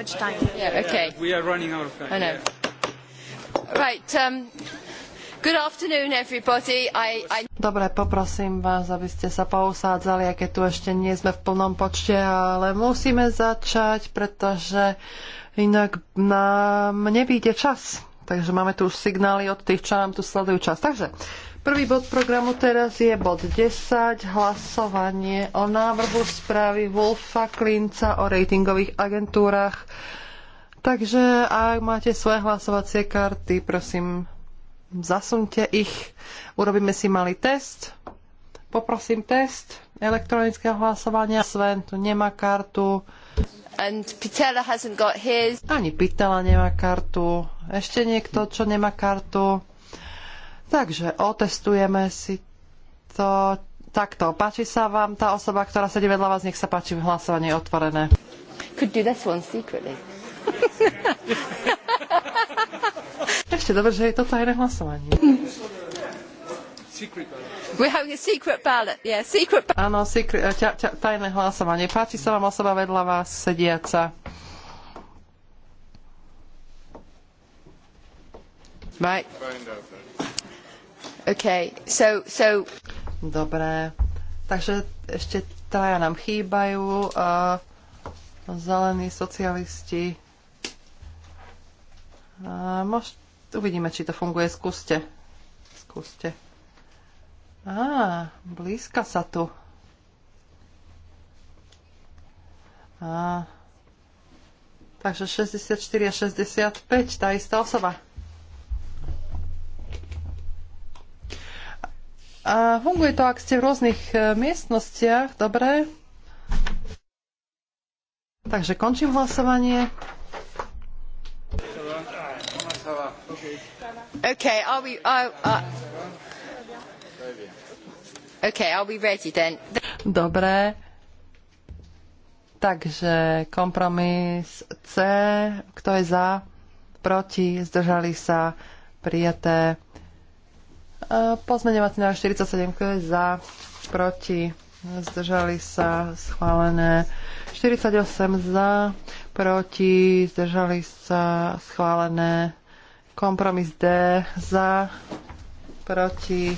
much time. Yeah, okay. We are running out of time. I know. Yeah. Right. Um, good afternoon, everybody. I, I... Dobre, poprosím vás, aby ste sa pousádzali, aké tu ešte nie sme v plnom počte, ale musíme začať, pretože inak nám nevíde čas. Takže máme tu už signály od tých, čo nám tu sledujú čas. Takže Prvý bod programu teraz je bod 10, hlasovanie o návrhu správy Wolfa Klinca o ratingových agentúrach. Takže ak máte svoje hlasovacie karty, prosím, zasunte ich. Urobíme si malý test. Poprosím test elektronického hlasovania. Sven tu nemá kartu. And hasn't got his. Ani Pitela nemá kartu. Ešte niekto, čo nemá kartu. Takže otestujeme si to takto. Páči sa vám tá osoba, ktorá sedí vedľa vás, nech sa páči v hlasovaní otvorené. Could do this one secretly. Ešte dobre, že je to tajné hlasovanie. We have a secret ballot, yeah, secret ballot. Áno, secret, ťa, ťa, tajné hlasovanie. Páči sa vám osoba vedľa vás, sediaca. Right. Okay, so, so... Dobre, takže ešte traja nám chýbajú. Uh, zelení socialisti. Uh, mož... Uvidíme, či to funguje. Skúste. Skúste. Á, ah, blízka sa tu. Á, ah, takže 64 a 65, tá istá osoba. A funguje to, ak ste v rôznych e, miestnostiach, dobre? Takže končím hlasovanie. Okay, I'll be, I'll, are... Okay, I'll be ready then? Dobre. Takže kompromis C, kto je za, proti, zdržali sa, prijaté. Pozmeňovací na 47, kto je za, proti, zdržali sa, schválené. 48 za, proti, zdržali sa, schválené. Kompromis D za, proti,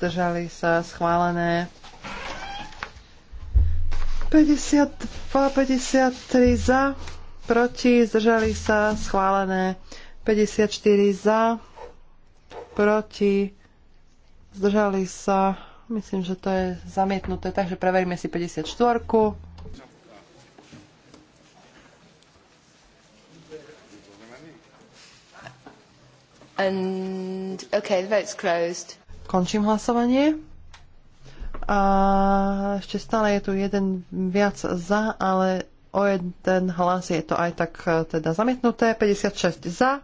zdržali sa, schválené. 52, 53 za, proti, zdržali sa, schválené. 54 za, proti, Zdržali sa. Myslím, že to je zamietnuté, takže preveríme si 54. -ku. And, okay, the vote's closed. Končím hlasovanie. A ešte stále je tu jeden viac za, ale o jeden hlas je to aj tak e, teda zamietnuté. 56 za,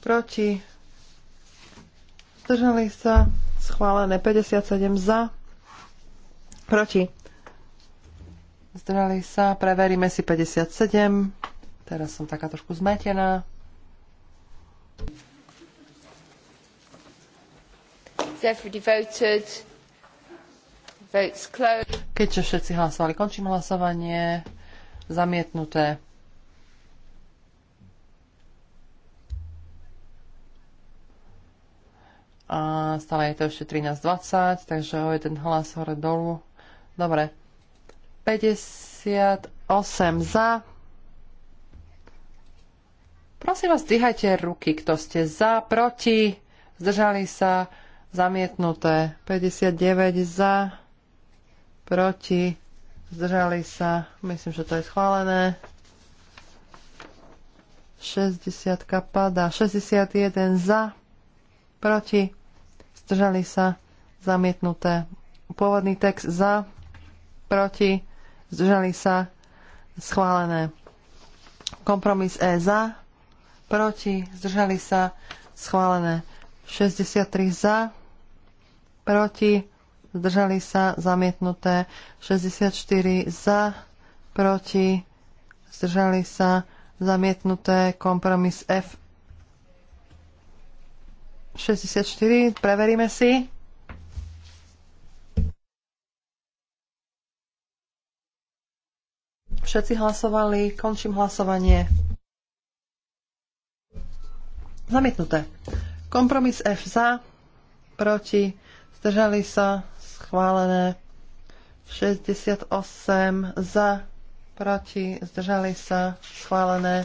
proti zdržali sa, schválené 57 za, proti, zdržali sa, preveríme si 57, teraz som taká trošku zmetená. Keďže všetci hlasovali, končím hlasovanie. Zamietnuté. a stále je to ešte 13.20, takže o jeden hlas hore dolu. Dobre. 58 za. Prosím vás, dýhajte ruky, kto ste za, proti, zdržali sa, zamietnuté. 59 za, proti, zdržali sa, myslím, že to je schválené. 60 padá, 61 za, proti, zdržali sa, zamietnuté. Pôvodný text za, proti, zdržali sa, schválené. Kompromis E za, proti, zdržali sa, schválené. 63 za, proti, zdržali sa, zamietnuté. 64 za, proti, zdržali sa, zamietnuté. Kompromis F 64, preveríme si. Všetci hlasovali, končím hlasovanie. Zamietnuté. Kompromis F za, proti, zdržali sa, schválené. 68 za, proti, zdržali sa, schválené.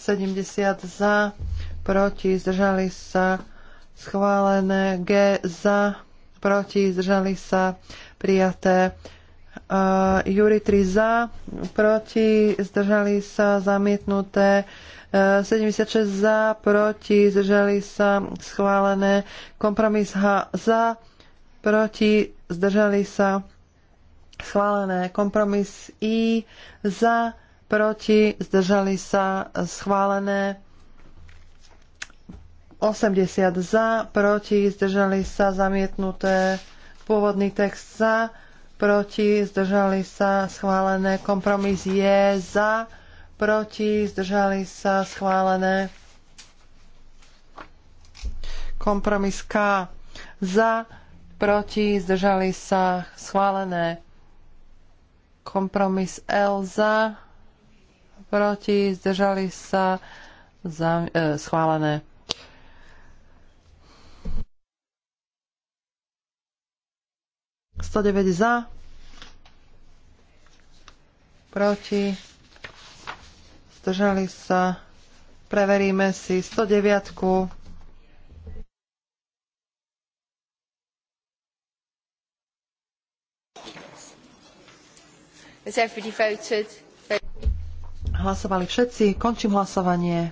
70 za, proti, zdržali sa, schválené schválené, G za, proti, zdržali sa, prijaté. Uh, Juri 3 za, proti, zdržali sa, zamietnuté. Uh, 76 za, proti, zdržali sa, schválené. Kompromis H za, proti, zdržali sa, schválené. Kompromis I za, proti, zdržali sa, schválené. 80 za, proti, zdržali sa zamietnuté. Pôvodný text za, proti, zdržali sa schválené. Kompromis je za, proti, zdržali sa schválené. Kompromis K za, proti, zdržali sa schválené. Kompromis L za, proti, zdržali sa za, e, schválené. 109 za. Proti. Zdržali sa. Preveríme si 109. -ku. Hlasovali všetci. Končím hlasovanie.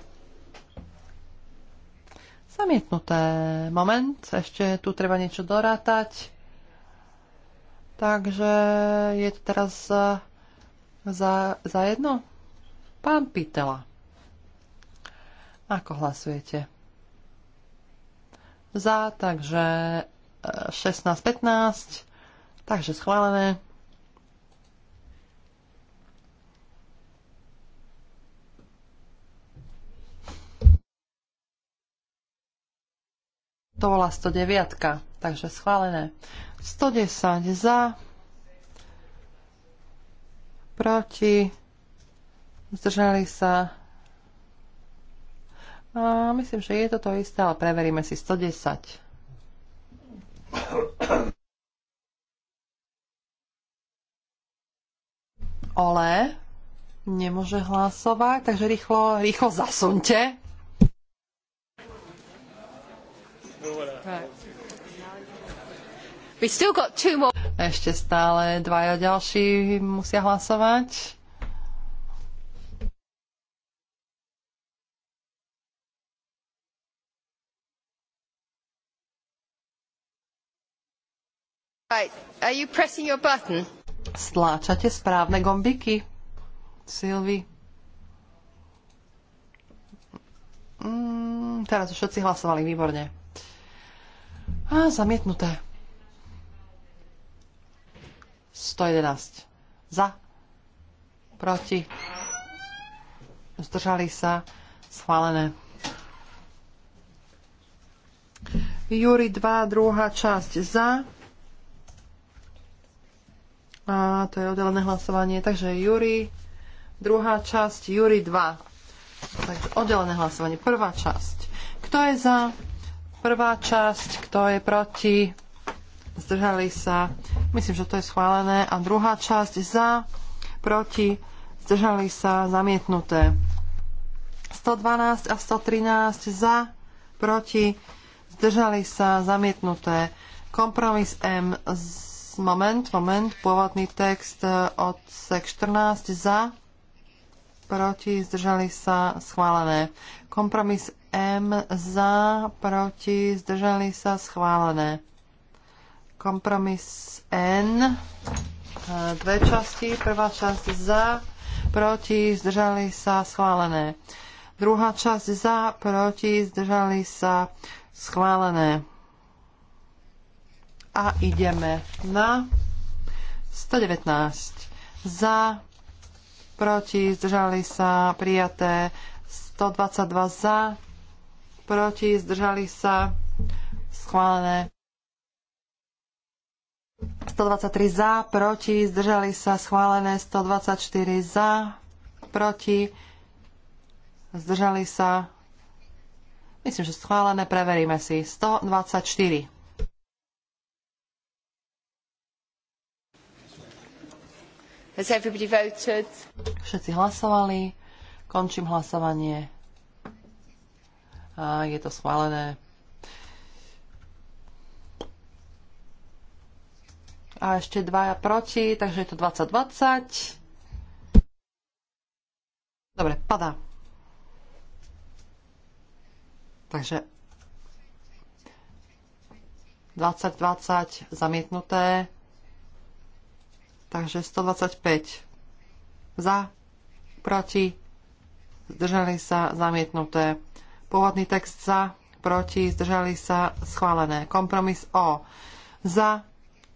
Zamietnuté. Moment, ešte tu treba niečo dorátať. Takže je to teraz za, eh, za, za jedno? Pán Pitela. Ako hlasujete? Za, takže 16-15, eh, takže schválené. To bola 109, takže schválené. 110 za, proti, zdržali sa. A myslím, že je to to isté, ale preveríme si 110. Ole nemôže hlasovať, takže rýchlo, rýchlo zasunte. No, ešte stále dvaja ďalší musia hlasovať. Right. Are you pressing your button? Stláčate správne gombiky, Silvi. Mm, teraz už všetci hlasovali výborne. A zamietnuté. 111. Za. Proti. Zdržali sa. Schválené. Júri 2, druhá časť za. A to je oddelené hlasovanie. Takže Júri, druhá časť, Júri 2. Takže oddelené hlasovanie, prvá časť. Kto je za? Prvá časť, kto je proti? Zdržali sa Myslím, že to je schválené. A druhá časť za, proti, zdržali sa, zamietnuté. 112 a 113 za, proti, zdržali sa, zamietnuté. Kompromis M, z, moment, moment, pôvodný text e, od 14 za, proti, zdržali sa, schválené. Kompromis M za, proti, zdržali sa, schválené. Kompromis N. E, dve časti. Prvá časť za, proti, zdržali sa, schválené. Druhá časť za, proti, zdržali sa, schválené. A ideme na 119. Za, proti, zdržali sa, prijaté 122 za, proti, zdržali sa, schválené 123 za, proti, zdržali sa schválené 124 za, proti, zdržali sa, myslím, že schválené, preveríme si, 124. Has everybody voted? Všetci hlasovali, končím hlasovanie. A je to schválené a ešte dvaja proti, takže je to 20-20. Dobre, padá. Takže 20-20 zamietnuté. Takže 125 za, proti, zdržali sa zamietnuté. Pôvodný text za, proti, zdržali sa schválené. Kompromis O. Za,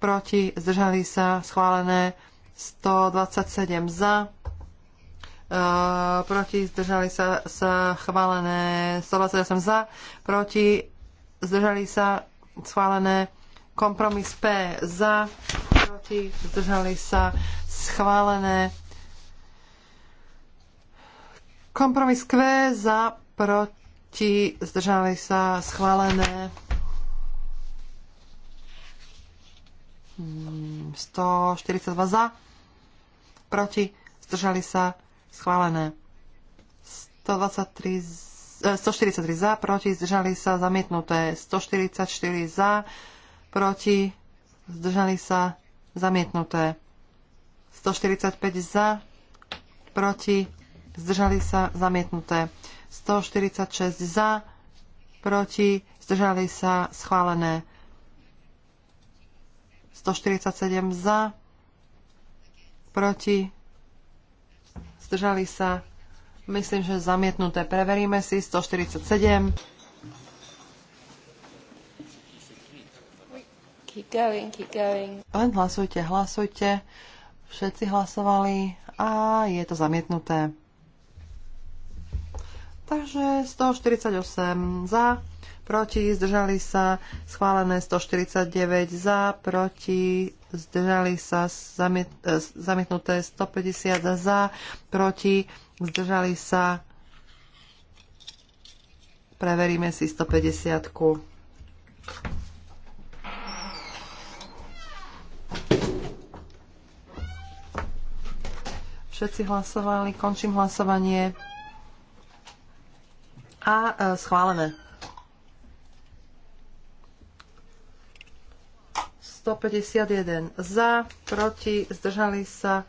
proti, zdržali sa, schválené 127 za, e, proti, zdržali sa, schválené 128 za, proti, zdržali sa, schválené kompromis P za, proti, zdržali sa, schválené kompromis Q za, proti, zdržali sa, schválené 142 za, proti, zdržali sa, schválené. 123 143 e, za, proti, zdržali sa, zamietnuté. 144 za, proti, zdržali sa, zamietnuté. 145 za, proti, zdržali sa, zamietnuté. 146 za, proti, zdržali sa, schválené. 147 za, proti, zdržali sa, myslím, že zamietnuté. Preveríme si 147. Keep going, keep going. Len hlasujte, hlasujte. Všetci hlasovali a je to zamietnuté. Takže 148 za, proti, zdržali sa, schválené 149 za, proti, zdržali sa, zamiet, e, zamietnuté 150 za, proti, zdržali sa, preveríme si 150. -ku. Všetci hlasovali, končím hlasovanie. A e, schválené. 151 za, proti, zdržali sa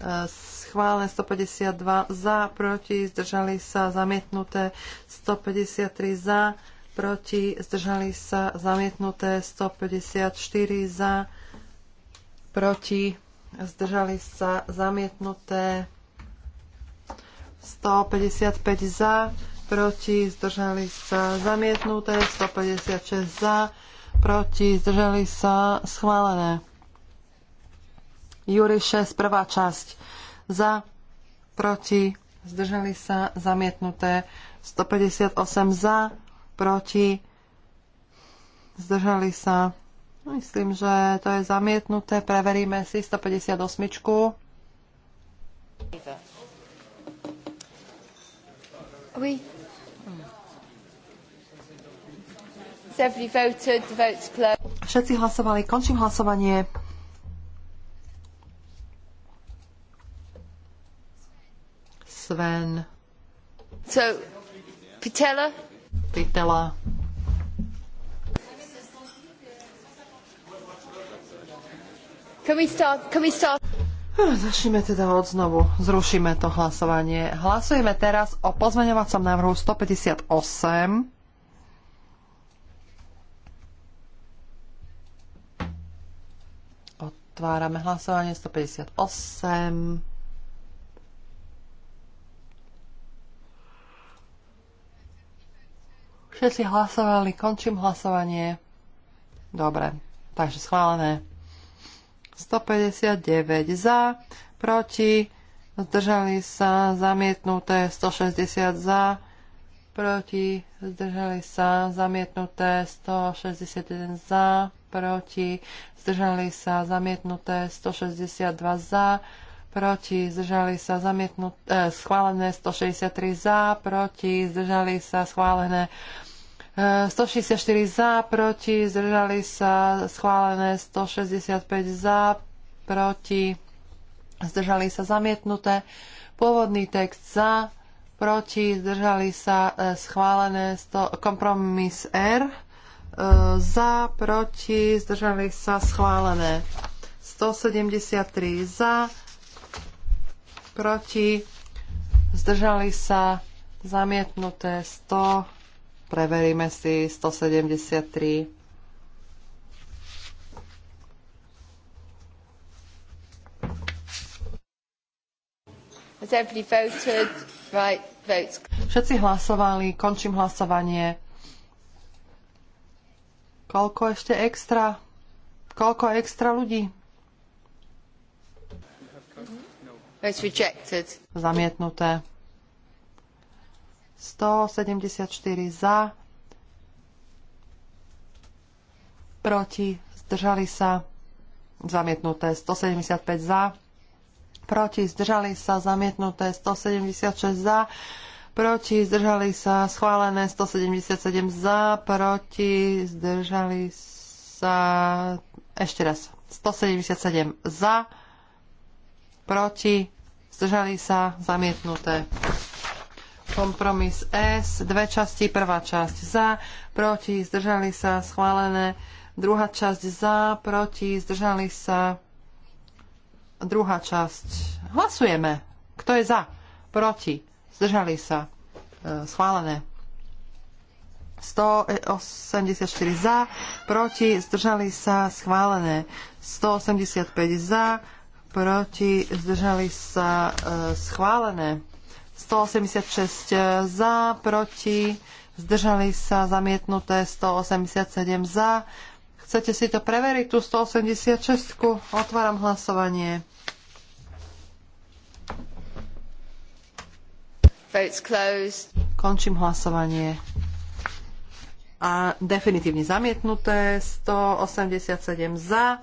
e, schválené 152 za, proti, zdržali sa zamietnuté 153 za, proti, zdržali sa zamietnuté 154 za, proti, zdržali sa zamietnuté 155 za, proti, zdržali sa zamietnuté 156 za, proti, zdržali sa, schválené. Júri 6, prvá časť. Za, proti, zdržali sa, zamietnuté. 158 za, proti, zdržali sa. Myslím, že to je zamietnuté. Preveríme si 158. Oui. Všetci hlasovali. Končím hlasovanie. Sven. So, Pitella. Pitella. Can we start, can we start? Ah, začneme teda od znovu. Zrušíme to hlasovanie. Hlasujeme teraz o pozmeňovacom návrhu 158. Otvárame hlasovanie 158. Všetci hlasovali, končím hlasovanie. Dobre, takže schválené. 159 za, proti, zdržali sa, zamietnuté, 160 za, proti, zdržali sa, zamietnuté, 161 za, proti, zdržali sa zamietnuté 162 za, proti, zdržali sa zamietnuté, eh, schválené 163 za, proti, zdržali sa schválené 164 e, za, proti, zdržali sa schválené 165 za, proti, zdržali sa zamietnuté, pôvodný text za, proti, zdržali sa e, schválené 100, kompromis R, za, proti, zdržali sa schválené. 173 za, proti, zdržali sa zamietnuté 100, preveríme si 173. Všetci hlasovali, končím hlasovanie. Koľko ešte extra? Koľko extra ľudí? Zamietnuté. 174 za, proti, zdržali sa, zamietnuté 175 za, proti, zdržali sa, zamietnuté 176 za, proti, zdržali sa, schválené 177 za, proti, zdržali sa, ešte raz, 177 za, proti, zdržali sa, zamietnuté. Kompromis S, dve časti, prvá časť za, proti, zdržali sa, schválené, druhá časť za, proti, zdržali sa, druhá časť. Hlasujeme. Kto je za? Proti zdržali sa, e, schválené. 184 za, proti, zdržali sa, schválené. 185 za, proti, zdržali sa, e, schválené. 186 e, za, proti, zdržali sa, zamietnuté. 187 za. Chcete si to preveriť, tú 186? Otváram hlasovanie. Končím hlasovanie. A definitívne zamietnuté 187 za.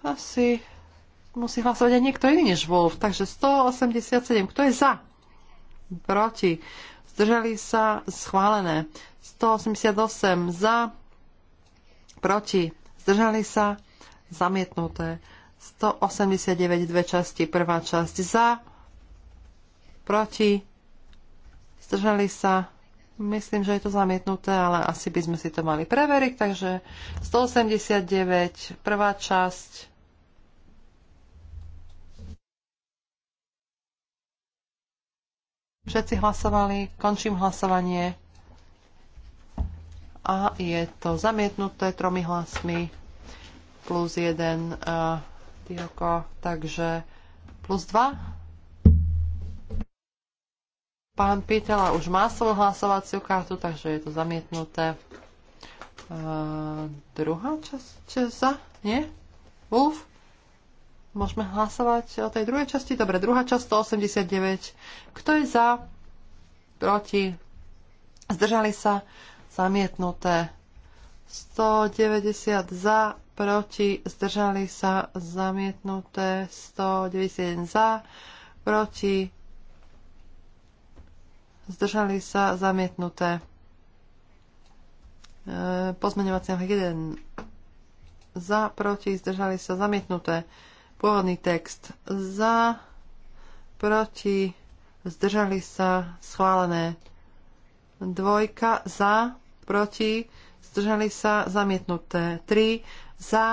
Asi musí hlasovať aj niekto iný než Wolf. Takže 187. Kto je za? Proti. Zdržali sa schválené. 188 za. Proti. Zdržali sa zamietnuté. 189 dve časti. Prvá časť za proti, zdržali sa. Myslím, že je to zamietnuté, ale asi by sme si to mali preveriť, takže 189, prvá časť. Všetci hlasovali, končím hlasovanie. A je to zamietnuté tromi hlasmi plus jeden uh, takže plus 2. Pán pítela už má svoju hlasovaciu kartu, takže je to zamietnuté. Uh, druhá časť za? Nie? Wolf? Môžeme hlasovať o tej druhej časti? Dobre, druhá časť 189. Kto je za? Proti? Zdržali sa? Zamietnuté. 190 za, proti, zdržali sa, zamietnuté, 191 za, proti, zdržali sa zamietnuté. E, pozmeňovací návrh 1 za, proti, zdržali sa zamietnuté. Pôvodný text za, proti, zdržali sa schválené. Dvojka za, proti, zdržali sa zamietnuté. 3 za,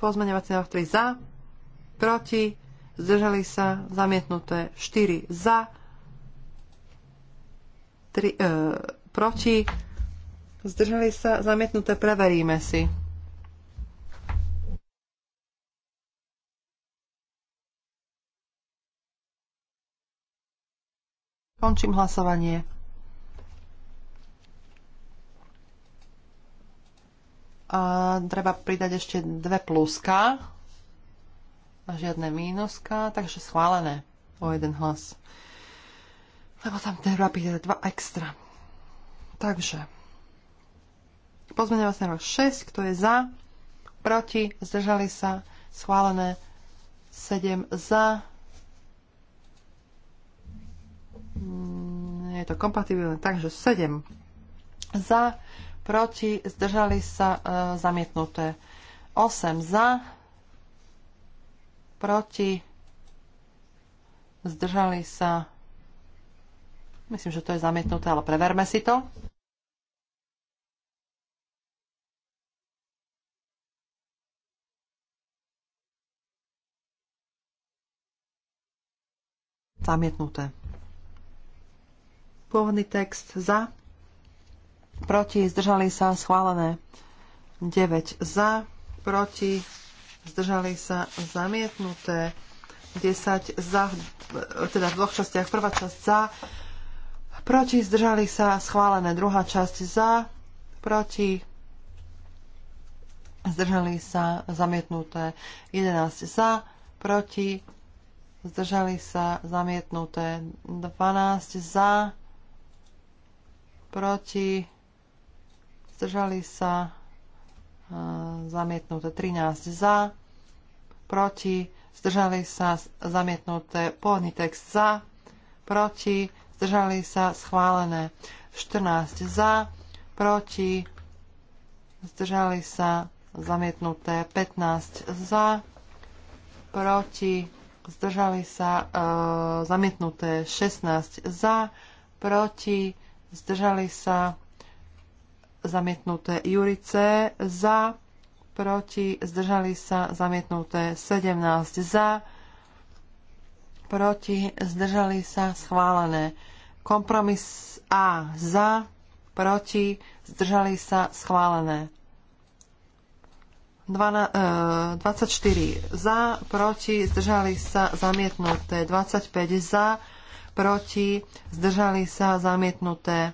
pozmeňovací návrh 3 za, proti, zdržali sa, zamietnuté 4 za, 3, e, proti, zdržali sa, zamietnuté preveríme si. Končím hlasovanie. A treba pridať ešte dve pluska. A žiadne mínuska, takže schválené o jeden hlas. Lebo tam ten rapid je dva extra. Takže pozmeňovací návrh 6, kto je za, proti, zdržali sa, schválené 7 za. Mm, je to kompatibilné, takže 7 za, proti, zdržali sa, e, zamietnuté 8 za, proti, zdržali sa. Myslím, že to je zamietnuté, ale preverme si to. Zamietnuté. Pôvodný text za, proti, zdržali sa, schválené. 9 za, proti, zdržali sa zamietnuté. 10 za, teda v dvoch častiach. Prvá časť za, proti, zdržali sa schválené. Druhá časť za, proti, zdržali sa zamietnuté. 11 za, proti, zdržali sa zamietnuté. 12 za, proti, zdržali sa zamietnuté 13 za, proti, zdržali sa zamietnuté pôvodný text za, proti, zdržali sa schválené 14 za, proti, zdržali sa zamietnuté 15 za, proti, zdržali sa e, zamietnuté 16 za, proti, zdržali sa zamietnuté Jurice za, proti, zdržali sa, zamietnuté 17 za, proti, zdržali sa, schválené. Kompromis A za, proti, zdržali sa, schválené. 24 e, za, proti, zdržali sa, zamietnuté. 25 za, proti, zdržali sa, zamietnuté.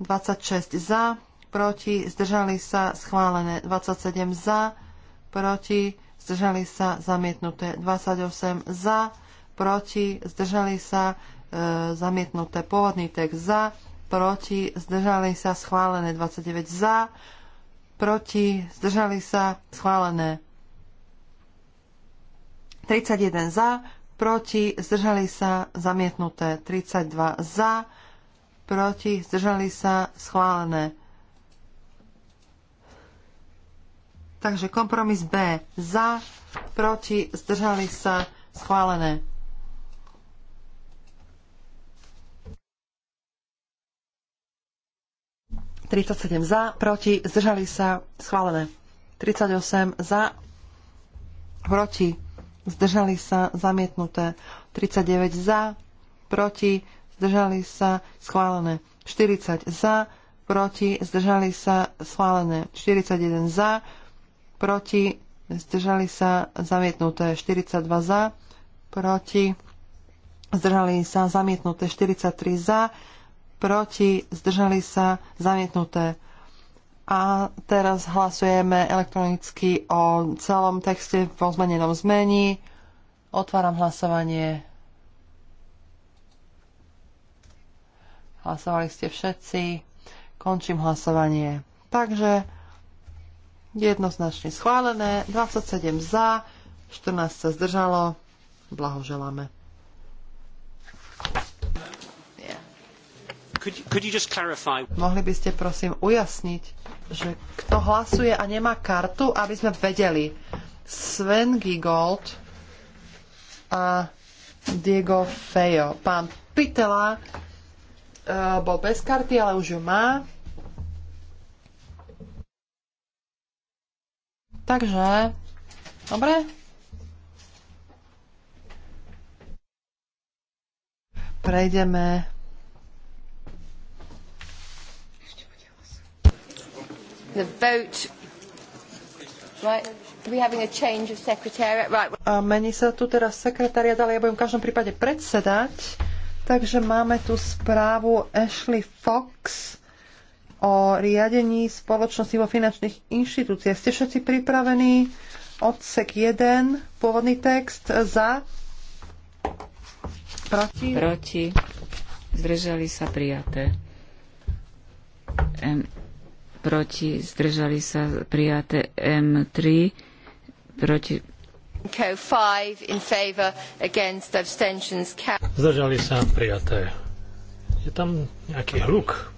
26 za, proti, zdržali sa, schválené. 27 za, proti, zdržali sa, zamietnuté. 28 za, proti, zdržali sa, e, zamietnuté. Pôvodný text za, proti, zdržali sa, schválené. 29 za, proti, zdržali sa, schválené. 31 za, proti, zdržali sa, zamietnuté. 32 za, proti, zdržali sa, schválené. Takže kompromis B. Za, proti, zdržali sa, schválené. Tridsaťsedem za, proti, zdržali sa, schválené. 38 za, proti, zdržali sa, zamietnuté. 39 za, proti, zdržali sa, schválené. 40 za, proti, zdržali sa, schválené. 41 za, proti, zdržali sa, zamietnuté. 42 za, proti, zdržali sa, zamietnuté. 43 za, proti, zdržali sa, zamietnuté. A teraz hlasujeme elektronicky o celom texte v pozmenenom zmení. Otváram hlasovanie. Hlasovali ste všetci. Končím hlasovanie. Takže jednoznačne schválené. 27 za, 14 sa zdržalo. Blahoželáme. Could you, Mohli by ste prosím ujasniť, že kto hlasuje a nemá kartu, aby sme vedeli. Sven Gigold a Diego Fejo. Pán Pitela Eh, bol bez karty, ale už ju má. Takže, dobre. Prejdeme the vote. Right. We having a change of secretariat. Right. A mení sa tu teraz sekretariat, ale ja budem v každom prípade predsedať. Takže máme tu správu Ashley Fox o riadení spoločnosti vo finančných inštitúciách. Ste všetci pripravení? Odsek 1, pôvodný text za. Proti. Proti. Zdržali sa prijaté. M, proti. Zdržali sa prijaté M3. Proti Zdržali sa prijaté. Je tam nejaký hluk.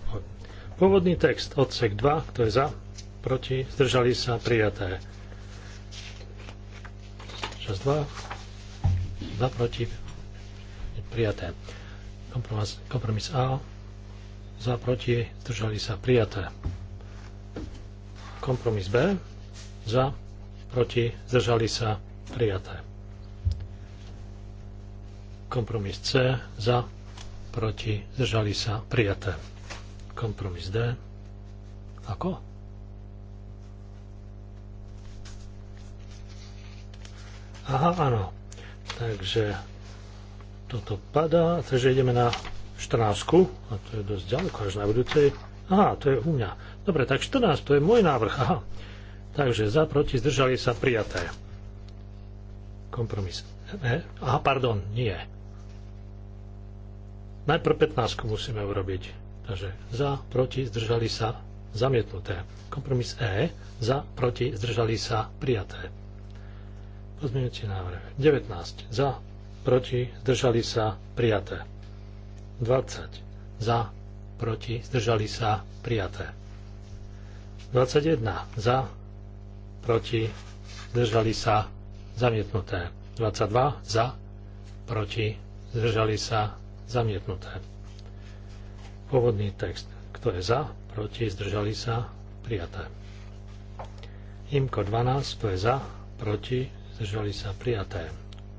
Pôvodný text, odsek 2, kto je za, proti, zdržali sa prijaté. Čas 2, za, proti, prijaté. Kompromis, kompromis A, za, proti, zdržali sa prijaté. Kompromis B, za, proti, zdržali sa prijaté Prijaté. Kompromis C za, proti, zdržali sa, prijaté. Kompromis D. Ako? Aha, áno. Takže toto padá, takže ideme na 14, a to je dosť ďaleko až na budúcej. Aha, to je u mňa. Dobre, tak 14, to je môj návrh, aha. Takže za, proti, zdržali sa, prijaté. Kompromis. E? Aha, pardon, nie. Najprv 15 musíme urobiť. Takže za, proti, zdržali sa, zamietnuté. Kompromis E, za, proti, zdržali sa, prijaté. Pozmeňujúci návrh. 19. Za, proti, zdržali sa, prijaté. 20. Za, proti, zdržali sa, prijaté. 21. Za, proti, zdržali sa, zamietnuté. 22 za, proti, zdržali sa, zamietnuté. Pôvodný text. Kto je za, proti, zdržali sa, prijaté. Imko 12, kto je za, proti, zdržali sa, prijaté.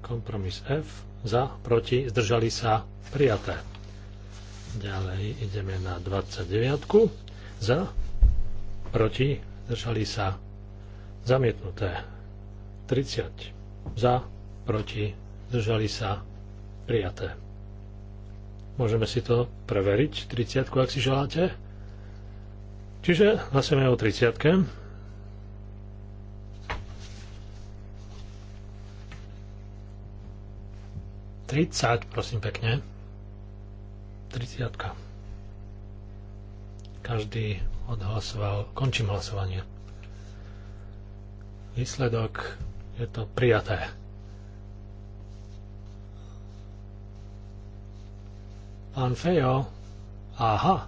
Kompromis F, za, proti, zdržali sa, prijaté. Ďalej ideme na 29. Za, proti, zdržali sa, zamietnuté. 30 za, proti, zdržali sa, prijaté. Môžeme si to preveriť, 30, ak si želáte. Čiže hlasujeme o 30. -tke. Tridsať, prosím pekne. 30. Každý odhlasoval. Končím hlasovanie. Výsledok je to prijaté. Pán Fejo, aha,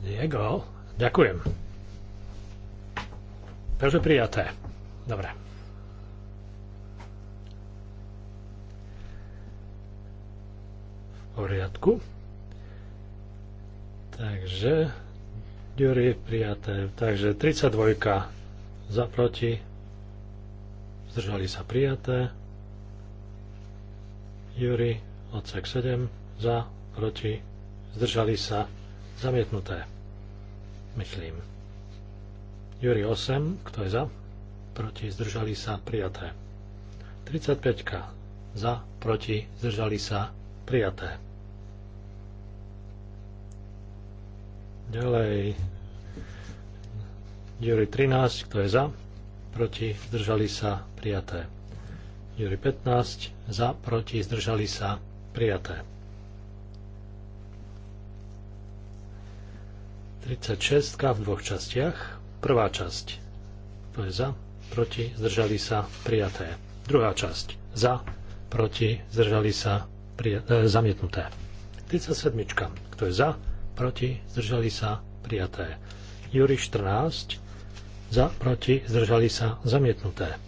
Diego, ďakujem. Takže prijaté. Dobre. V poriadku. Takže Jury prijaté. Takže 32 za proti zdržali sa prijaté. Juri, odsek 7, za, proti, zdržali sa zamietnuté. Myslím. Juri 8, kto je za, proti, zdržali sa prijaté. 35, za, proti, zdržali sa prijaté. Ďalej Jury 13, kto je za? proti, zdržali sa, prijaté. Júri 15, za, proti, zdržali sa, prijaté. 36 v dvoch častiach. Prvá časť, to je za, proti, zdržali sa, prijaté. Druhá časť, za, proti, zdržali sa, prijaté, e, zamietnuté. 37. Kto je za, proti, zdržali sa, prijaté. Júri 14, za, proti, zdržali sa, zamietnuté.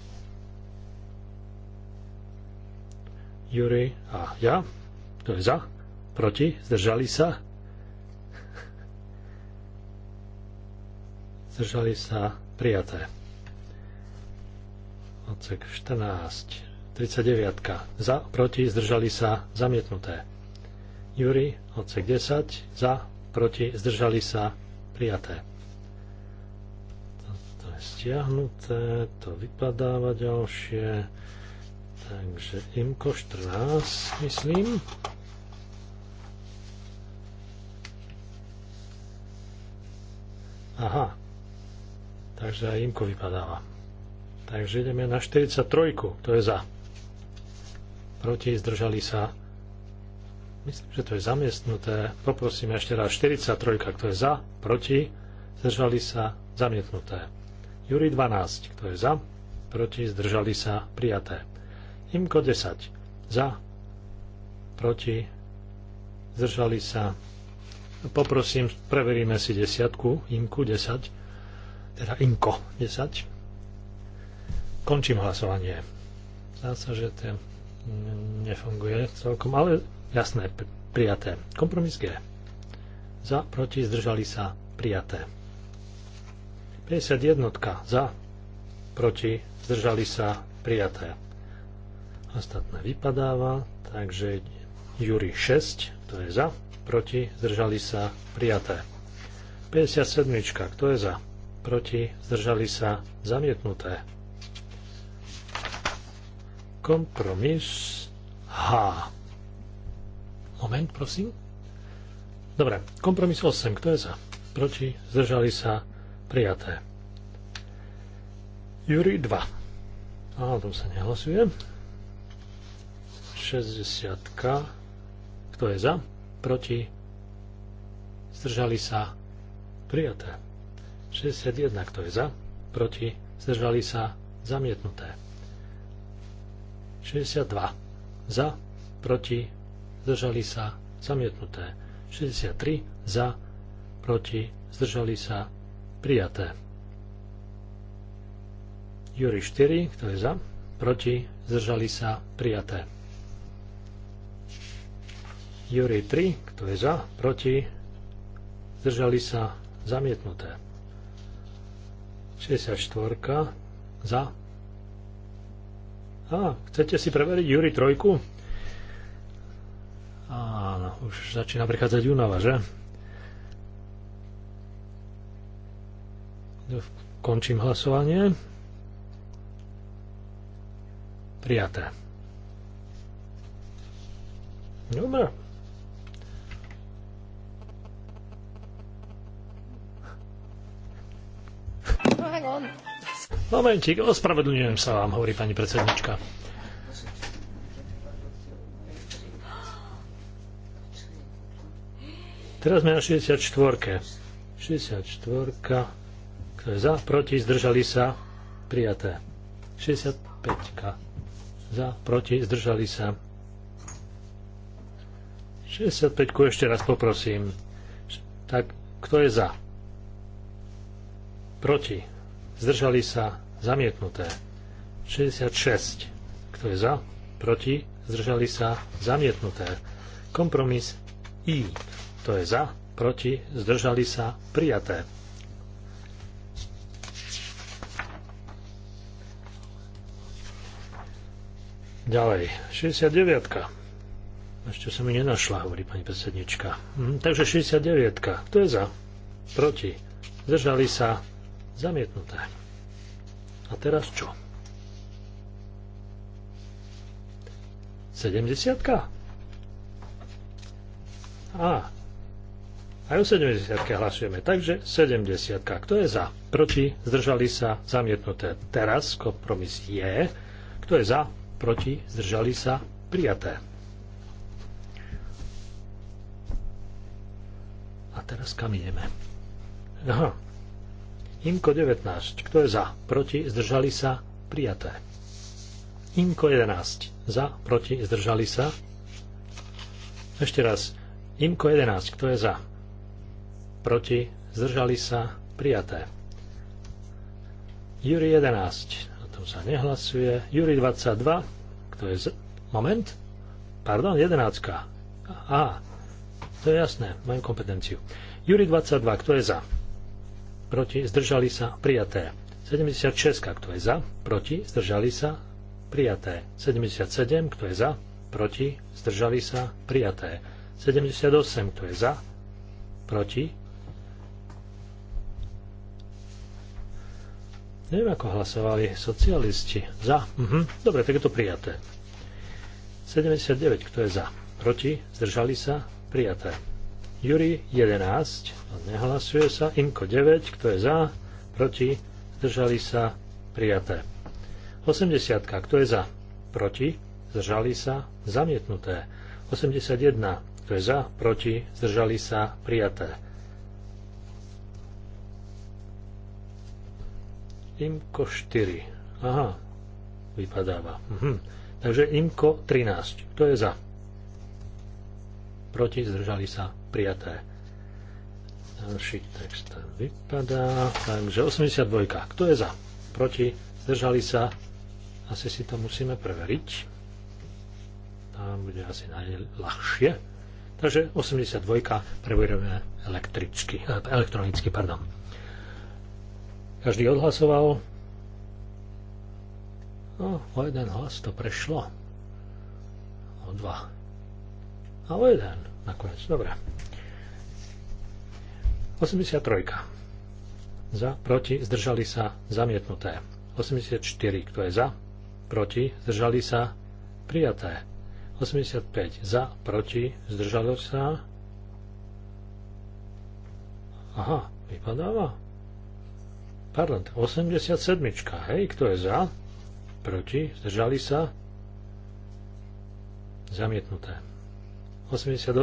Juri a ja, to je za, proti, zdržali sa, zdržali sa, prijaté. Odsek 14, 39, za, proti, zdržali sa, zamietnuté. Juri, odsek 10, za, proti, zdržali sa, prijaté stiahnuté, to vypadáva ďalšie. Takže IMKO 14, myslím. Aha, takže aj IMKO vypadáva. Takže ideme na 43, to je za. Proti, zdržali sa. Myslím, že to je zamiestnuté. Poprosím ešte raz 43, To je za, proti, zdržali sa, zamietnuté. Juri 12, kto je za, proti, zdržali sa, prijaté. Imko 10, za, proti, zdržali sa. Poprosím, preveríme si desiatku, Imku 10, teda Imko 10. Končím hlasovanie. Zdá sa, že to nefunguje celkom, ale jasné, prijaté. Kompromis G. Za, proti, zdržali sa, prijaté. 51 za, proti, zdržali sa, prijaté. Ostatné vypadáva, takže Júri 6, to je za, proti, zdržali sa, prijaté. 57, kto je za, proti, zdržali sa, zamietnuté. Kompromis H. Moment, prosím. Dobre, kompromis 8, kto je za, proti, zdržali sa, prijaté Prijaté. Jury 2. Á, tom sa nehlasuje. 60. Kto je za? Proti? Zdržali sa? Prijaté. 61. Kto je za? Proti? Zdržali sa? Zamietnuté. 62. Za? Proti? Zdržali sa? Zamietnuté. 63. Za? Proti? Zdržali sa? Prijaté. Juri 4, kto je za? Proti, zdržali sa, prijaté. Juri 3, kto je za? Proti, zdržali sa, zamietnuté. 64, za? A, chcete si preveriť Juri 3? Áno, už začína prichádzať únava, že? Končím hlasovanie. Prijaté. Dobre. No, Momentík, ospravedlňujem sa vám, hovorí pani predsednička. Teraz sme na 64. 64. Kto je za, proti, zdržali sa, prijaté. 65. Za, proti, zdržali sa. 65 ešte raz poprosím. Tak, kto je za? Proti. Zdržali sa. Zamietnuté. 66. Kto je za? Proti. Zdržali sa. Zamietnuté. Kompromis I. To je za? Proti. Zdržali sa. Prijaté. Ďalej, 69. Ešte som mi nenašla, hovorí pani predsednička. Hm, takže 69. Kto je za? Proti. Zdržali sa. Zamietnuté. A teraz čo? 70. A. Aj o 70 hlasujeme. Takže 70. Kto je za? Proti? Zdržali sa? Zamietnuté. Teraz kompromis je. Kto je za? proti, zdržali sa, prijaté. A teraz kam ideme? Aha. Imko 19. Kto je za? Proti, zdržali sa, prijaté. Imko 11. Za, proti, zdržali sa. Ešte raz. Imko 11. Kto je za? Proti, zdržali sa, prijaté. Júri 11 to sa nehlasuje. Juri 22, kto je z... Moment. Pardon, 11. A, to je jasné, mám kompetenciu. Juri 22, kto je za? Proti, zdržali sa, prijaté. 76, kto je za? Proti, zdržali sa, prijaté. 77, kto je za? Proti, zdržali sa, prijaté. 78, kto je za? Proti, Neviem, ako hlasovali socialisti. Za. Mhm. Dobre, tak je to prijaté. 79, kto je za? Proti? Zdržali sa? Prijaté. Juri 11, nehlasuje sa. Imko 9, kto je za? Proti? Zdržali sa? Prijaté. 80, kto je za? Proti? Zdržali sa? Zamietnuté. 81, kto je za? Proti? Zdržali sa? Prijaté. IMKO 4. Aha, vypadáva. Mhm. Takže IMKO 13. Kto je za? Proti, zdržali sa, prijaté. Ďalší text tam vypadá. Takže 82. Kto je za? Proti, zdržali sa. Asi si to musíme preveriť. Tam bude asi najľahšie. Takže 82. preverujeme elektricky, eh, elektronicky. Pardon. Každý odhlasoval. No, o jeden hlas to prešlo. O dva. A o jeden nakoniec. Dobre. 83. Za, proti, zdržali sa, zamietnuté. 84. Kto je za? Proti, zdržali sa, prijaté. 85. Za, proti, zdržalo sa. Aha, vypadáva. Pardon, 87. Hej, kto je za? Proti? Zdržali sa? Zamietnuté. 88.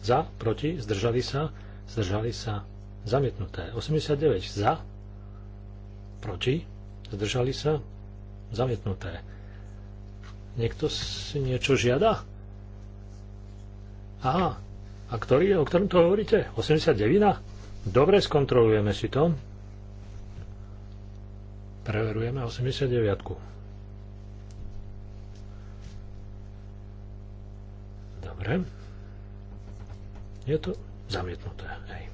Za? Proti? Zdržali sa? Zdržali sa? Zamietnuté. 89. Za? Proti? Zdržali sa? Zamietnuté. Niekto si niečo žiada? Aha, a ktorý, o ktorom to hovoríte? 89? Dobre, skontrolujeme si to. Preverujeme 89. Dobre. Je to zamietnuté. Hej.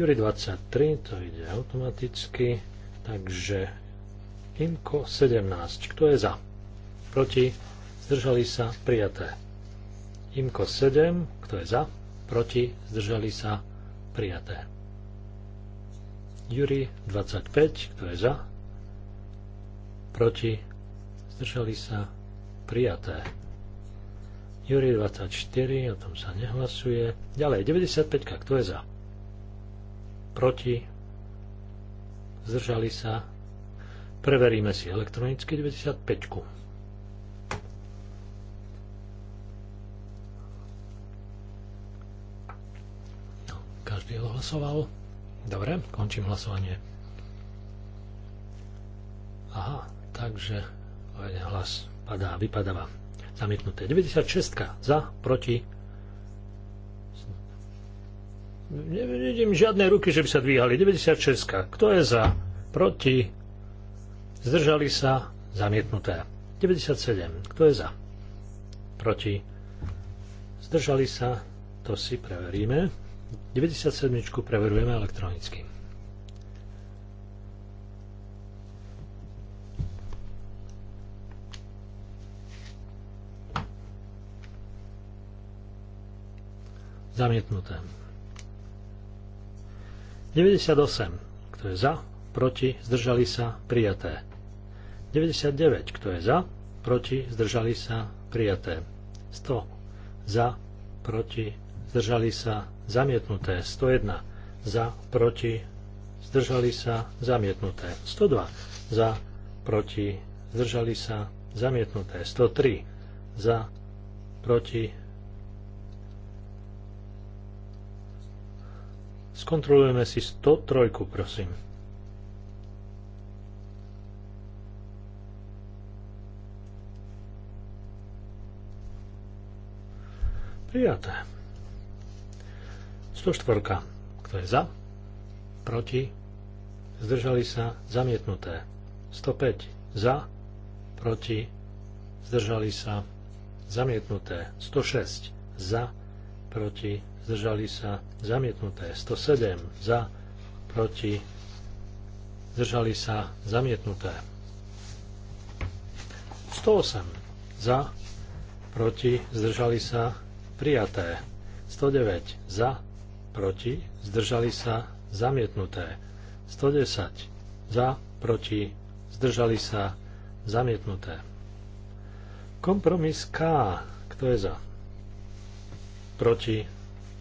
Juri 23, to ide automaticky. Takže Imko 17. Kto je za? Proti? Zdržali sa? Prijaté. Imko 7. Kto je za? Proti? Zdržali sa? Prijaté. Juri 25, kto je za? Proti? Zdržali sa? Prijaté. Juri 24, o tom sa nehlasuje. Ďalej, 95, kto je za? Proti? Zdržali sa? Preveríme si elektronicky 95. -ku. No, každý hlasoval. Dobre, končím hlasovanie. Aha, takže jeden hlas padá, vypadáva. Zamietnuté. 96 za, proti. Nevidím žiadne ruky, že by sa dvíhali. 96. Kto je za? Proti. Zdržali sa. Zamietnuté. 97. Kto je za? Proti. Zdržali sa. To si preveríme. 97 preverujeme elektronicky. Zamietnuté. 98. Kto je za? Proti? Zdržali sa? Prijaté. 99. Kto je za? Proti? Zdržali sa? Prijaté. 100. Za? Proti? Zdržali sa? zamietnuté. 101 za, proti, zdržali sa, zamietnuté. 102 za, proti, zdržali sa, zamietnuté. 103 za, proti. Skontrolujeme si 103, prosím. Prijaté. 104. Kto je za? Proti? Zdržali sa? Zamietnuté. 105. Za? Proti? Zdržali sa? Zamietnuté. 106. Za? Proti? Zdržali sa? Zamietnuté. 107. Za? Proti? Zdržali sa? Zamietnuté. 108. Za? Proti? Zdržali sa? Prijaté. 109. Za? proti, zdržali sa, zamietnuté. 110 za, proti, zdržali sa, zamietnuté. Kompromis K, kto je za? Proti,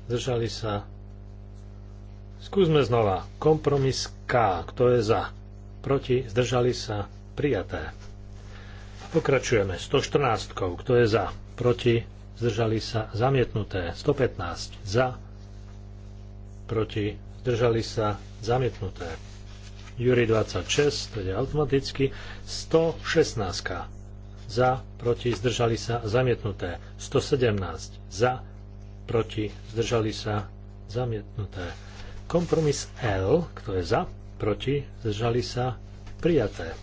zdržali sa. Skúsme znova. Kompromis K, kto je za? Proti, zdržali sa, prijaté. Pokračujeme 114, kto je za? Proti, zdržali sa, zamietnuté. 115 za, proti, zdržali sa, zamietnuté. Jury 26, to je automaticky, 116 za, proti, zdržali sa, zamietnuté. 117 za, proti, zdržali sa, zamietnuté. Kompromis L, kto je za, proti, zdržali sa, prijaté.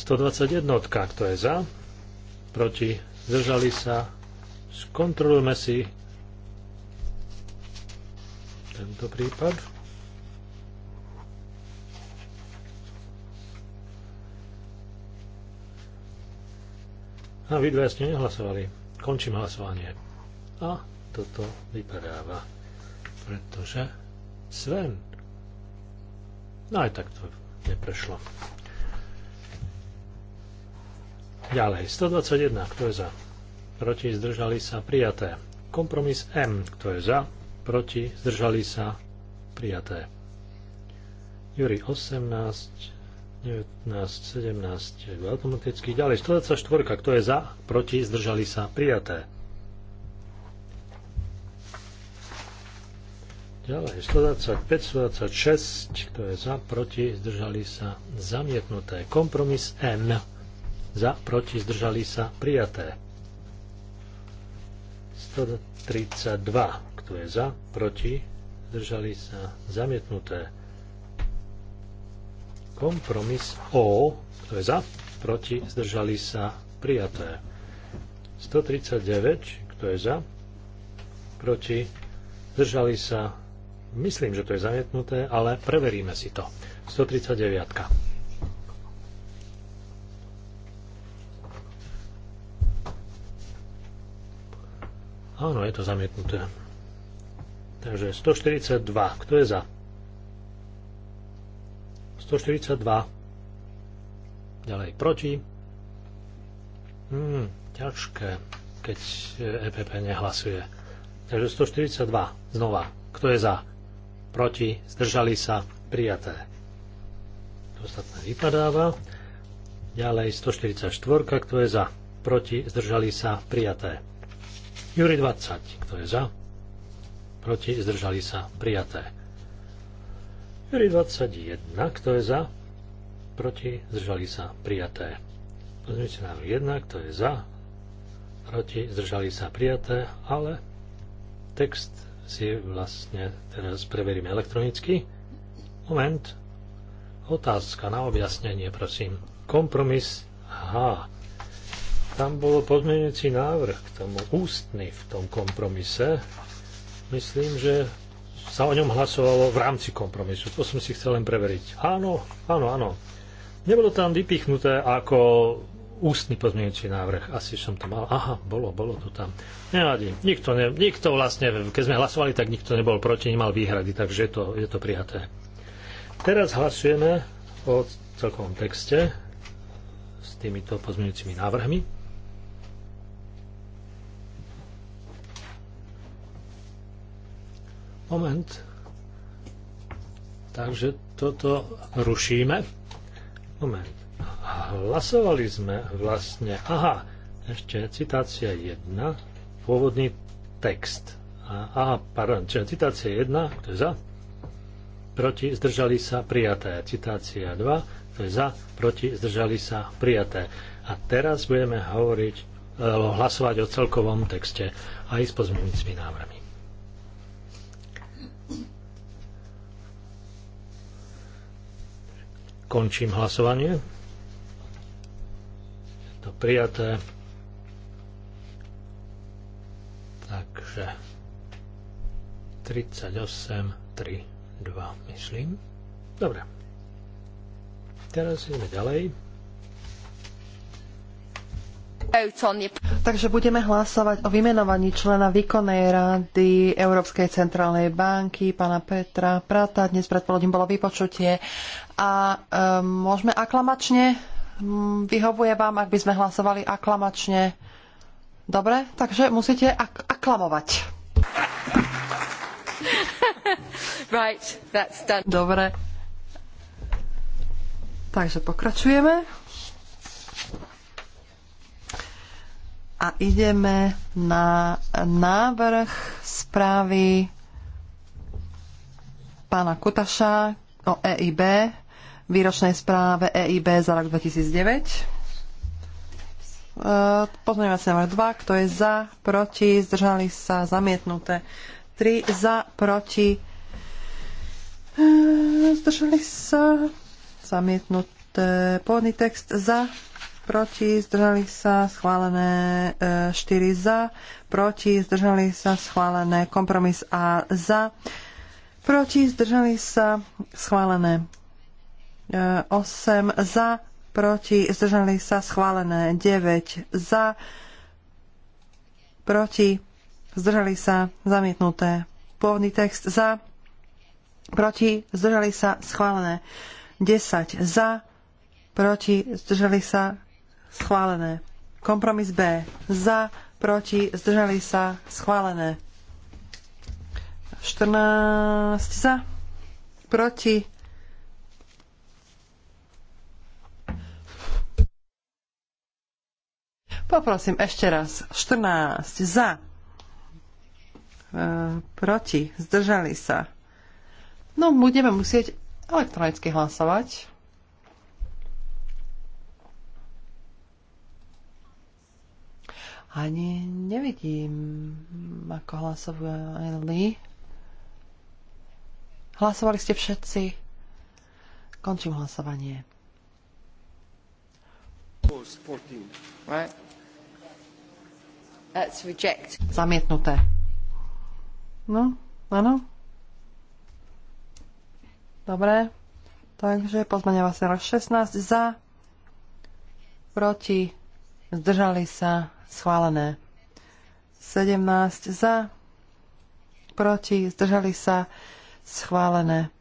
121, kto je za, proti, zdržali sa, skontrolujme si tento prípad. A vy dve. ste nehlasovali. Končím hlasovanie. A toto vypadáva. Pretože Sven. No aj tak to neprešlo. Ďalej, 121, kto je za? Proti zdržali sa prijaté. Kompromis M, kto je za? proti, zdržali sa, prijaté. Juri 18, 19, 17 automaticky. Ďalej 124, kto je za, proti, zdržali sa, prijaté. Ďalej 125, 126, kto je za, proti, zdržali sa, zamietnuté. Kompromis N, za, proti, zdržali sa, prijaté. 132, kto je za? Proti? Zdržali sa? Zamietnuté. Kompromis O. Kto je za? Proti? Zdržali sa? Prijaté. 139. Kto je za? Proti? Zdržali sa? Myslím, že to je zamietnuté, ale preveríme si to. 139. Áno, je to zamietnuté. Takže 142. Kto je za? 142. Ďalej proti. Hmm, ťažké, keď EPP nehlasuje. Takže 142. Znova. Kto je za? Proti. Zdržali sa. Prijaté. To ostatné vypadáva. Ďalej 144. Kto je za? Proti. Zdržali sa. Prijaté. Jury 20. Kto je za? proti, zdržali sa, prijaté. 21, kto je za, proti, zdržali sa, prijaté. Pozmite nám 1, kto je za, proti, zdržali sa, prijaté, ale text si vlastne teraz preveríme elektronicky. Moment. Otázka na objasnenie, prosím. Kompromis H. Tam bol pozmeňujúci návrh k tomu ústny v tom kompromise Myslím, že sa o ňom hlasovalo v rámci kompromisu. To som si chcel len preveriť. Áno, áno, áno. Nebolo tam vypichnuté ako ústny pozmeňujúci návrh. Asi som to mal. Aha, bolo, bolo to tam. Nevadí. Nikto, ne, nikto vlastne, keď sme hlasovali, tak nikto nebol proti, nemal výhrady, takže je to, je to prijaté. Teraz hlasujeme o celkovom texte s týmito pozmeňujúcimi návrhmi. moment. Takže toto rušíme. Moment. Hlasovali sme vlastne. Aha, ešte citácia 1, pôvodný text. Aha, pardon, čiže citácia 1, kto je za? Proti, zdržali sa, prijaté. Citácia 2, kto je za? Proti, zdržali sa, prijaté. A teraz budeme hovoriť, e, hlasovať o celkovom texte aj s pozmeňujúcimi návrhmi. Končím hlasovanie. Je to prijaté. Takže 38, 3, 2, myslím. Dobre. Teraz ideme ďalej. Takže budeme hlasovať o vymenovaní člena výkonnej rady Európskej centrálnej banky, pána Petra Prata. Dnes predpoludním bolo vypočutie a um, môžeme aklamačne. Mm, vyhovuje vám, ak by sme hlasovali aklamačne. Dobre, takže musíte ak- aklamovať. right, that's done. Dobre. Takže pokračujeme. a ideme na návrh správy pána Kutaša o EIB, výročnej správe EIB za rok 2009. E, pozmeňovací návrh 2, kto je za, proti, zdržali sa, zamietnuté. 3 za, proti, e, zdržali sa, zamietnuté. Pôvodný text za, proti, zdržali sa, schválené 4 e, za, proti, zdržali sa, schválené kompromis A za, proti, zdržali sa, schválené 8 e, za, proti, zdržali sa, schválené 9 za, proti, zdržali sa, zamietnuté pôvodný text za, proti, zdržali sa, schválené 10 za, proti, zdržali sa, schválené. Kompromis B. Za, proti, zdržali sa, schválené. 14 za, proti. Poprosím ešte raz. 14 za, e, proti, zdržali sa. No, budeme musieť elektronicky hlasovať. Ani nevidím, ako hlasovali. Hlasovali ste všetci. Končím hlasovanie. Zamietnuté. No, áno. Dobre. Takže pozmeňovací rok 16 za, proti, zdržali sa, schválené. 17 za, proti, zdržali sa, schválené.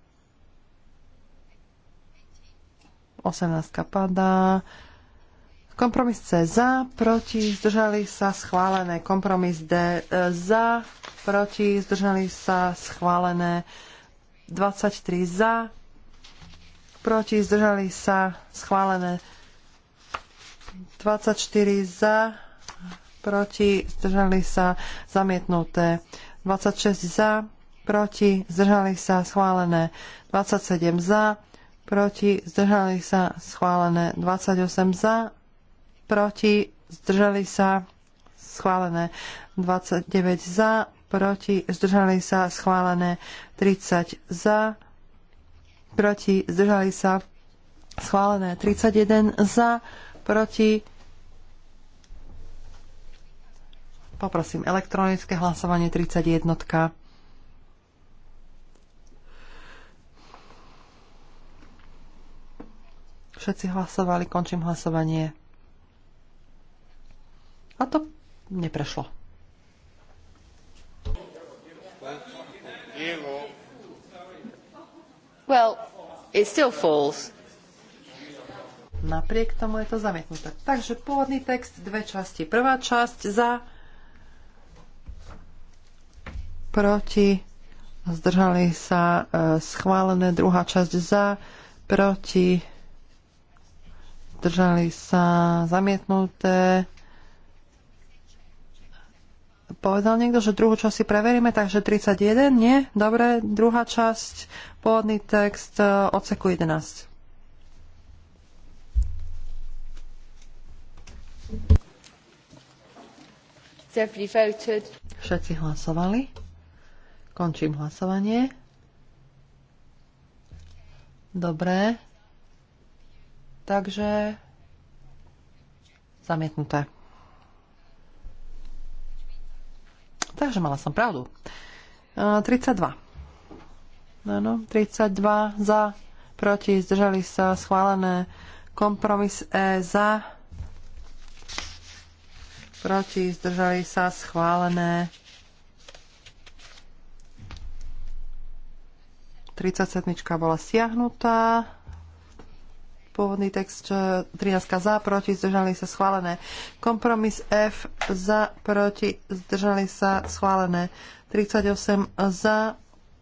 18 padá. Kompromis C za, proti, zdržali sa, schválené. Kompromis D e, za, proti, zdržali sa, schválené. 23 za, proti, zdržali sa, schválené. 24 za, proti, zdržali sa, zamietnuté. 26 za, proti, zdržali sa, schválené. 27 za, proti, zdržali sa, schválené. 28 za, proti, zdržali sa, schválené. 29 za, proti, zdržali sa, schválené. 30 za, proti, zdržali sa, schválené. 31 za, proti, Poprosím elektronické hlasovanie 31. Všetci hlasovali, končím hlasovanie. A to neprešlo. Well, it still falls. Napriek tomu je to zamietnuté. Takže pôvodný text, dve časti. Prvá časť za, proti, zdržali sa e, schválené, druhá časť za, proti, zdržali sa zamietnuté. Povedal niekto, že druhú časť si preveríme, takže 31, nie? Dobre, druhá časť, pôvodný text, e, odseku 11. Všetci hlasovali. Končím hlasovanie. Dobre. Takže zamietnuté. Takže mala som pravdu. 32. E, Áno, 32 za, proti, zdržali sa, schválené. Kompromis E za, proti, zdržali sa, schválené. 37 bola stiahnutá. Pôvodný text 13 e, za, proti, zdržali sa schválené. Kompromis F za, proti, zdržali sa schválené. 38 za,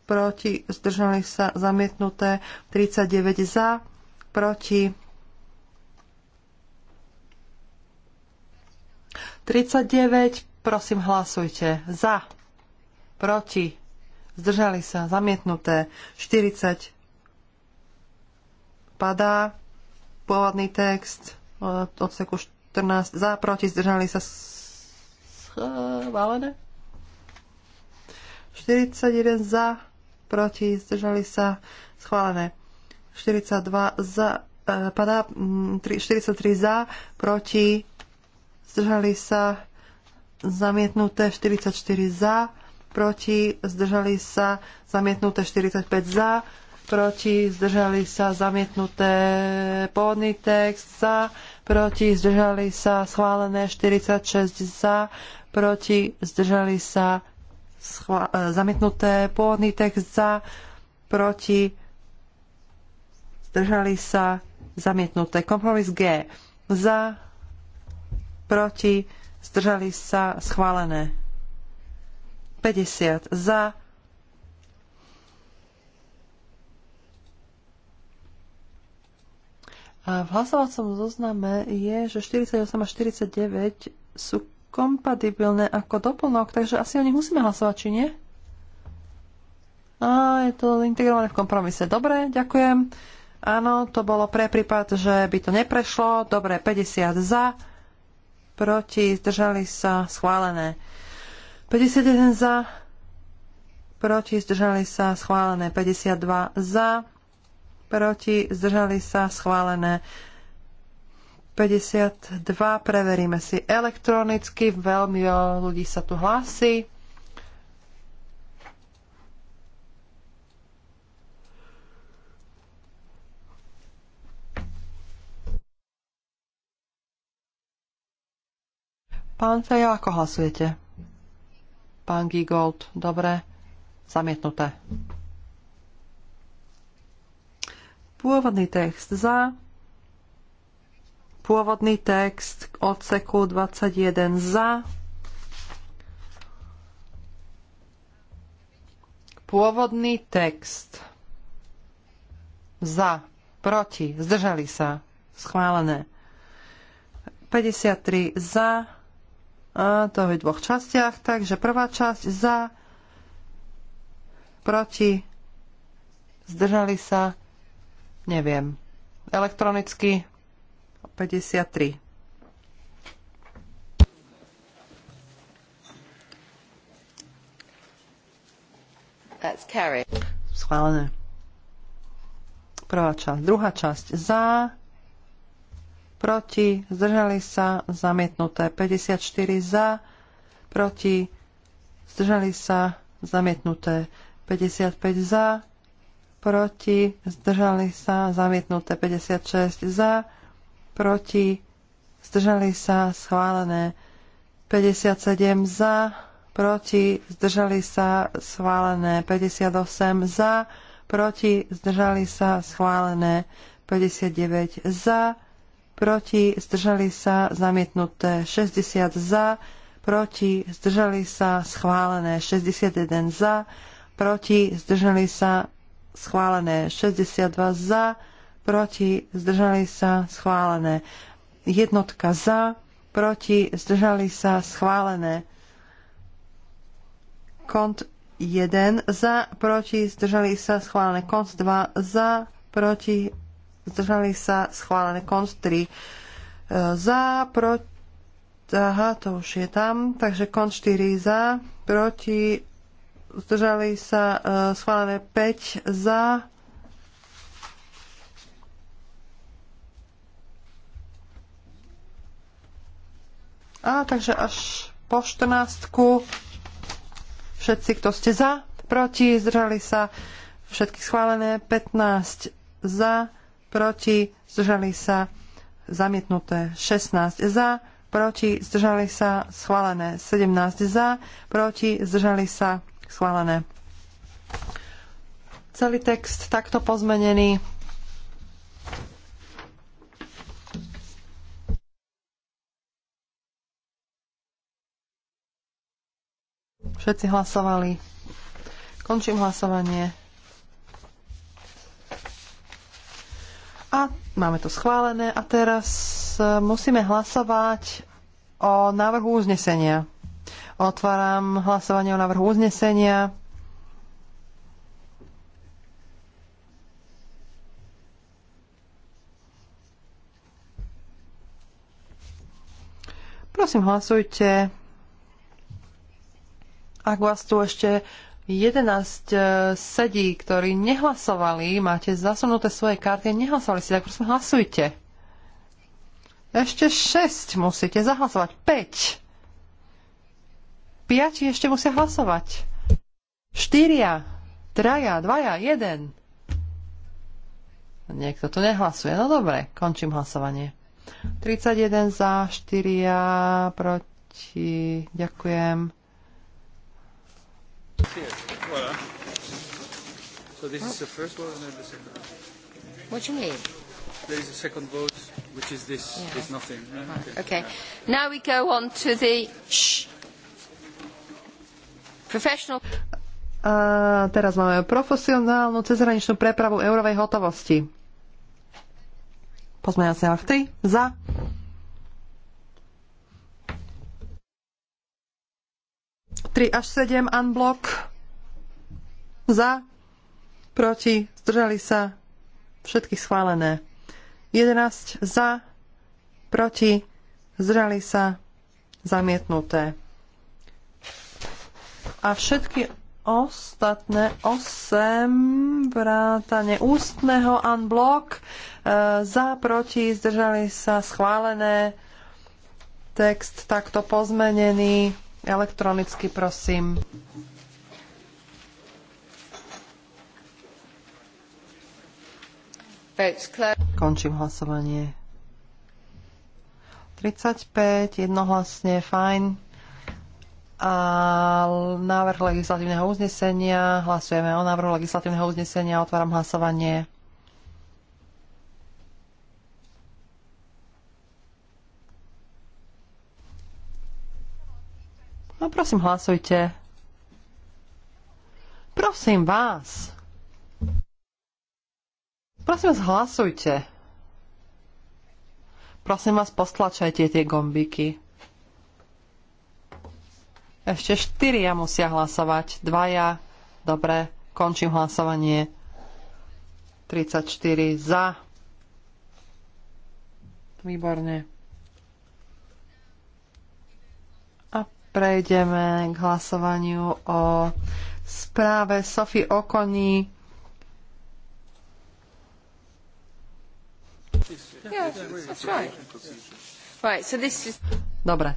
proti, zdržali sa zamietnuté. 39 za, proti. 39, prosím hlasujte. Za, proti, zdržali sa, zamietnuté. 40 padá, pôvodný text e, odseku 14 za, proti, zdržali sa schválené. 41 za, proti, zdržali sa schválené. 42 za, e, padá, 43 mm, za, proti, zdržali sa zamietnuté, 44 za, proti, zdržali sa, zamietnuté 45 za, proti, zdržali sa, zamietnuté pôvodný text za, proti, zdržali sa, schválené 46 za, proti, zdržali sa, e, zamietnuté pôvodný text za, proti, zdržali sa, zamietnuté. Kompromis G za, proti, zdržali sa, schválené. 50 za. A v hlasovacom zozname je, že 48 a 49 sú kompatibilné ako doplnok, takže asi o nich musíme hlasovať, či nie? A je to integrované v kompromise. Dobre, ďakujem. Áno, to bolo pre prípad, že by to neprešlo. Dobre, 50 za, proti, zdržali sa, schválené. 51 za, proti, zdržali sa, schválené. 52 za, proti, zdržali sa, schválené. 52, preveríme si elektronicky, veľmi veľa ľudí sa tu hlási. Pán Fejo, ako hlasujete? pán Gigold. Dobre, zamietnuté. Pôvodný text za. Pôvodný text k odseku 21 za. Pôvodný text za, proti, zdržali sa, schválené. 53 za, a to v dvoch častiach. Takže prvá časť za, proti, zdržali sa, neviem. Elektronicky 53. That's carried. Schválené. Prvá časť. Druhá časť za, proti, zdržali sa, zamietnuté. 54 za, proti, zdržali sa, zamietnuté. 55 za, proti, zdržali sa, zamietnuté. 56 za, proti, zdržali sa, schválené. 57 za, proti, zdržali sa, schválené. 58 za, proti, zdržali sa, schválené. 59 za, proti, zdržali sa, zamietnuté 60 za, proti, zdržali sa, schválené 61 za, proti, zdržali sa, schválené 62 za, proti, zdržali sa, schválené jednotka za, proti, zdržali sa, schválené kont 1 za, proti, zdržali sa, schválené kont 2 za, proti, zdržali sa schválené kont 3 e, za, proti, aha, to už je tam, takže kont 4 za, proti, zdržali sa e, schválené 5 za, A takže až po 14. Všetci, kto ste za, proti, zdržali sa. Všetky schválené. 15 za, proti, zdržali sa, zamietnuté 16 za, proti, zdržali sa, schválené 17 za, proti, zdržali sa, schválené. Celý text takto pozmenený. Všetci hlasovali. Končím hlasovanie. A máme to schválené a teraz e, musíme hlasovať o návrhu uznesenia. Otváram hlasovanie o návrhu uznesenia. Prosím, hlasujte. Ak vás tu ešte 11 eh, sedí, ktorí nehlasovali, máte zasunuté svoje karty, nehlasovali si, tak prosím hlasujte. Ešte 6 musíte zahlasovať, 5. 5 ešte musia hlasovať. 4, 3, 2, 1. Niekto tu nehlasuje. No dobre, končím hlasovanie. 31 za, 4 proti. Ďakujem. What do you mean? There is a second vote, which is this. Yeah. There's nothing. Right. Okay. okay. Yeah. Now we go on to the shh, professional. A teraz máme profesionálnu cezhraničnú prepravu eurovej hotovosti. Pozmeňovací návrh 3. Za. 3 až 7 unblock za, proti, zdržali sa všetky schválené. 11 za, proti, zdržali sa zamietnuté. A všetky ostatné 8 vrátane ústneho unblock e, za, proti, zdržali sa schválené text takto pozmenený Elektronicky, prosím. Končím hlasovanie. 35, jednohlasne, fajn. A návrh legislatívneho uznesenia, hlasujeme o návrhu legislatívneho uznesenia, otváram hlasovanie. No prosím, hlasujte. Prosím vás. Prosím vás, hlasujte. Prosím vás, postlačajte tie gombiky. Ešte štyria musia hlasovať. Dvaja. Dobre, končím hlasovanie. 34 za. Výborne. prejdeme k hlasovaniu o správe Sofy Okoni. Dobre.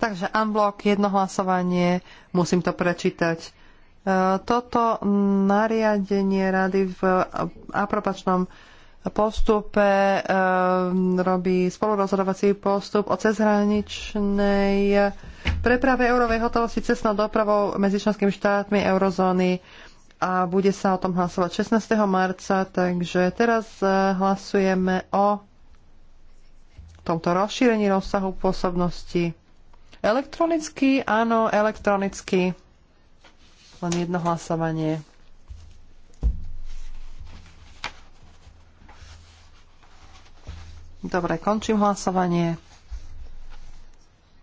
Takže unblock, jedno hlasovanie, musím to prečítať. E, toto nariadenie rady v apropačnom postupe, ehm, robí spolurozhodovací postup o cezhraničnej preprave eurovej hotovosti cestnou dopravou medzi členskými štátmi eurozóny a bude sa o tom hlasovať 16. marca, takže teraz e, hlasujeme o tomto rozšírení rozsahu pôsobnosti. Elektronicky, áno, elektronicky. Len jedno hlasovanie. Dobre, končím hlasovanie.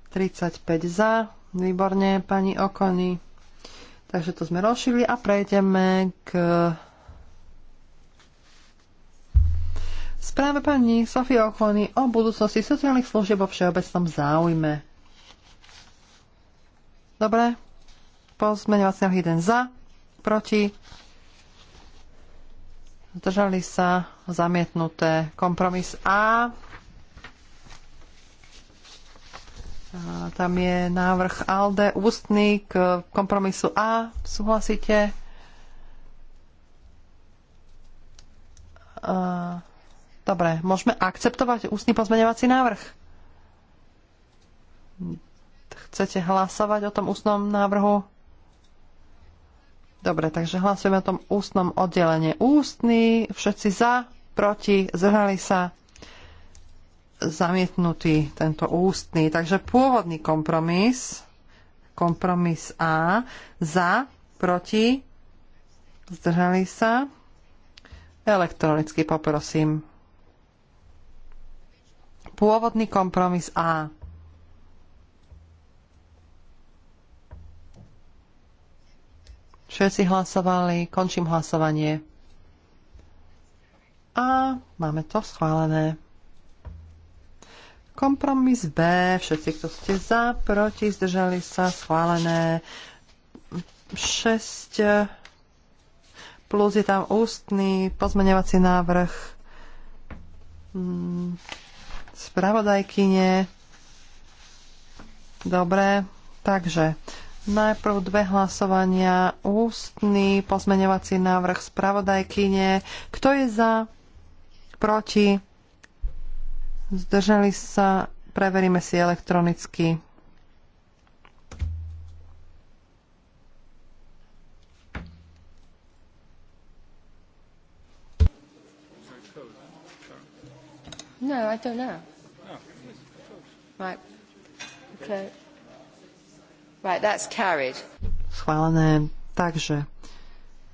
35 za. Výborne, pani Okony. Takže to sme rozšili a prejdeme k správe pani Sofie Okony o budúcnosti sociálnych služieb vo všeobecnom záujme. Dobre, pozmeňovací návrh 1 za, proti, Zdržali sa zamietnuté kompromis A. Tam je návrh ALDE ústny k kompromisu A. Súhlasíte? Dobre, môžeme akceptovať ústny pozmeňovací návrh? Chcete hlasovať o tom ústnom návrhu? Dobre, takže hlasujeme o tom ústnom oddelenie. Ústny, všetci za, proti, zhrali sa, zamietnutý tento ústny. Takže pôvodný kompromis, kompromis A, za, proti, zdržali sa. Elektronicky poprosím. Pôvodný kompromis A. Všetci hlasovali, končím hlasovanie. A máme to schválené. Kompromis B, všetci, kto ste za, proti, zdržali sa, schválené. 6 plus je tam ústny pozmeňovací návrh mm, spravodajkyne. Dobre, takže Najprv dve hlasovania. Ústny pozmeňovací návrh spravodajkyne. Kto je za? Proti? Zdržali sa? Preveríme si elektronicky. No, I don't know. Right. Okay. Right, that's carried. Schválené. Takže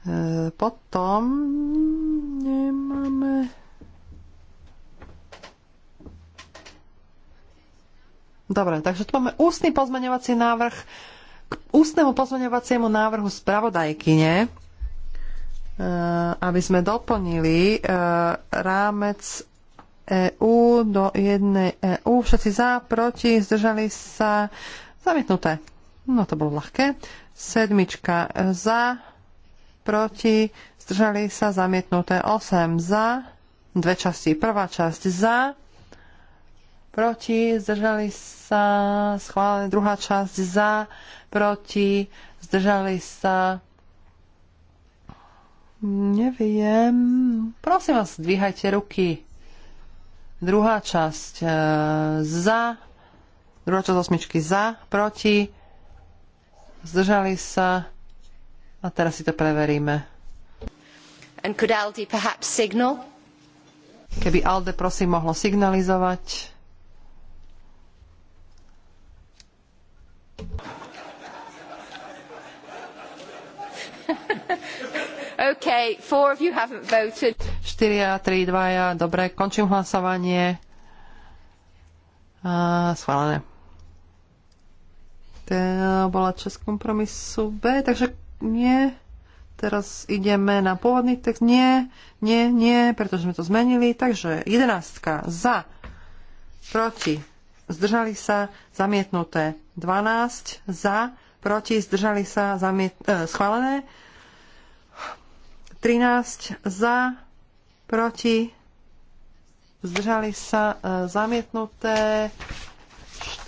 e, potom nemáme... Dobre, takže tu máme ústny pozmeňovací návrh k ústnemu pozmeňovaciemu návrhu spravodajkyne, e, aby sme doplnili e, rámec EU do jednej EU. Všetci za, proti, zdržali sa, zamietnuté. No to bolo ľahké. Sedmička e, za, proti, zdržali sa zamietnuté 8 za, dve časti. Prvá časť za, proti, zdržali sa schválené. Druhá časť za, proti, zdržali sa Neviem. Prosím vás, dvíhajte ruky. Druhá časť e, za. Druhá časť osmičky za, proti zdržali sa a teraz si to preveríme. And could Aldi perhaps signal? Keby Alde prosím mohlo signalizovať. okay, four of you haven't voted. 4, 3, 2, dobre, končím hlasovanie. A, schválené. To bola časť kompromisu B, takže nie. Teraz ideme na pôvodný text. Nie, nie, nie, pretože sme to zmenili. Takže jedenáctka za, proti, zdržali sa, zamietnuté. 12 za, proti, zdržali sa, zamiet, eh, schválené. 13 za, proti, zdržali sa, eh, zamietnuté.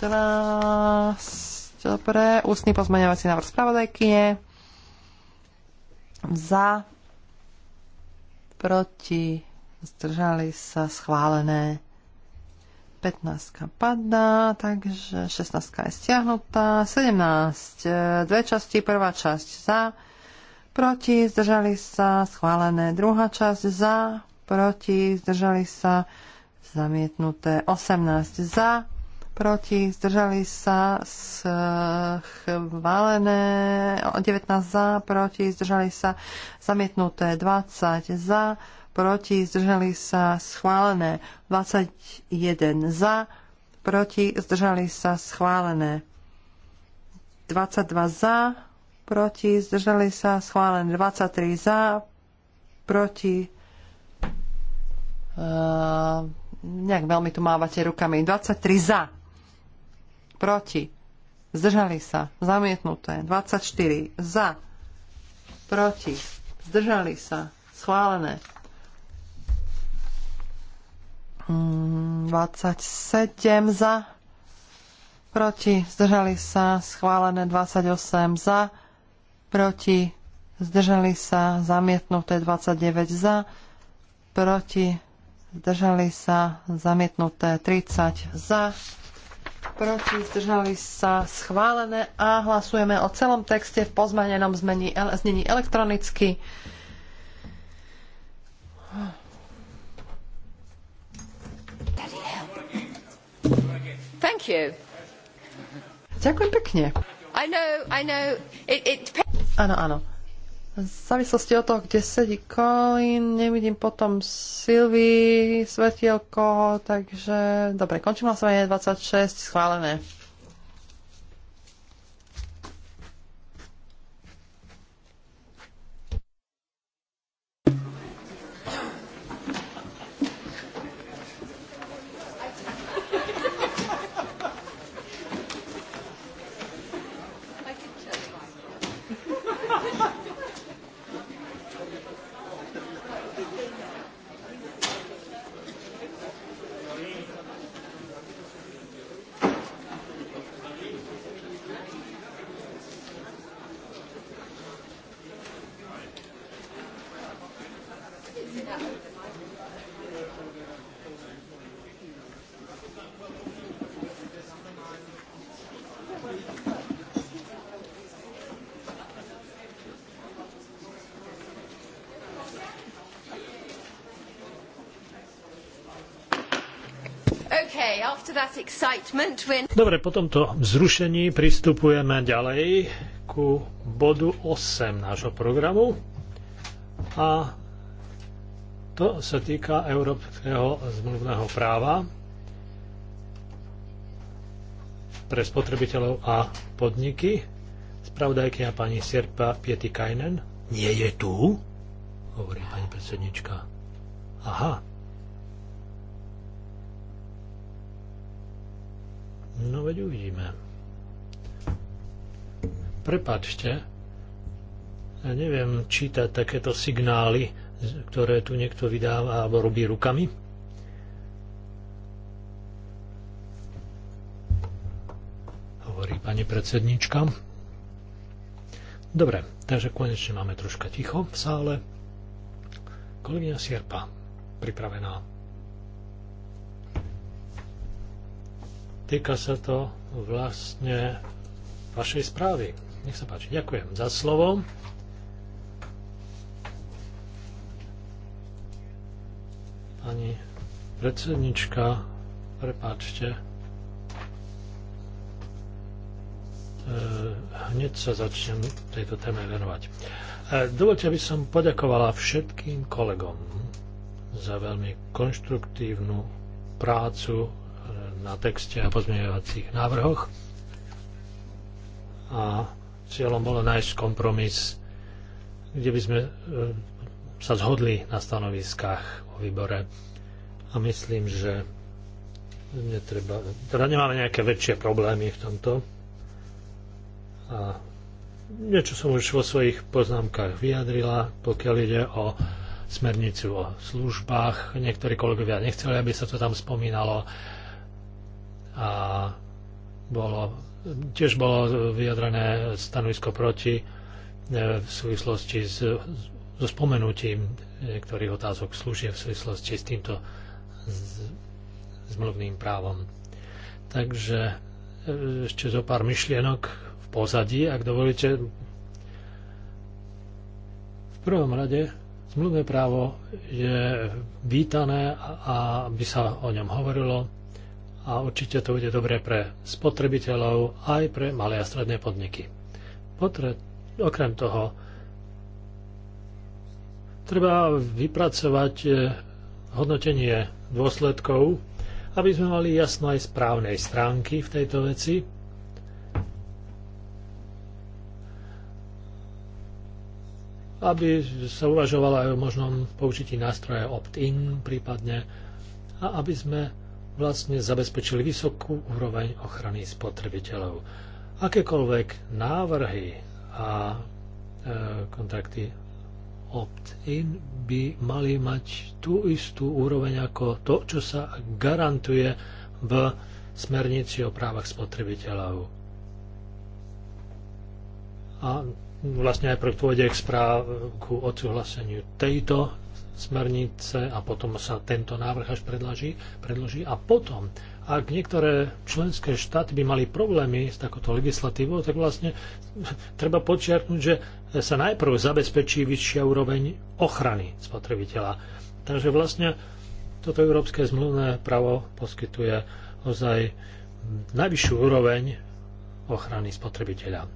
14 Dobre, ústny pozmeňovací návrh spravodajkyne. Za, proti, zdržali sa schválené. 15 padá, takže 16 je stiahnutá. 17, e, dve časti, prvá časť za, proti, zdržali sa schválené. Druhá časť za, proti, zdržali sa zamietnuté. 18 za, proti, zdržali sa schválené, 19 za, proti, zdržali sa zamietnuté, 20 za, proti, zdržali sa schválené, 21 za, proti, zdržali sa schválené, 22 za, proti, zdržali sa schválené, 23 za, proti, uh, nejak veľmi tu mávate rukami, 23 za, proti, zdržali sa, zamietnuté. 24 za, proti, zdržali sa, schválené. 27 mm, za, proti, zdržali sa, schválené 28 za, proti, zdržali sa, zamietnuté 29 za, proti, zdržali sa, zamietnuté 30 za, proti, zdržali sa schválené a hlasujeme o celom texte v pozmanenom zmení, znení elektronicky. Thank you. Ďakujem pekne. I know, I know, it, it... Áno, áno. V závislosti od toho, kde sedí Colin, nevidím potom Sylvie, svetielko, takže dobre, končím hlasovanie 26, schválené. Dobre, po tomto vzrušení pristupujeme ďalej ku bodu 8 nášho programu a to sa týka európskeho zmluvného práva pre spotrebiteľov a podniky. Spravodajkynia pani Sierpa Pietikainen nie je tu, hovorí pani predsednička. Aha, No veď uvidíme. Prepačte, ja neviem čítať takéto signály, ktoré tu niekto vydáva alebo robí rukami. Hovorí pani predsednička. Dobre, takže konečne máme troška ticho v sále. Kolegyňa Sierpa, pripravená Týka sa to vlastne vašej správy. Nech sa páči. Ďakujem za slovo. Pani predsednička, prepáčte. E, hneď sa začnem tejto téme venovať. E, dovolte, aby som poďakovala všetkým kolegom za veľmi konštruktívnu prácu na texte a pozmeňovacích návrhoch. A cieľom bolo nájsť kompromis, kde by sme e, sa zhodli na stanoviskách o výbore. A myslím, že netreba, teda nemáme nejaké väčšie problémy v tomto. A niečo som už vo svojich poznámkach vyjadrila, pokiaľ ide o smernicu o službách. Niektorí kolegovia nechceli, aby sa to tam spomínalo a bolo, tiež bolo vyjadrené stanovisko proti e, v súvislosti s, so spomenutím niektorých otázok služieb v súvislosti s týmto zmluvným právom. Takže e, ešte zo pár myšlienok v pozadí, ak dovolíte. V prvom rade zmluvné právo je vítané a by sa o ňom hovorilo a určite to bude dobré pre spotrebiteľov aj pre malé a stredné podniky. Potre, okrem toho, treba vypracovať e, hodnotenie dôsledkov, aby sme mali jasno aj správnej stránky v tejto veci. aby sa uvažovalo aj o možnom použití nástroja opt-in prípadne a aby sme vlastne zabezpečili vysokú úroveň ochrany spotrebiteľov. Akékoľvek návrhy a e, kontrakty opt-in by mali mať tú istú úroveň ako to, čo sa garantuje v smernici o právach spotrebiteľov. A vlastne aj pre pôjde k správ ku odsúhlaseniu tejto smernice a potom sa tento návrh až predloží, predloží. A potom, ak niektoré členské štáty by mali problémy s takouto legislatívou, tak vlastne treba počiarknúť, že sa najprv zabezpečí vyššia úroveň ochrany spotrebiteľa. Takže vlastne toto európske zmluvné právo poskytuje ozaj najvyššiu úroveň ochrany spotrebiteľa.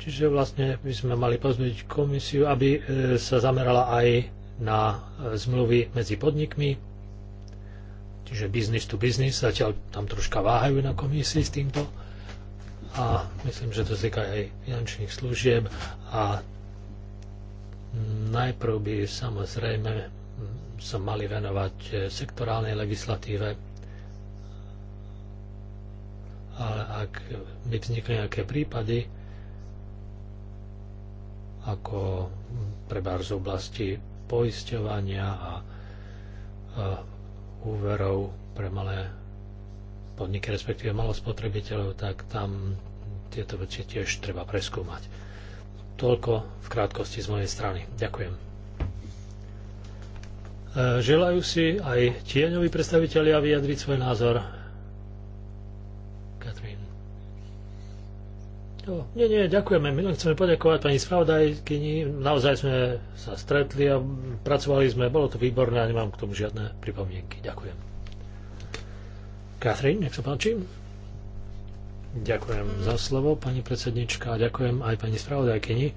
Čiže vlastne by sme mali pozrieť komisiu, aby e, sa zamerala aj na e, zmluvy medzi podnikmi, čiže business to business, zatiaľ tam troška váhajú na komisii s týmto a myslím, že to týka aj finančných služieb a najprv by samozrejme sa mali venovať e, sektorálnej legislatíve, ale ak by vznikli nejaké prípady, ako prebár z oblasti poisťovania a, úverov pre malé podniky, respektíve malospotrebiteľov, tak tam tieto veci tiež treba preskúmať. Toľko v krátkosti z mojej strany. Ďakujem. E, želajú si aj tieňoví predstavitelia vyjadriť svoj názor. No, nie, nie, ďakujeme. My len chceme poďakovať pani spravodajkyni. Naozaj sme sa stretli a pracovali sme. Bolo to výborné a nemám k tomu žiadne pripomienky. Ďakujem. Katrin, nech sa páči. Ďakujem za slovo, pani predsednička, a ďakujem aj pani spravodajkyni.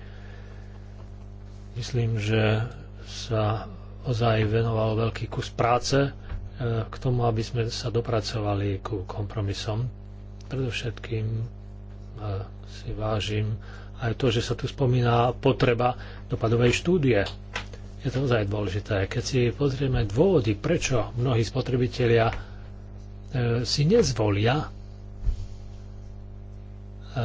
Myslím, že sa ozaj venoval veľký kus práce e, k tomu, aby sme sa dopracovali ku kompromisom. Predovšetkým si vážim aj to, že sa tu spomína potreba dopadovej štúdie. Je to naozaj dôležité. Keď si pozrieme dôvody, prečo mnohí spotrebitelia e, si nezvolia e, e,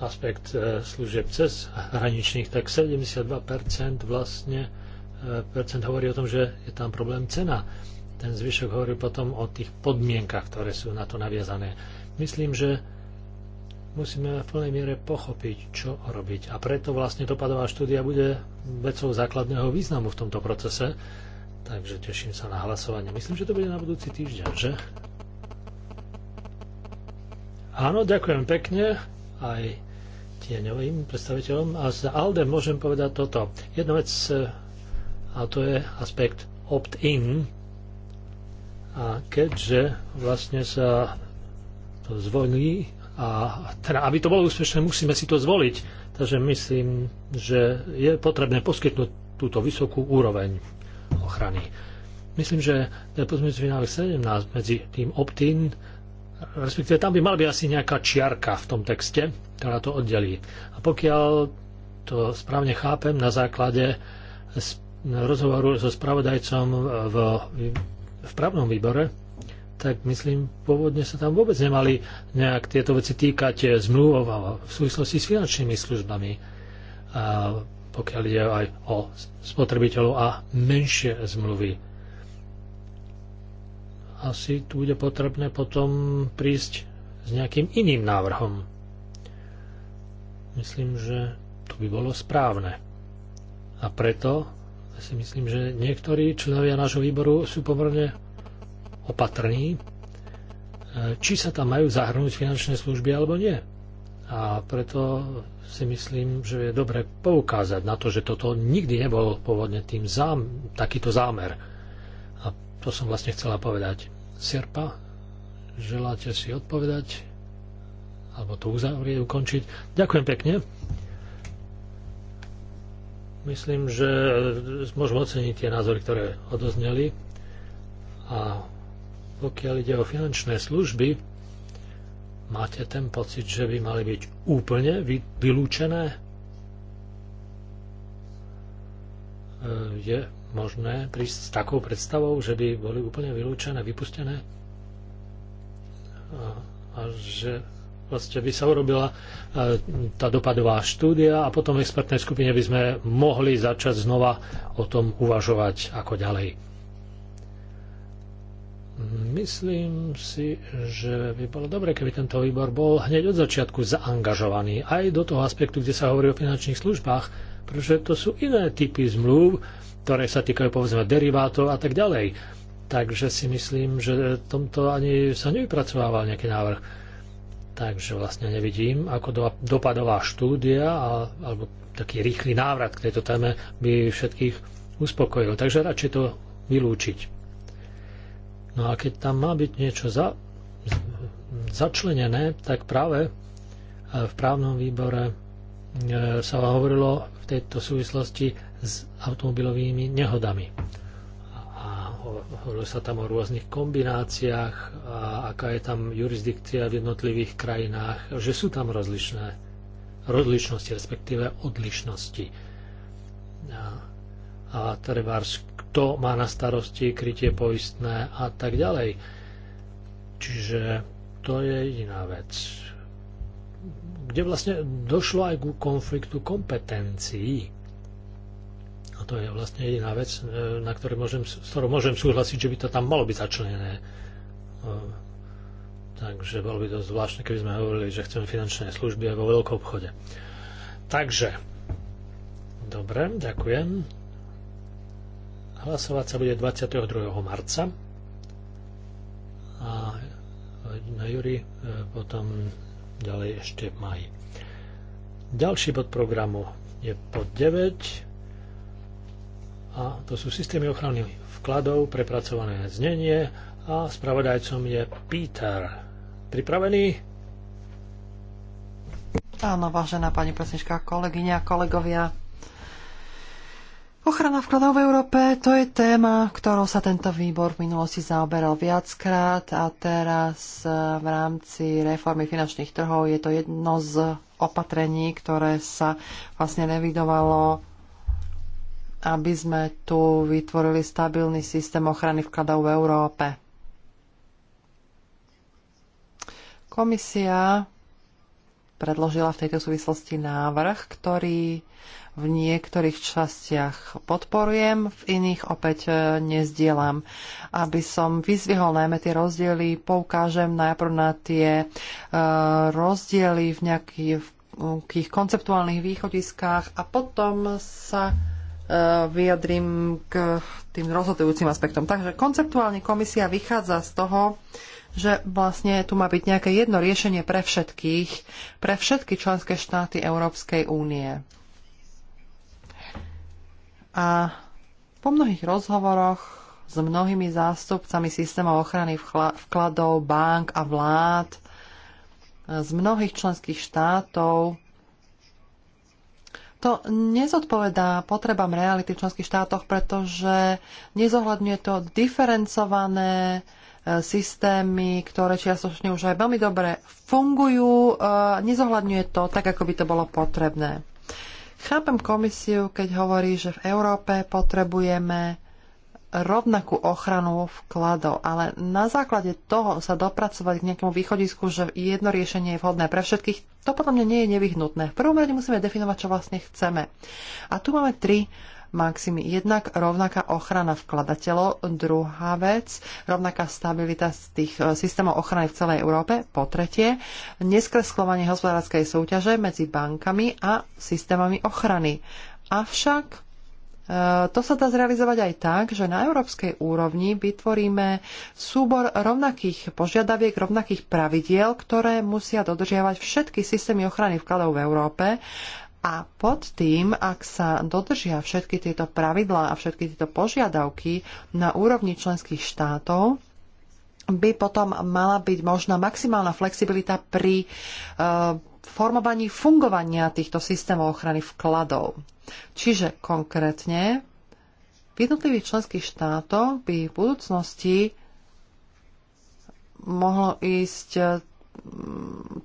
aspekt služieb cez hraničných, tak 72% vlastne percent hovorí o tom, že je tam problém cena. Ten zvyšok hovorí potom o tých podmienkach, ktoré sú na to naviazané. Myslím, že musíme v plnej miere pochopiť, čo robiť. A preto vlastne dopadová štúdia bude vecou základného významu v tomto procese. Takže teším sa na hlasovanie. Myslím, že to bude na budúci týždeň, že? Áno, ďakujem pekne aj tieňovým predstaviteľom. A za ALDE môžem povedať toto. Jedna vec, a to je aspekt opt-in. A keďže vlastne sa to zvolí a teda, aby to bolo úspešné, musíme si to zvoliť. Takže myslím, že je potrebné poskytnúť túto vysokú úroveň ochrany. Myslím, že pozmeňujúci návrh 17 medzi tým opt-in, respektíve tam by mala byť asi nejaká čiarka v tom texte, ktorá to oddelí. A pokiaľ to správne chápem na základe rozhovoru so spravodajcom v, v právnom výbore, tak myslím, pôvodne sa tam vôbec nemali nejak tieto veci týkať eh, zmluv v súvislosti s finančnými službami. A pokiaľ ide aj o spotrebiteľov a menšie zmluvy. Asi tu bude potrebné potom prísť s nejakým iným návrhom. Myslím, že to by bolo správne. A preto si myslím, že niektorí členovia nášho výboru sú pomerne opatrní, e, či sa tam majú zahrnúť finančné služby alebo nie. A preto si myslím, že je dobre poukázať na to, že toto nikdy nebol pôvodne tým zám, takýto zámer. A to som vlastne chcela povedať. Sirpa, želáte si odpovedať? Alebo to uzavrieť, ukončiť? Ďakujem pekne. Myslím, že môžeme oceniť tie názory, ktoré odozneli. A pokiaľ ide o finančné služby, máte ten pocit, že by mali byť úplne vylúčené? E, je možné prísť s takou predstavou, že by boli úplne vylúčené, vypustené? A, a že vlastne by sa urobila e, tá dopadová štúdia a potom v expertnej skupine by sme mohli začať znova o tom uvažovať ako ďalej. Myslím si, že by bolo dobre, keby tento výbor bol hneď od začiatku zaangažovaný aj do toho aspektu, kde sa hovorí o finančných službách, pretože to sú iné typy zmluv, ktoré sa týkajú povedzme derivátov a tak ďalej. Takže si myslím, že tomto ani sa nevypracovával nejaký návrh. Takže vlastne nevidím, ako do, dopadová štúdia a, alebo taký rýchly návrat k tejto téme by všetkých uspokojil. Takže radšej to vylúčiť. No a keď tam má byť niečo za, začlenené, tak práve e, v právnom výbore e, sa hovorilo v tejto súvislosti s automobilovými nehodami. A hovorilo sa tam o rôznych kombináciách, a aká je tam jurisdikcia v jednotlivých krajinách, že sú tam rozličné rozličnosti, respektíve odlišnosti. A a trebárs, kto má na starosti krytie poistné a tak ďalej. Čiže to je jediná vec. Kde vlastne došlo aj ku konfliktu kompetencií. A to je vlastne jediná vec, e, na ktorej môžem, s ktorou môžem súhlasiť, že by to tam malo byť začlenené. E, takže bolo by to zvláštne, keby sme hovorili, že chceme finančné služby aj vo veľkom obchode. Takže, dobre, ďakujem. Hlasovať sa bude 22. marca a na Juri e, potom ďalej ešte v maji. Ďalší bod programu je pod 9 a to sú systémy ochrany vkladov, prepracované znenie a spravodajcom je Peter. Pripravený? Áno, vážená pani pesnička, kolegyňa, kolegovia, Ochrana vkladov v Európe to je téma, ktorou sa tento výbor v minulosti zaoberal viackrát a teraz e, v rámci reformy finančných trhov je to jedno z opatrení, ktoré sa vlastne nevidovalo aby sme tu vytvorili stabilný systém ochrany vkladov v Európe. Komisia predložila v tejto súvislosti návrh, ktorý v niektorých častiach podporujem, v iných opäť e, nezdielam. Aby som vyzvihol najmä tie rozdiely, poukážem najprv na tie e, rozdiely v nejakých konceptuálnych východiskách a potom sa e, vyjadrím k tým rozhodujúcim aspektom. Takže konceptuálne komisia vychádza z toho, že vlastne tu má byť nejaké jedno riešenie pre všetkých, pre všetky členské štáty Európskej únie. A po mnohých rozhovoroch s mnohými zástupcami systémov ochrany vkladov, bank a vlád z mnohých členských štátov to nezodpovedá potrebám reality v členských štátoch, pretože nezohľadňuje to diferencované e, systémy, ktoré čiastočne už aj veľmi dobre fungujú, e, nezohľadňuje to tak, ako by to bolo potrebné. Chápem komisiu, keď hovorí, že v Európe potrebujeme rovnakú ochranu vkladov, ale na základe toho sa dopracovať k nejakému východisku, že jedno riešenie je vhodné pre všetkých, to podľa mňa nie je nevyhnutné. V prvom rade musíme definovať, čo vlastne chceme. A tu máme tri maximy. Jednak rovnaká ochrana vkladateľov, druhá vec, rovnaká stabilita z tých e, systémov ochrany v celej Európe, po tretie, neskreslovanie hospodárskej súťaže medzi bankami a systémami ochrany. Avšak e, to sa dá zrealizovať aj tak, že na európskej úrovni vytvoríme súbor rovnakých požiadaviek, rovnakých pravidiel, ktoré musia dodržiavať všetky systémy ochrany vkladov v Európe a pod tým, ak sa dodržia všetky tieto pravidlá a všetky tieto požiadavky na úrovni členských štátov, by potom mala byť možná maximálna flexibilita pri e, formovaní fungovania týchto systémov ochrany vkladov. Čiže konkrétne v jednotlivých členských štátoch by v budúcnosti mohlo ísť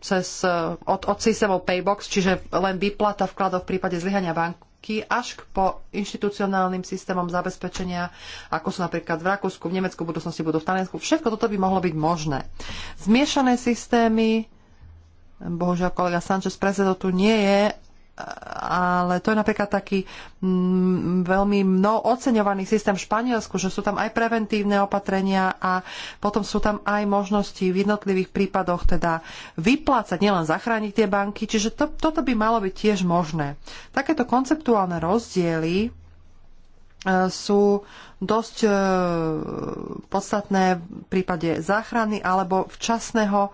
cez, eh, od, od CISEVO Paybox, čiže len vyplata vkladov v prípade zlyhania banky až k po inštitucionálnym systémom zabezpečenia, ako sú napríklad v Rakúsku, v Nemecku, v budúcnosti budú v Taliansku. Všetko toto by mohlo byť možné. Zmiešané systémy, bohužiaľ kolega Sanchez Prezedo tu nie je, ale to je napríklad taký mm, veľmi mnoho oceňovaný systém v Španielsku, že sú tam aj preventívne opatrenia a potom sú tam aj možnosti v jednotlivých prípadoch teda vyplácať, nielen zachrániť tie banky, čiže to, toto by malo byť tiež možné. Takéto konceptuálne rozdiely e, sú dosť e, podstatné v prípade záchrany alebo včasného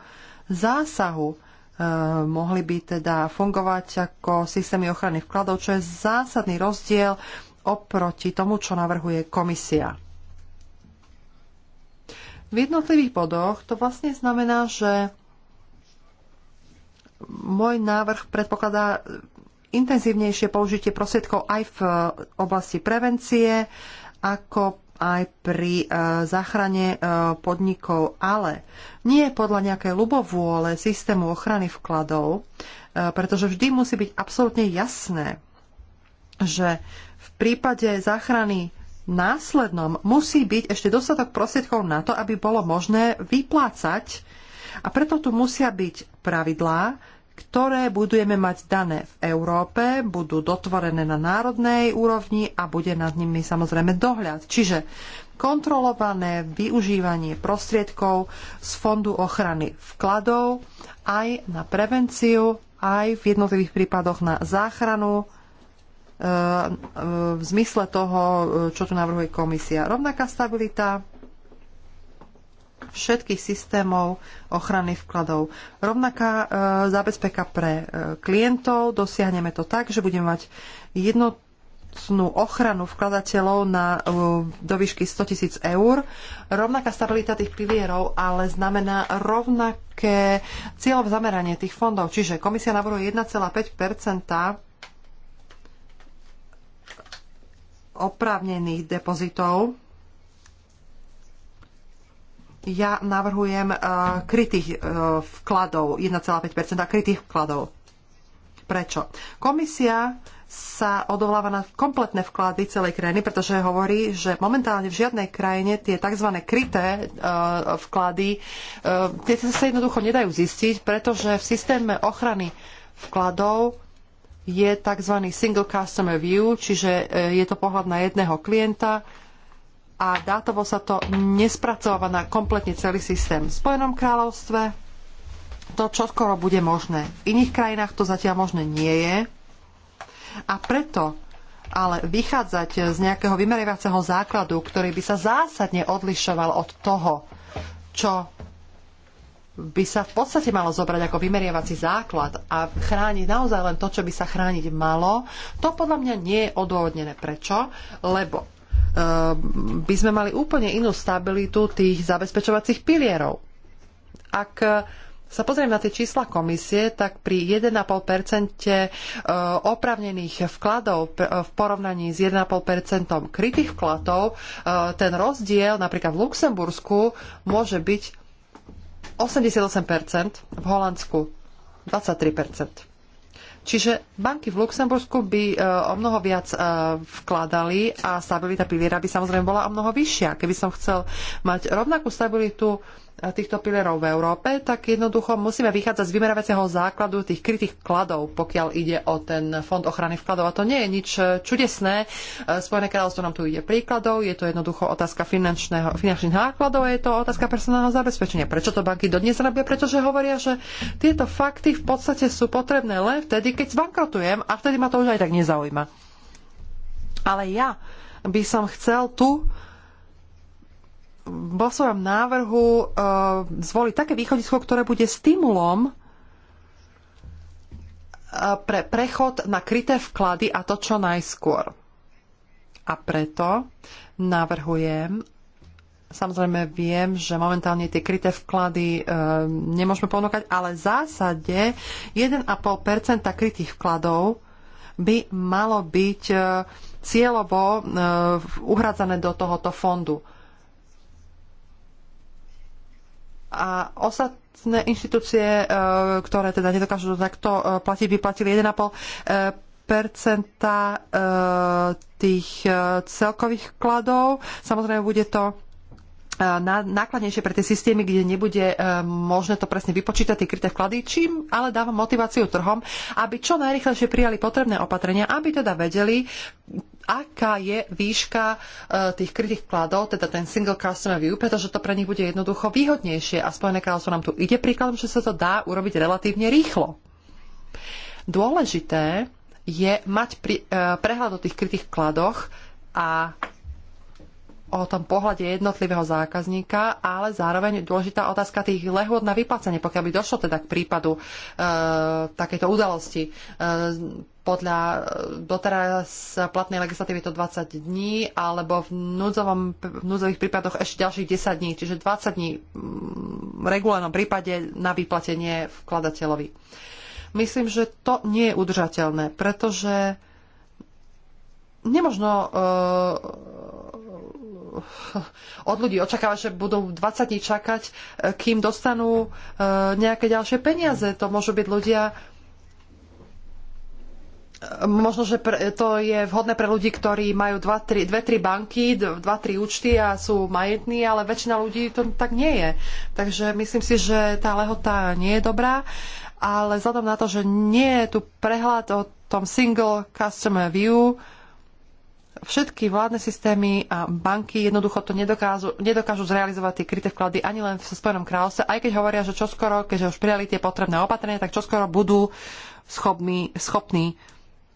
zásahu Eh, mohli by teda fungovať ako systémy ochrany vkladov, čo je zásadný rozdiel oproti tomu, čo navrhuje komisia. V jednotlivých bodoch to vlastne znamená, že môj návrh predpokladá intenzívnejšie použitie prostriedkov aj v oblasti prevencie, ako aj pri e, záchrane e, podnikov, ale nie podľa nejakej ľubovôle systému ochrany vkladov, e, pretože vždy musí byť absolútne jasné, že v prípade záchrany následnom musí byť ešte dostatok prostriedkov na to, aby bolo možné vyplácať. A preto tu musia byť pravidlá, ktoré budujeme mať dané v Európe, budú dotvorené na národnej úrovni a bude nad nimi samozrejme dohľad. Čiže kontrolované využívanie prostriedkov z Fondu ochrany vkladov aj na prevenciu, aj v jednotlivých prípadoch na záchranu e, e, v zmysle toho, e, čo tu navrhuje komisia. Rovnaká stabilita všetkých systémov ochrany vkladov. Rovnaká e, zábezpeka pre e, klientov, dosiahneme to tak, že budeme mať jednotnú ochranu vkladateľov na, e, do výšky 100 tisíc eur. Rovnaká stabilita tých pilierov ale znamená rovnaké cieľové zameranie tých fondov. Čiže komisia navrhuje 1,5 oprávnených depozitov ja navrhujem e, krytých e, vkladov, 1,5% krytých vkladov. Prečo? Komisia sa odovláva na kompletné vklady celej krajiny, pretože hovorí, že momentálne v žiadnej krajine tie tzv. kryté e, vklady, tie sa jednoducho nedajú zistiť, pretože v systéme ochrany vkladov je tzv. single customer view, čiže je to pohľad na jedného klienta, a dátovo sa to nespracováva na kompletne celý systém. V Spojenom kráľovstve to čoskoro bude možné. V iných krajinách to zatiaľ možné nie je. A preto ale vychádzať z nejakého vymerievacieho základu, ktorý by sa zásadne odlišoval od toho, čo by sa v podstate malo zobrať ako vymerievací základ a chrániť naozaj len to, čo by sa chrániť malo, to podľa mňa nie je odôvodnené. Prečo? Lebo Ehm, by sme mali úplne inú stabilitu tých zabezpečovacích pilierov. Ak e, sa pozrieme na tie čísla komisie, tak pri 1,5% e, opravnených vkladov e, v porovnaní s 1,5% krytých vkladov, ten rozdiel napríklad v Luxembursku môže byť 88%, v Holandsku 23%. Čiže banky v Luxembursku by e, o mnoho viac e, vkladali a stabilita piliera by samozrejme bola o mnoho vyššia. Keby som chcel mať rovnakú stabilitu týchto pilierov v Európe, tak jednoducho musíme vychádzať z vymeravacieho základu tých krytých vkladov, pokiaľ ide o ten fond ochrany vkladov. A to nie je nič eh, čudesné. Eh, Spojené kráľovstvo nám tu ide príkladov, je to jednoducho otázka finančného, finančných nákladov a je to otázka personálneho zabezpečenia. Prečo to banky dodnes robia? Pretože hovoria, že tieto fakty v podstate sú potrebné len vtedy, keď zbankrotujem a vtedy ma to už aj tak nezaujíma. Ale ja by som chcel tu vo svojom návrhu eh, zvoliť také východisko, ktoré bude stimulom eh, pre prechod na kryté vklady a to čo najskôr. A preto navrhujem, samozrejme viem, že momentálne tie kryté vklady e, nemôžeme ponúkať, ale v zásade 1,5% krytých vkladov by malo byť e, cieľovo e, uhradzané do tohoto fondu. a ostatné inštitúcie, e, ktoré teda nedokážu takto e, platiť, by platili 1,5 percenta e, tých celkových vkladov. Samozrejme, bude to nákladnejšie pre tie systémy, kde nebude možné to presne vypočítať, tie kryté vklady, čím ale dávam motiváciu trhom, aby čo najrychlejšie prijali potrebné opatrenia, aby teda vedeli, aká je výška e, tých krytých vkladov, teda ten single customer view, pretože to pre nich bude jednoducho výhodnejšie a Spojené kráľovstvo nám tu ide príkladom, že sa to dá urobiť relatívne rýchlo. Dôležité je mať e, prehľad o tých krytých vkladoch a o tom pohľade jednotlivého zákazníka, ale zároveň dôležitá otázka tých lehôd na vyplacenie, pokiaľ by došlo teda k prípadu e, takéto udalosti. E, podľa e, doteraz platnej legislatívy je to 20 dní, alebo v, núdzovom, v núdzových prípadoch ešte ďalších 10 dní, čiže 20 dní mm, v regulárnom prípade na vyplatenie vkladateľovi. Myslím, že to nie je udržateľné, pretože nemožno e, od ľudí očakávať, že budú 20 dní čakať, e, kým dostanú e, nejaké ďalšie peniaze. To môžu byť ľudia, e, možno, že to je vhodné pre ľudí, ktorí majú 2-3 banky, 2-3 účty a sú majetní, ale väčšina ľudí to tak nie je. Takže myslím si, že tá lehota nie je dobrá, ale vzhľadom na to, že nie je tu prehľad o tom single customer view, všetky vládne systémy a banky jednoducho to nedokážu, nedokážu zrealizovať tie kryté vklady ani len v Spojenom kráľovstve, aj keď hovoria, že čoskoro, keďže už prijali tie potrebné opatrenia, tak čoskoro budú schopní, schopní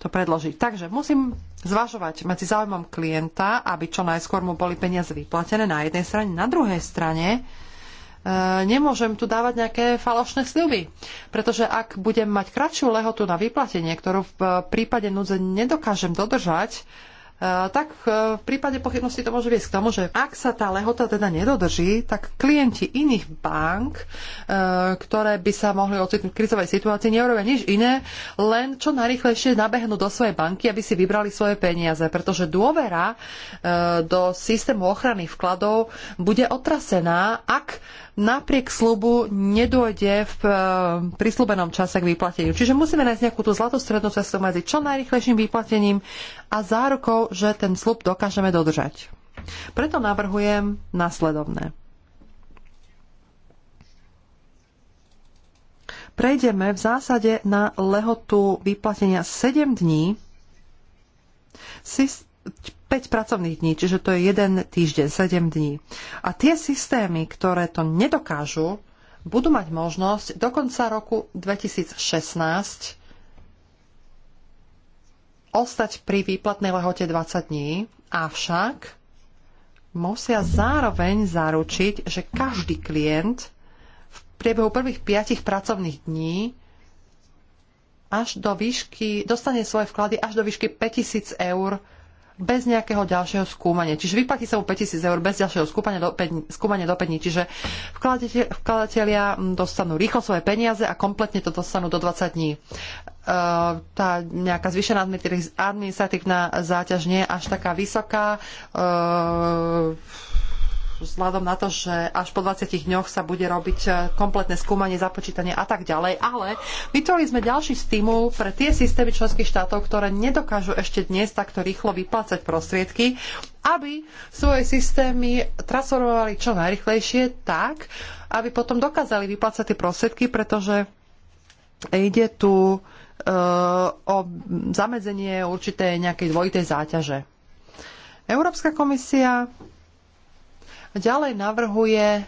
to predložiť. Takže musím zvažovať medzi záujmom klienta, aby čo najskôr mu boli peniaze vyplatené na jednej strane, na druhej strane e, nemôžem tu dávať nejaké falošné sľuby. Pretože ak budem mať kratšiu lehotu na vyplatenie, ktorú v e, prípade núdze nedokážem dodržať, tak e, v prípade pochybnosti to môže viesť k tomu, že ak sa tá lehota teda nedodrží, tak klienti iných bank, e, ktoré by sa mohli ocitnúť v krizovej situácii, neurobia nič iné, len čo najrychlejšie nabehnú do svojej banky, aby si vybrali svoje peniaze, pretože dôvera e, do systému ochrany vkladov bude otrasená, ak napriek slubu nedôjde v eh, prislúbenom čase k vyplateniu. Čiže musíme nájsť nejakú tú zlatú strednú cestu medzi čo najrychlejším vyplatením a zárukou, že ten slub dokážeme dodržať. Preto navrhujem nasledovné. Prejdeme v zásade na lehotu vyplatenia 7 dní. 5 pracovných dní, čiže to je jeden týždeň, 7 dní. A tie systémy, ktoré to nedokážu, budú mať možnosť do konca roku 2016 ostať pri výplatnej lehote 20 dní, avšak musia zároveň zaručiť, že každý klient v priebehu prvých 5 pracovných dní až do výšky, dostane svoje vklady až do výšky 5000 eur bez nejakého ďalšieho skúmania. Čiže vyplatí sa mu 5000 eur bez ďalšieho skúmania do, 5, skúmania do 5 dní. Čiže vkladatelia dostanú rýchlo svoje peniaze a kompletne to dostanú do 20 dní. E, tá nejaká zvyšená administratívna záťaž nie je až taká vysoká. E, vzhľadom na to, že až po 20 dňoch sa bude robiť e, kompletné skúmanie, započítanie a tak ďalej. Ale vytvorili sme ďalší stimul pre tie systémy členských štátov, ktoré nedokážu ešte dnes takto rýchlo vyplácať prostriedky, aby svoje systémy transformovali čo najrychlejšie tak, aby potom dokázali vyplácať tie prostriedky, pretože ide tu e, o zamedzenie určitej nejakej dvojitej záťaže. Európska komisia Ďalej navrhuje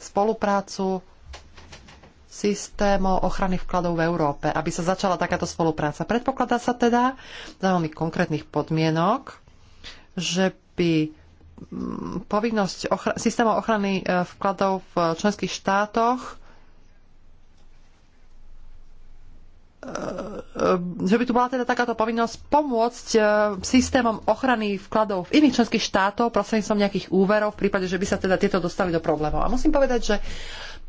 spoluprácu systémov ochrany vkladov v Európe, aby sa začala takáto spolupráca. Predpokladá sa teda za veľmi konkrétnych podmienok, že by mm, povinnosť ochra- systémov ochrany e, vkladov v členských štátoch E, e, že by tu bola teda takáto povinnosť pomôcť e, systémom ochrany vkladov v iných členských štátov prostredníctvom nejakých úverov v prípade, že by sa teda tieto dostali do problémov. A musím povedať, že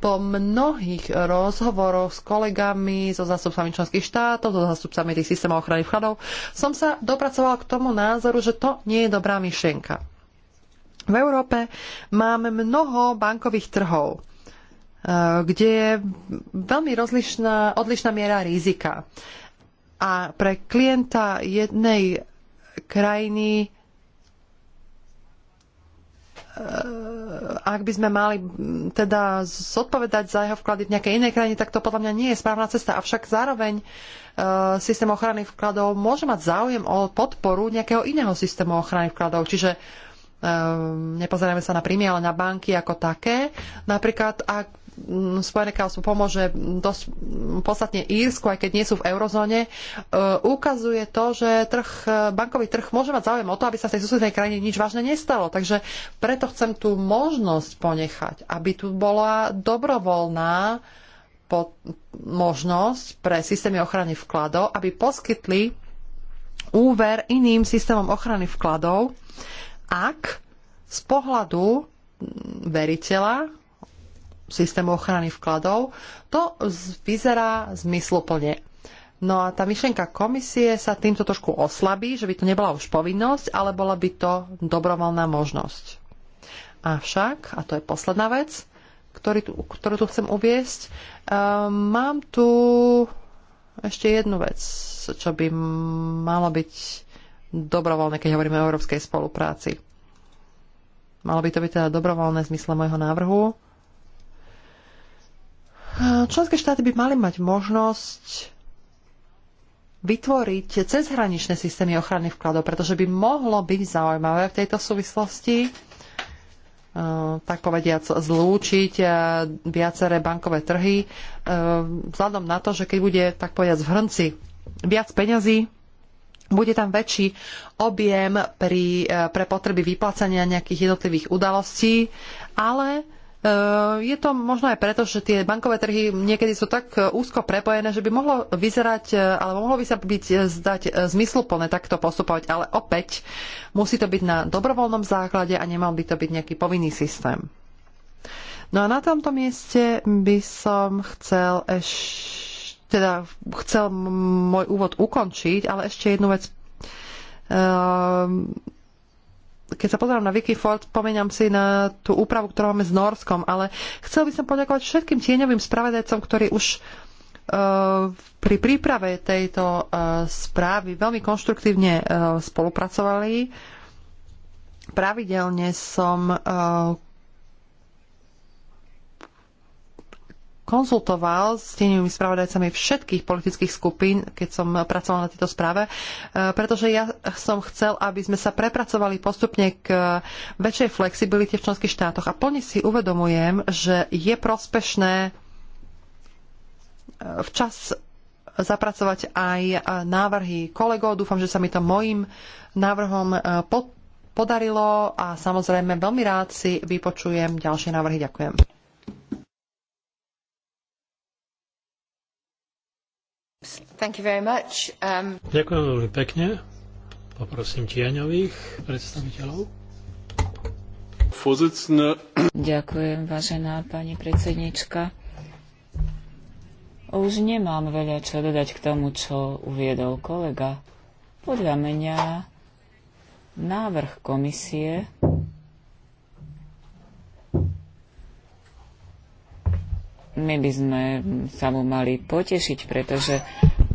po mnohých rozhovoroch s kolegami, so zástupcami členských štátov, so zástupcami tých systémov ochrany vkladov, som sa dopracovala k tomu názoru, že to nie je dobrá myšlienka. V Európe máme mnoho bankových trhov Eh, kde je veľmi rozlišná, odlišná miera rizika. A pre klienta jednej krajiny eh, ak by sme mali mm, teda zodpovedať za jeho vklady v nejakej inej krajine, tak to podľa mňa nie je správna cesta. Avšak zároveň eh, systém ochrany vkladov môže mať záujem o podporu nejakého iného systému ochrany vkladov. Čiže nepozeráme sa na príjmy, ale na banky ako také. Napríklad, ak Spojené kráľovstvo pomôže dosť podstatne Írsku, aj keď nie sú v eurozóne, e, ukazuje to, že trh, e, bankový trh môže mať záujem o to, aby sa v tej susednej krajine nič vážne nestalo. Takže preto chcem tú možnosť ponechať, aby tu bola dobrovoľná možnosť pre systémy ochrany vkladov, aby poskytli úver iným systémom ochrany vkladov, ak z pohľadu veriteľa systému ochrany vkladov, to vyzerá zmysluplne. No a tá myšlienka komisie sa týmto trošku oslabí, že by to nebola už povinnosť, ale bola by to dobrovoľná možnosť. Avšak, a to je posledná vec, ktorý tu, ktorú tu chcem uviesť, um, mám tu ešte jednu vec, čo by malo byť dobrovoľné, keď hovoríme o európskej spolupráci. Malo by to byť teda dobrovoľné v zmysle môjho návrhu Členské štáty by mali mať možnosť vytvoriť cezhraničné systémy ochrany vkladov, pretože by mohlo byť zaujímavé v tejto súvislosti e, tak povediať, zlúčiť e, viaceré bankové trhy e, vzhľadom na to, že keď bude tak povediac v hrnci viac peňazí, bude tam väčší objem pri, pre potreby vyplácania nejakých jednotlivých udalostí, ale Eh, je to možno aj preto, že tie bankové trhy niekedy sú tak eh, úzko prepojené, že by mohlo vyzerať, eh, alebo mohlo by sa byť zdať zmysluplné takto postupovať, ale opäť musí to byť na dobrovoľnom základe a nemal by to byť nejaký povinný systém. No a na tomto mieste by som chcel ešte, teda chcel môj úvod ukončiť, ale ešte jednu vec ehm, keď sa pozerám na Wikifort, spomeniam si na tú úpravu, ktorú máme s Norskom, ale chcel by som poďakovať všetkým tieňovým spravedajcom, ktorí už uh, pri príprave tejto uh, správy veľmi konštruktívne uh, spolupracovali. Pravidelne som konzultoval s tieňovými spravodajcami všetkých politických skupín, keď som pracoval na tejto správe, e, pretože ja som chcel, aby sme sa prepracovali postupne k väčšej flexibilite v členských štátoch. A plne si uvedomujem, že je prospešné e, včas zapracovať aj e, návrhy kolegov. Dúfam, že sa mi to mojim návrhom podarilo a samozrejme veľmi rád si vypočujem ďalšie návrhy. Ďakujem. Um... Ďakujem veľmi pekne. Poprosím tieňových predstaviteľov. Ďakujem, vážená pani predsednička. Už nemám veľa čo dodať k tomu, čo uviedol kolega. Podľa mňa návrh komisie my by sme sa mu mali potešiť, pretože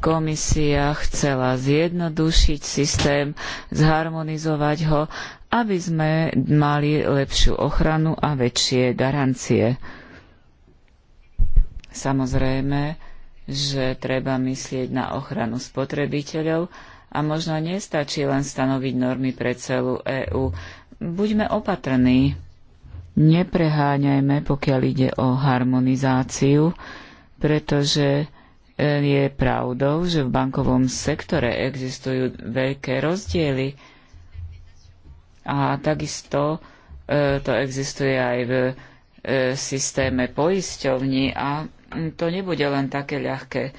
komisia chcela zjednodušiť systém, zharmonizovať ho, aby sme mali lepšiu ochranu a väčšie garancie. Samozrejme, že treba myslieť na ochranu spotrebiteľov a možno nestačí len stanoviť normy pre celú EÚ. Buďme opatrní nepreháňajme, pokiaľ ide o harmonizáciu, pretože e, je pravdou, že v bankovom sektore existujú veľké rozdiely a takisto e, to existuje aj v e, systéme poisťovní a to nebude len také ľahké.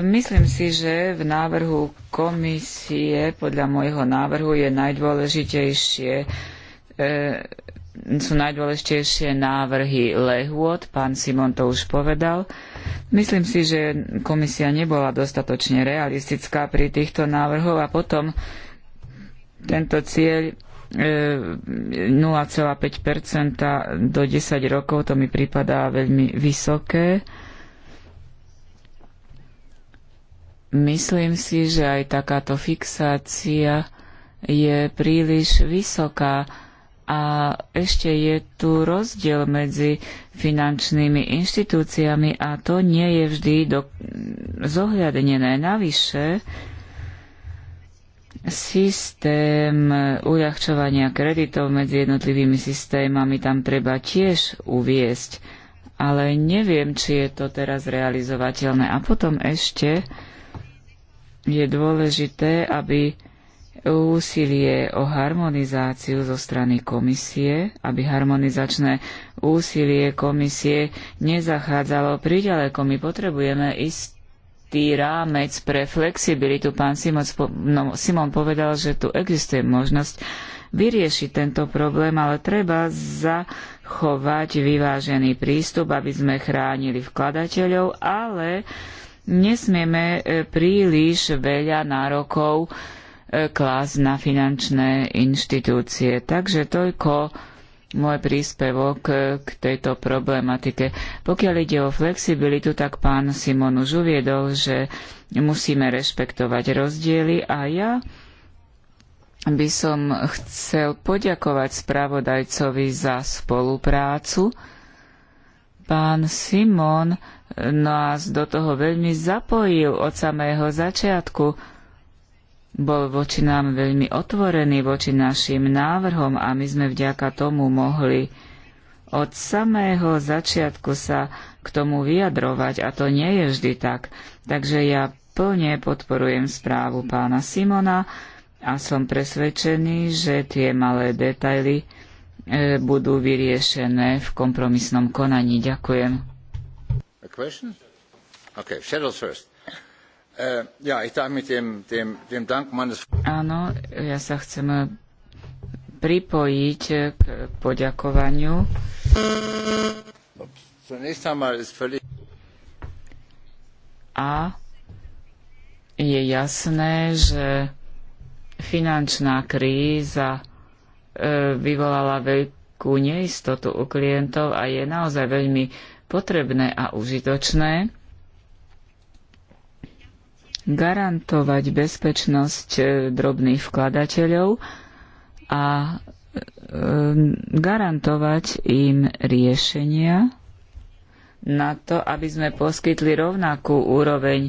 Myslím si, že v návrhu komisie, podľa môjho návrhu, je najdôležitejšie sú najdôležitejšie návrhy lehôd, pán Simon to už povedal. Myslím si, že komisia nebola dostatočne realistická pri týchto návrhoch a potom tento cieľ 0,5% e, do 10 rokov, to mi pripadá veľmi vysoké. Myslím si, že aj takáto fixácia je príliš vysoká a ešte je tu rozdiel medzi finančnými inštitúciami a to nie je vždy do, zohľadnené. Navyše, systém uľahčovania kreditov medzi jednotlivými systémami tam treba tiež uviesť, ale neviem, či je to teraz realizovateľné. A potom ešte je dôležité, aby úsilie o harmonizáciu zo strany komisie, aby harmonizačné úsilie komisie nezachádzalo priďaleko. My potrebujeme istý rámec pre flexibilitu. Pán Simon, no, Simon povedal, že tu existuje možnosť vyriešiť tento problém, ale treba zachovať vyvážený prístup, aby sme chránili vkladateľov, ale nesmieme e, príliš veľa nárokov klas na finančné inštitúcie. Takže toľko môj príspevok k tejto problematike. Pokiaľ ide o flexibilitu, tak pán Simon už uviedol, že musíme rešpektovať rozdiely a ja by som chcel poďakovať spravodajcovi za spoluprácu. Pán Simon nás do toho veľmi zapojil od samého začiatku bol voči nám veľmi otvorený, voči našim návrhom a my sme vďaka tomu mohli od samého začiatku sa k tomu vyjadrovať a to nie je vždy tak. Takže ja plne podporujem správu pána Simona a som presvedčený, že tie malé detaily e, budú vyriešené v kompromisnom konaní. Ďakujem. Okay, first. Eh, Áno, ja sa chcem eh, pripojiť eh, k poďakovaniu. A je jasné, že finančná kríza vyvolala veľkú neistotu u klientov a je naozaj veľmi potrebné a užitočné, garantovať bezpečnosť e, drobných vkladateľov a e, garantovať im riešenia na to, aby sme poskytli rovnakú úroveň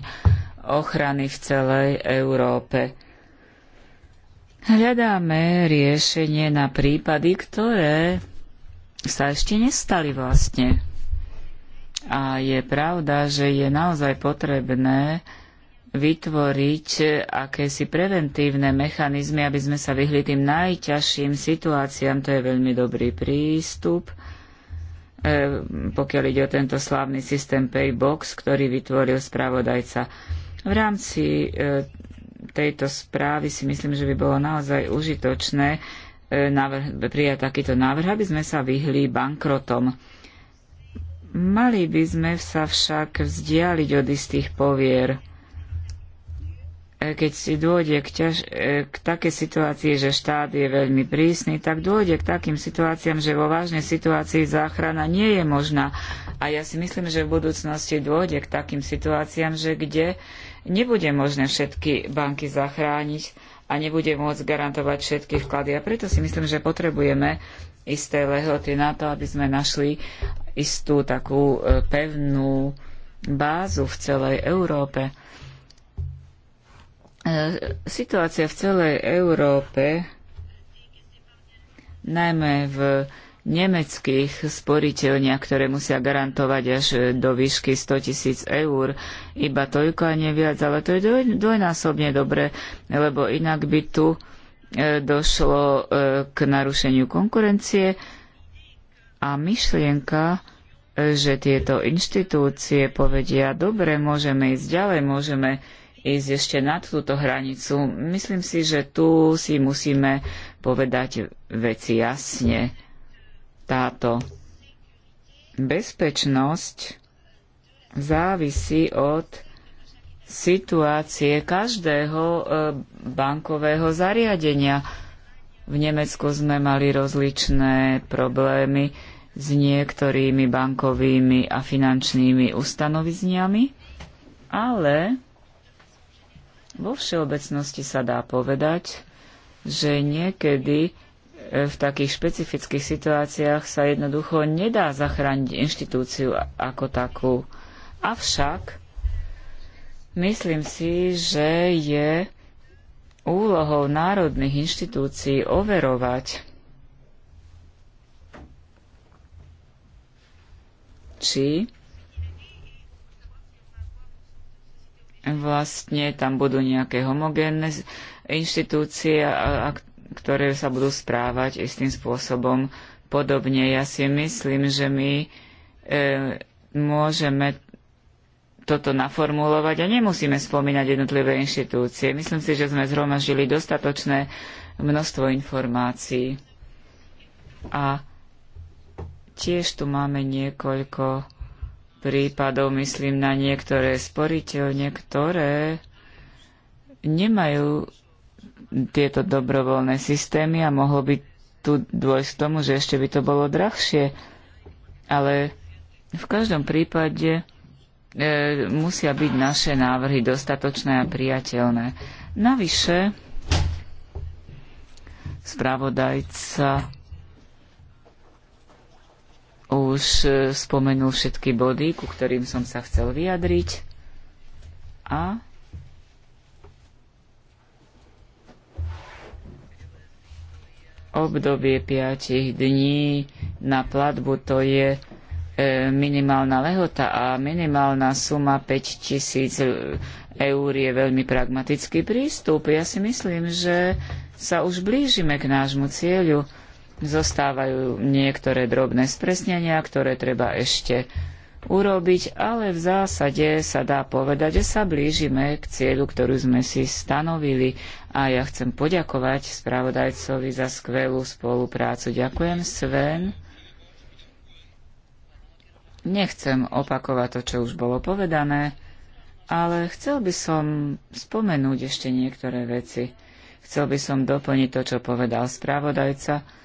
ochrany v celej Európe. Hľadáme riešenie na prípady, ktoré sa ešte nestali vlastne. A je pravda, že je naozaj potrebné vytvoriť akési preventívne mechanizmy, aby sme sa vyhli tým najťažším situáciám. To je veľmi dobrý prístup e, pokiaľ ide o tento slávny systém Paybox, ktorý vytvoril spravodajca. V rámci e, tejto správy si myslím, že by bolo naozaj užitočné e, prijať takýto návrh, aby sme sa vyhli bankrotom. Mali by sme sa však vzdialiť od istých povier. E, keď si dôjde k, ťaž, e, k takej situácii, že štát je veľmi prísny, tak dôjde k takým situáciám, že vo vážnej situácii záchrana nie je možná. A ja si myslím, že v budúcnosti dôjde k takým situáciám, že kde nebude možné všetky banky zachrániť a nebude môcť garantovať všetky vklady. A preto si myslím, že potrebujeme isté lehoty na to, aby sme našli istú takú e, pevnú bázu v celej Európe. E, situácia v celej Európe, najmä v nemeckých sporiteľniach, ktoré musia garantovať až do výšky 100 tisíc eur, iba toľko a neviac, ale to je dvojnásobne dobre, lebo inak by tu e, došlo e, k narušeniu konkurencie a myšlienka, že tieto inštitúcie povedia, dobre, môžeme ísť ďalej, môžeme ísť ešte nad túto hranicu. Myslím si, že tu si musíme povedať veci jasne. Táto bezpečnosť závisí od situácie každého e, bankového zariadenia. V Nemecku sme mali rozličné problémy s niektorými bankovými a finančnými ustanovizniami, ale vo všeobecnosti sa dá povedať, že niekedy e, v takých špecifických situáciách sa jednoducho nedá zachrániť inštitúciu ako takú. Avšak myslím si, že je úlohou národných inštitúcií overovať, či vlastne tam budú nejaké homogénne inštitúcie, ktoré sa budú správať istým spôsobom podobne. Ja si myslím, že my e, môžeme toto naformulovať a nemusíme spomínať jednotlivé inštitúcie. Myslím si, že sme zhromažili dostatočné množstvo informácií. A tiež tu máme niekoľko prípadov, myslím na niektoré sporiteľne, ktoré nemajú tieto dobrovoľné systémy a mohlo by tu dôjsť k tomu, že ešte by to bolo drahšie. Ale v každom prípade e, musia byť naše návrhy dostatočné a priateľné. Navyše, spravodajca už e, spomenul všetky body, ku ktorým som sa chcel vyjadriť. A obdobie 5 dní na platbu to je e, minimálna lehota a minimálna suma 5000 eur je veľmi pragmatický prístup. Ja si myslím, že sa už blížime k nášmu cieľu Zostávajú niektoré drobné spresnenia, ktoré treba ešte urobiť, ale v zásade sa dá povedať, že sa blížime k cieľu, ktorú sme si stanovili a ja chcem poďakovať spravodajcovi za skvelú spoluprácu. Ďakujem, Sven. Nechcem opakovať to, čo už bolo povedané, ale chcel by som spomenúť ešte niektoré veci. Chcel by som doplniť to, čo povedal spravodajca,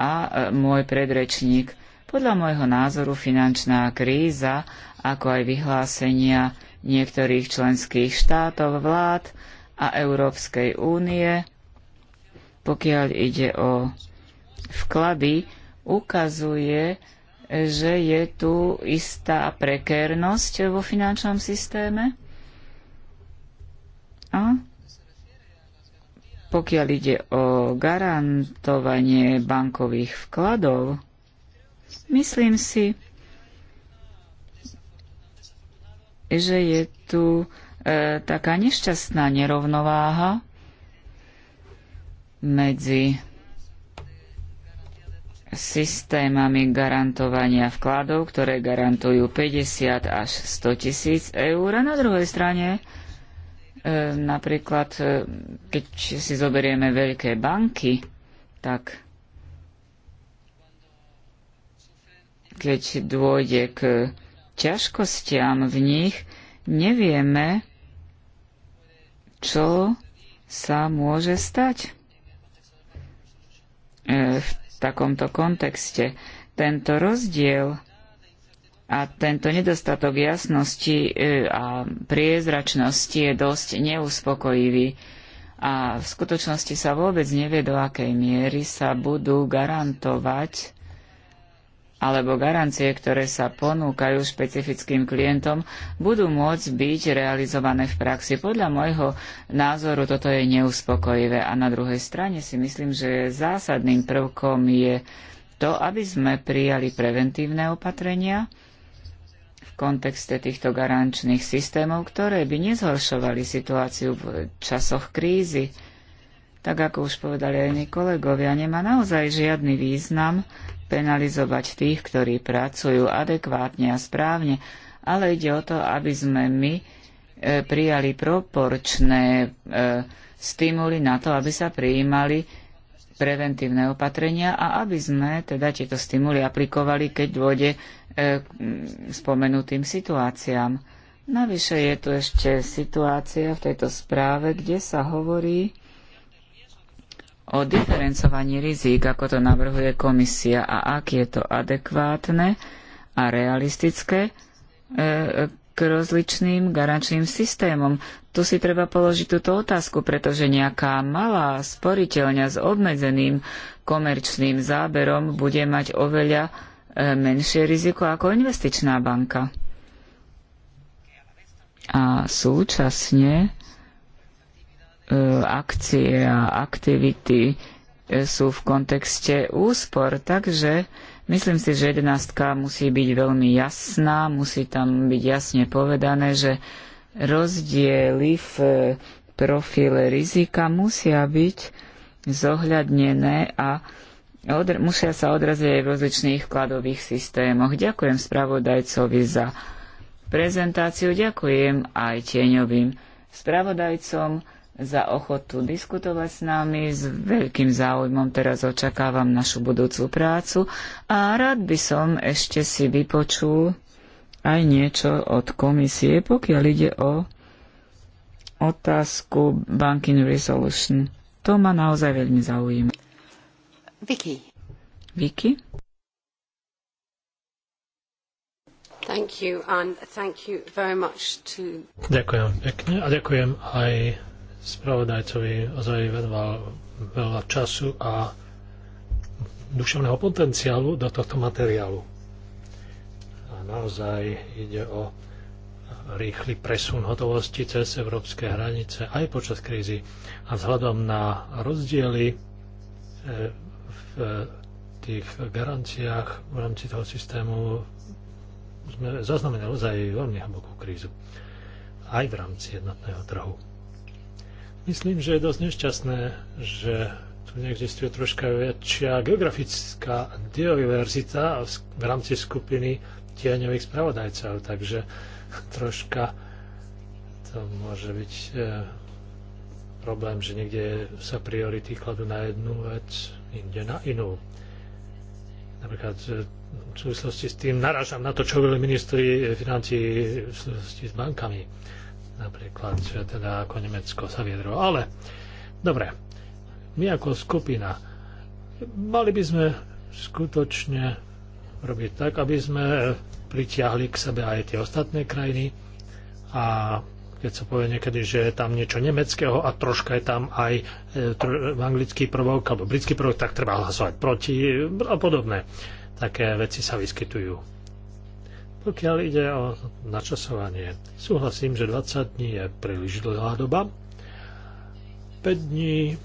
a e, môj predrečník. Podľa môjho názoru finančná kríza, ako aj vyhlásenia niektorých členských štátov, vlád a Európskej únie, pokiaľ ide o vklady, ukazuje, že je tu istá prekérnosť vo finančnom systéme. A pokiaľ ide o garantovanie bankových vkladov, myslím si, že je tu e, taká nešťastná nerovnováha medzi systémami garantovania vkladov, ktoré garantujú 50 až 100 tisíc eur a na druhej strane E, napríklad, e, keď si zoberieme veľké banky, tak keď dôjde k ťažkostiam v nich, nevieme, čo sa môže stať e, v takomto kontexte. Tento rozdiel a tento nedostatok jasnosti e, a priezračnosti je dosť neuspokojivý. A v skutočnosti sa vôbec nevie, do akej miery sa budú garantovať alebo garancie, ktoré sa ponúkajú špecifickým klientom, budú môcť byť realizované v praxi. Podľa môjho názoru toto je neuspokojivé a na druhej strane si myslím, že zásadným prvkom je to, aby sme prijali preventívne opatrenia, kontexte týchto garančných systémov, ktoré by nezhoršovali situáciu v časoch krízy. Tak ako už povedali aj iní kolegovia, nemá naozaj žiadny význam penalizovať tých, ktorí pracujú adekvátne a správne, ale ide o to, aby sme my e, prijali proporčné e, stimuly na to, aby sa prijímali preventívne opatrenia a aby sme teda tieto stimuly aplikovali, keď dôjde E, spomenutým situáciám. Navyše je tu ešte situácia v tejto správe, kde sa hovorí o diferencovaní rizík, ako to navrhuje komisia a ak je to adekvátne a realistické e, e, k rozličným garančným systémom. Tu si treba položiť túto otázku, pretože nejaká malá sporiteľňa s obmedzeným komerčným záberom bude mať oveľa E, menšie riziko ako investičná banka. A súčasne e, akcie a aktivity e, sú v kontexte úspor, takže myslím si, že jedenáctka musí byť veľmi jasná, musí tam byť jasne povedané, že rozdiely v profile rizika musia byť zohľadnené a odr- musia sa odraziť aj v rozličných kladových systémoch. Ďakujem spravodajcovi za prezentáciu, ďakujem aj tieňovým spravodajcom za ochotu diskutovať s nami. S veľkým záujmom teraz očakávam našu budúcu prácu a rád by som ešte si vypočul aj niečo od komisie, pokiaľ ide o otázku Banking Resolution. To ma naozaj veľmi zaujíma. Vicky. Vicky. Thank you and thank you very much to... Ďakujem pekne a ďakujem aj spravodajcovi ozaj venoval veľa času a duševného potenciálu do tohto materiálu. A naozaj ide o rýchly presun hotovosti cez európske hranice aj počas krízy. A vzhľadom na rozdiely e, v eh, tých garanciách v rámci toho systému sme zaznamenali ozaj veľmi hlbokú krízu. Aj v rámci jednotného trhu. Myslím, že je dosť nešťastné, že tu neexistuje troška väčšia geografická diverzita v rámci skupiny tieňových spravodajcov, takže troška to môže byť eh, problém, že niekde sa priority kladú na jednu vec inde na inú. Napríklad e, v súvislosti s tým narážam na to, čo hovorili ministri financí v súvislosti s bankami. Napríklad, že teda ako Nemecko sa viedro. Ale, dobre, my ako skupina mali by sme skutočne robiť tak, aby sme pritiahli k sebe aj tie ostatné krajiny a keď sa povie niekedy, že je tam niečo nemeckého a troška je tam aj e, anglický prvok alebo britský prvok, tak treba hlasovať proti a podobné. Také veci sa vyskytujú. Pokiaľ ide o načasovanie, súhlasím, že 20 dní je príliš dlhá doba. 5 dní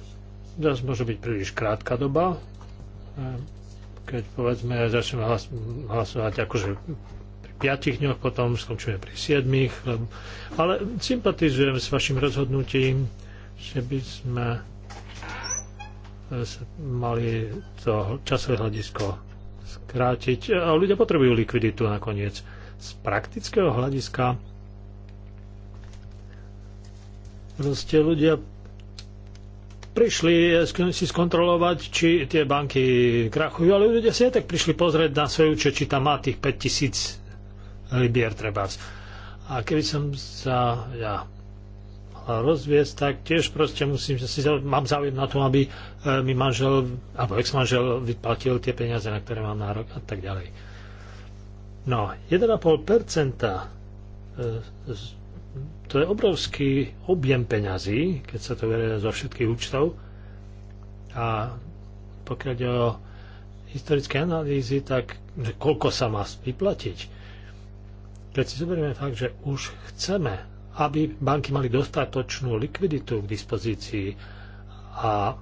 zase môže byť príliš krátka doba. E, keď povedzme, začneme hlas- hlasovať akože 5 dňoch, potom skončujeme pri 7. Ale sympatizujem s vašim rozhodnutím, že by sme e, mali to časové hľadisko skrátiť. A ľudia potrebujú likviditu nakoniec. Z praktického hľadiska proste ľudia prišli si skontrolovať, či tie banky krachujú, ale ľudia si aj tak prišli pozrieť na svoje účet, či tam má tých 5000 Libier trebárs. A keby som sa ja rozviesť, tak tiež proste musím, si, mám záujem na tom, aby e, mi manžel alebo ex-manžel vyplatil tie peniaze, na ktoré mám nárok a tak ďalej. No, 1,5% e, to je obrovský objem peňazí, keď sa to verie zo všetkých účtov. A pokiaľ je o historické analýzy, tak koľko sa má vyplatiť? Keď si zoberieme fakt, že už chceme, aby banky mali dostatočnú likviditu k dispozícii a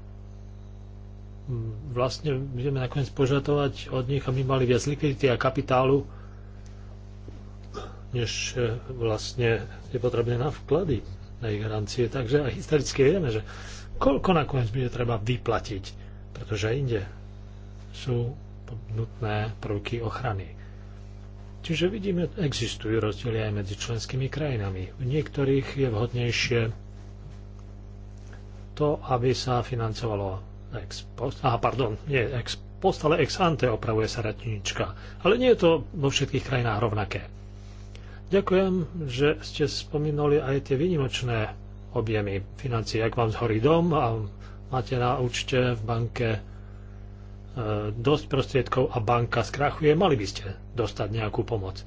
mm, vlastne budeme nakoniec požadovať od nich, aby mali viac likvidity a kapitálu, než e, vlastne je potrebné na vklady, na ich garancie. Takže aj historicky vieme, že koľko nakoniec bude treba vyplatiť, pretože inde sú nutné prvky ochrany. Čiže vidíme, existujú rozdiely aj medzi členskými krajinami. V niektorých je vhodnejšie to, aby sa financovalo ex post, aha, pardon, nie ex post, ale ex ante opravuje sa ratnička. Ale nie je to vo všetkých krajinách rovnaké. Ďakujem, že ste spomínali aj tie výnimočné objemy financií. Ak vám zhorí dom a máte na účte v banke E, dosť prostriedkov a banka skrachuje, mali by ste dostať nejakú pomoc.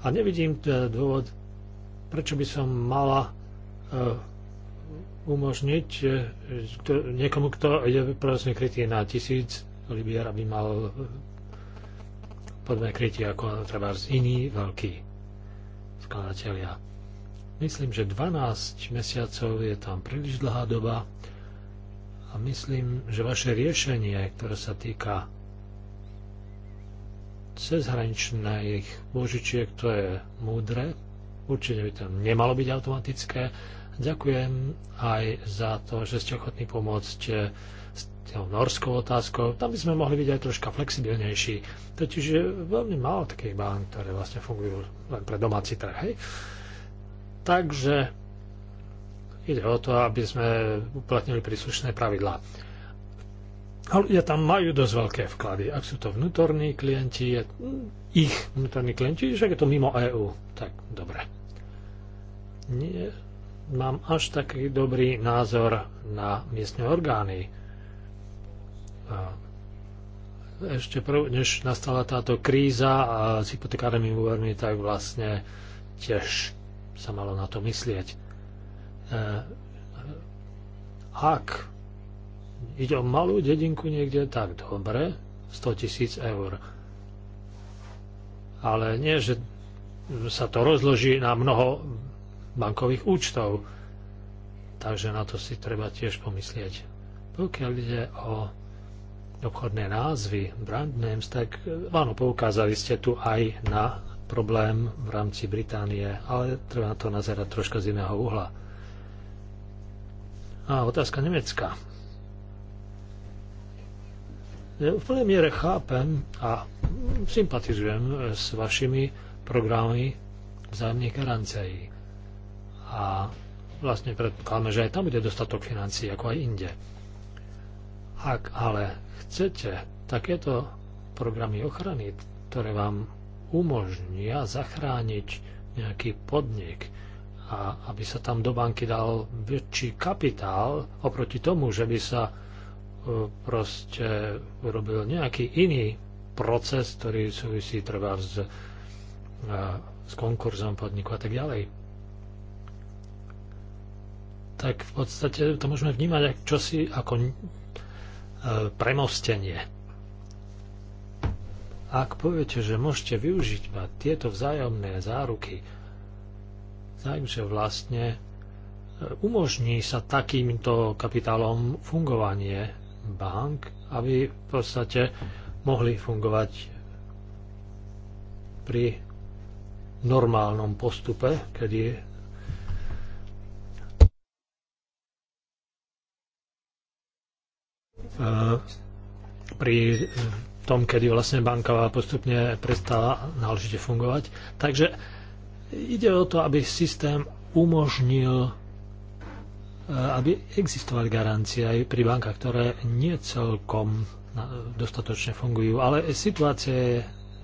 A nevidím e, dôvod, prečo by som mala e, umožniť niekomu, kto je proste krytý na tisíc libier, aby mal podobné krytie ako treba z iní veľký skladatelia. Myslím, že 12 mesiacov je tam príliš dlhá doba a myslím, že vaše riešenie, ktoré sa týka cezhraničných pôžičiek, to je múdre. Určite by to nemalo byť automatické. Ďakujem aj za to, že ste ochotní pomôcť eh, s tou norskou otázkou. Tam by sme mohli byť aj troška flexibilnejší. Totiž je veľmi málo takých bán, ktoré vlastne fungujú len pre domáci trh. Hej? Takže Ide o to, aby sme uplatnili príslušné pravidlá. A ľudia tam majú dosť veľké vklady. Ak sú to vnútorní klienti, ich vnútorní klienti, že je to mimo EÚ, tak dobre. Nie, mám až taký dobrý názor na miestne orgány. A ešte prv, než nastala táto kríza a s hypotekárnymi úvermi, tak vlastne tiež sa malo na to myslieť. Eh, ak ide o malú dedinku niekde, tak dobre, 100 tisíc eur. Ale nie, že sa to rozloží na mnoho bankových účtov. Takže na to si treba tiež pomyslieť. Pokiaľ ide o obchodné názvy, brand names, tak eh, áno, poukázali ste tu aj na problém v rámci Británie, ale treba na to nazerať troška z iného uhla a otázka Nemecka. V plnej miere chápem a sympatizujem s vašimi programy vzájomných garancií. A vlastne predpokladáme, že aj tam bude dostatok financí ako aj inde. Ak ale chcete takéto programy ochrany, ktoré vám umožnia zachrániť nejaký podnik, a aby sa tam do banky dal väčší kapitál oproti tomu, že by sa e, proste urobil nejaký iný proces, ktorý súvisí treba s, e, s konkurzom podniku a tak ďalej. Tak v podstate to môžeme vnímať ako čosi ako e, premostenie. Ak poviete, že môžete využiť tieto vzájomné záruky, takže vlastne e, umožní sa takýmto kapitálom fungovanie bank, aby v podstate mohli fungovať pri normálnom postupe, kedy e, pri tom, kedy vlastne banka postupne prestala náležite fungovať. Takže Ide o to, aby systém umožnil, e, aby existovali garancie aj pri bankách, ktoré nie celkom e, dostatočne fungujú, ale situácia je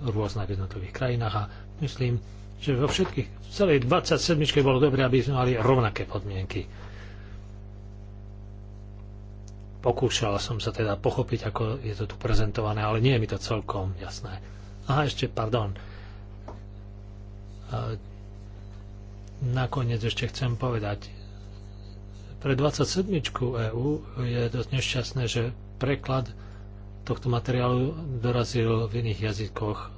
rôzna v jednotlivých krajinách a myslím, že vo všetkých, v celej 27. bolo dobré, aby sme mali rovnaké podmienky. Pokúšala som sa teda pochopiť, ako je to tu prezentované, ale nie je mi to celkom jasné. Aha, ešte, pardon. E, nakoniec ešte chcem povedať. Pre 27. EU je dosť nešťastné, že preklad tohto materiálu dorazil v iných jazykoch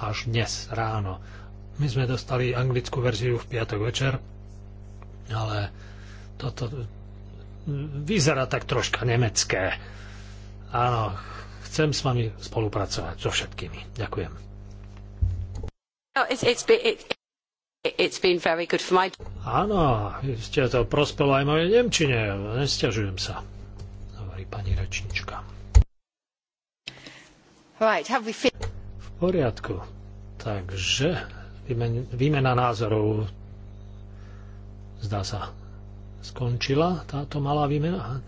až dnes ráno. My sme dostali anglickú verziu v piatok večer, ale toto vyzerá tak troška nemecké. Áno, chcem s vami spolupracovať so všetkými. Ďakujem. No, it's, it's, it's... My... Áno, ste to prospelo aj mojej Nemčine, Nestiažujem sa, hovorí pani rečnička. Right, we... V poriadku, takže výmen, výmena názorov zdá sa skončila táto malá výmena.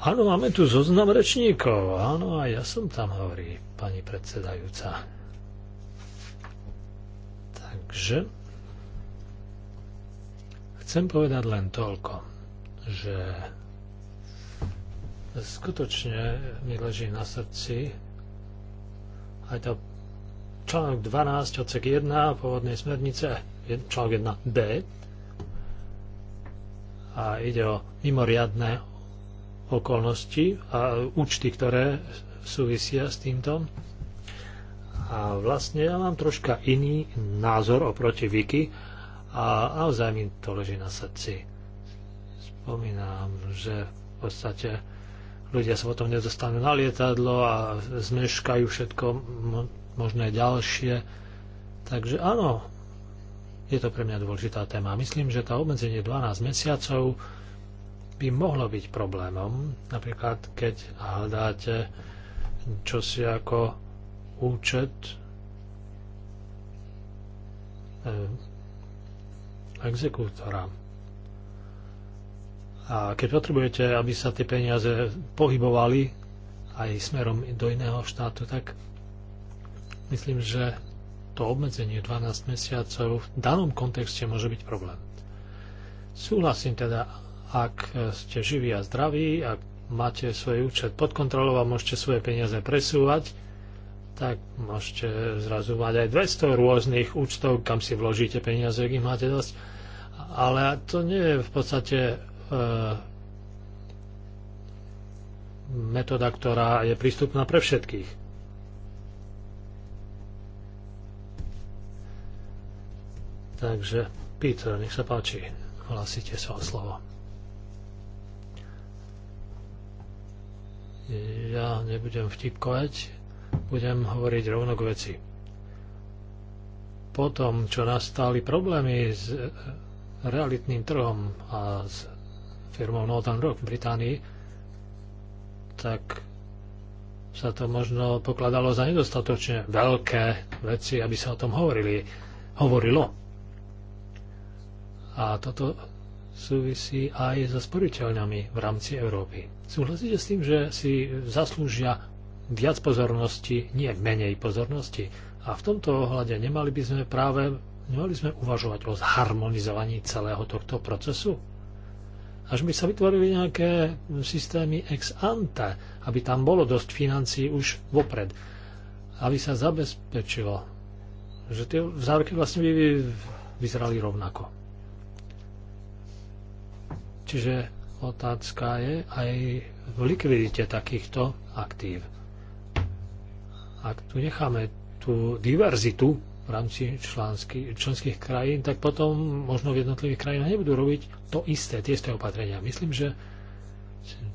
Áno, máme tu zoznam rečníkov. Áno, a ja som tam, hovorí pani predsedajúca. Takže chcem povedať len toľko, že skutočne mi leží na srdci aj to článok 12 odsek 1 pôvodnej smernice, článok 1b a ide o mimoriadné okolnosti a účty, ktoré súvisia s týmto a vlastne ja mám troška iný názor oproti Viki a naozaj mi to leží na srdci. Spomínam, že v podstate ľudia sa potom nedostanú na lietadlo a zmeškajú všetko možné ďalšie. Takže áno, je to pre mňa dôležitá téma. Myslím, že tá obmedzenie 12 mesiacov by mohlo byť problémom. Napríklad, keď hľadáte čo si ako účet e, exekútora. A keď potrebujete, aby sa tie peniaze pohybovali aj smerom do iného štátu, tak myslím, že to obmedzenie 12 mesiacov v danom kontexte môže byť problém. Súhlasím teda, ak ste živí a zdraví, ak máte svoj účet pod kontrolou a môžete svoje peniaze presúvať, tak môžete zrazu mať aj 200 rôznych účtov, kam si vložíte peniaze, ak ich máte dosť. Ale to nie je v podstate e, metóda, ktorá je prístupná pre všetkých. Takže, Peter, nech sa páči, hlasíte sa o slovo. Ja nebudem vtipkovať, budem hovoriť rovno k veci. Po tom, čo nastali problémy s e, realitným trhom a s firmou Northern Rock v Británii, tak sa to možno pokladalo za nedostatočne veľké veci, aby sa o tom hovorili, hovorilo. A toto súvisí aj so sporiteľňami v rámci Európy. Súhlasíte s tým, že si zaslúžia viac pozornosti, nie menej pozornosti. A v tomto ohľade nemali by sme práve nemali sme uvažovať o zharmonizovaní celého tohto procesu? Až by sa vytvorili nejaké systémy ex ante, aby tam bolo dosť financií už vopred, aby sa zabezpečilo, že tie záruky vlastne by vyzerali rovnako. Čiže otázka je aj v likvidite takýchto aktív. Ak tu necháme tú diverzitu v rámci členských, členských krajín, tak potom možno v jednotlivých krajinách nebudú robiť to isté, tie isté opatrenia. Myslím, že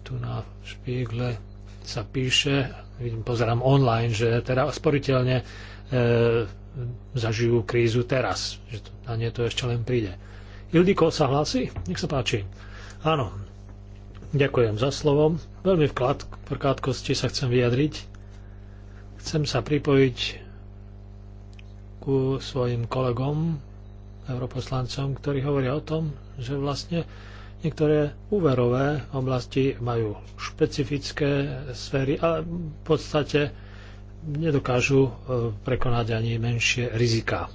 tu na špiegle sa píše, vidím, pozerám online, že teda sporiteľne e, zažijú krízu teraz, že to, na nie to ešte len príde. Ildiko sa hlási? Nech sa páči. Áno, ďakujem za slovo. Veľmi v krátkosti sa chcem vyjadriť Chcem sa pripojiť ku svojim kolegom, europoslancom, ktorí hovoria o tom, že vlastne niektoré úverové oblasti majú špecifické sféry, ale v podstate nedokážu e, prekonať ani menšie rizika.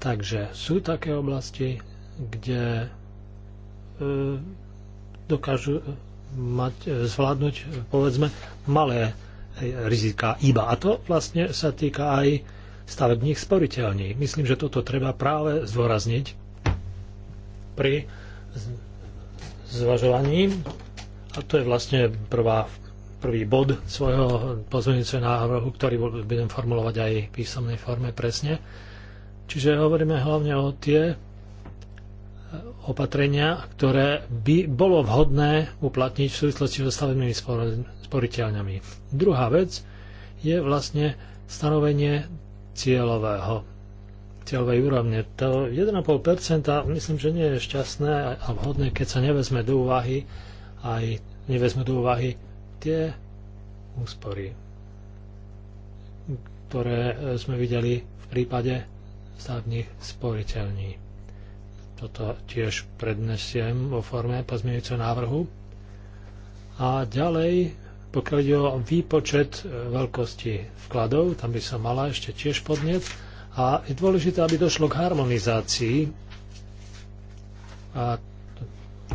Takže sú také oblasti, kde e, dokážu mať, e, zvládnuť, e, povedzme, malé e, rizika iba. A to vlastne sa týka aj stavebných sporiteľní. Myslím, že toto treba práve zdôrazniť pri zvažovaní. A to je vlastne prvá, prvý bod svojho pozmeňujúceho návrhu, ktorý budem formulovať aj v písomnej forme presne. Čiže hovoríme hlavne o tie opatrenia, ktoré by bolo vhodné uplatniť v súvislosti so stavebnými sporiteľňami. Druhá vec je vlastne stanovenie cieľového cieľovej úrovne. To 1,5% myslím, že nie je šťastné a vhodné, keď sa nevezme do úvahy aj nevezme do úvahy tie úspory, ktoré sme videli v prípade stavebných sporiteľní. Toto tiež prednesiem vo forme pozmeňujúceho návrhu. A ďalej, pokiaľ ide o výpočet e, veľkosti vkladov, tam by som mala ešte tiež podnet. A je dôležité, aby došlo k harmonizácii. A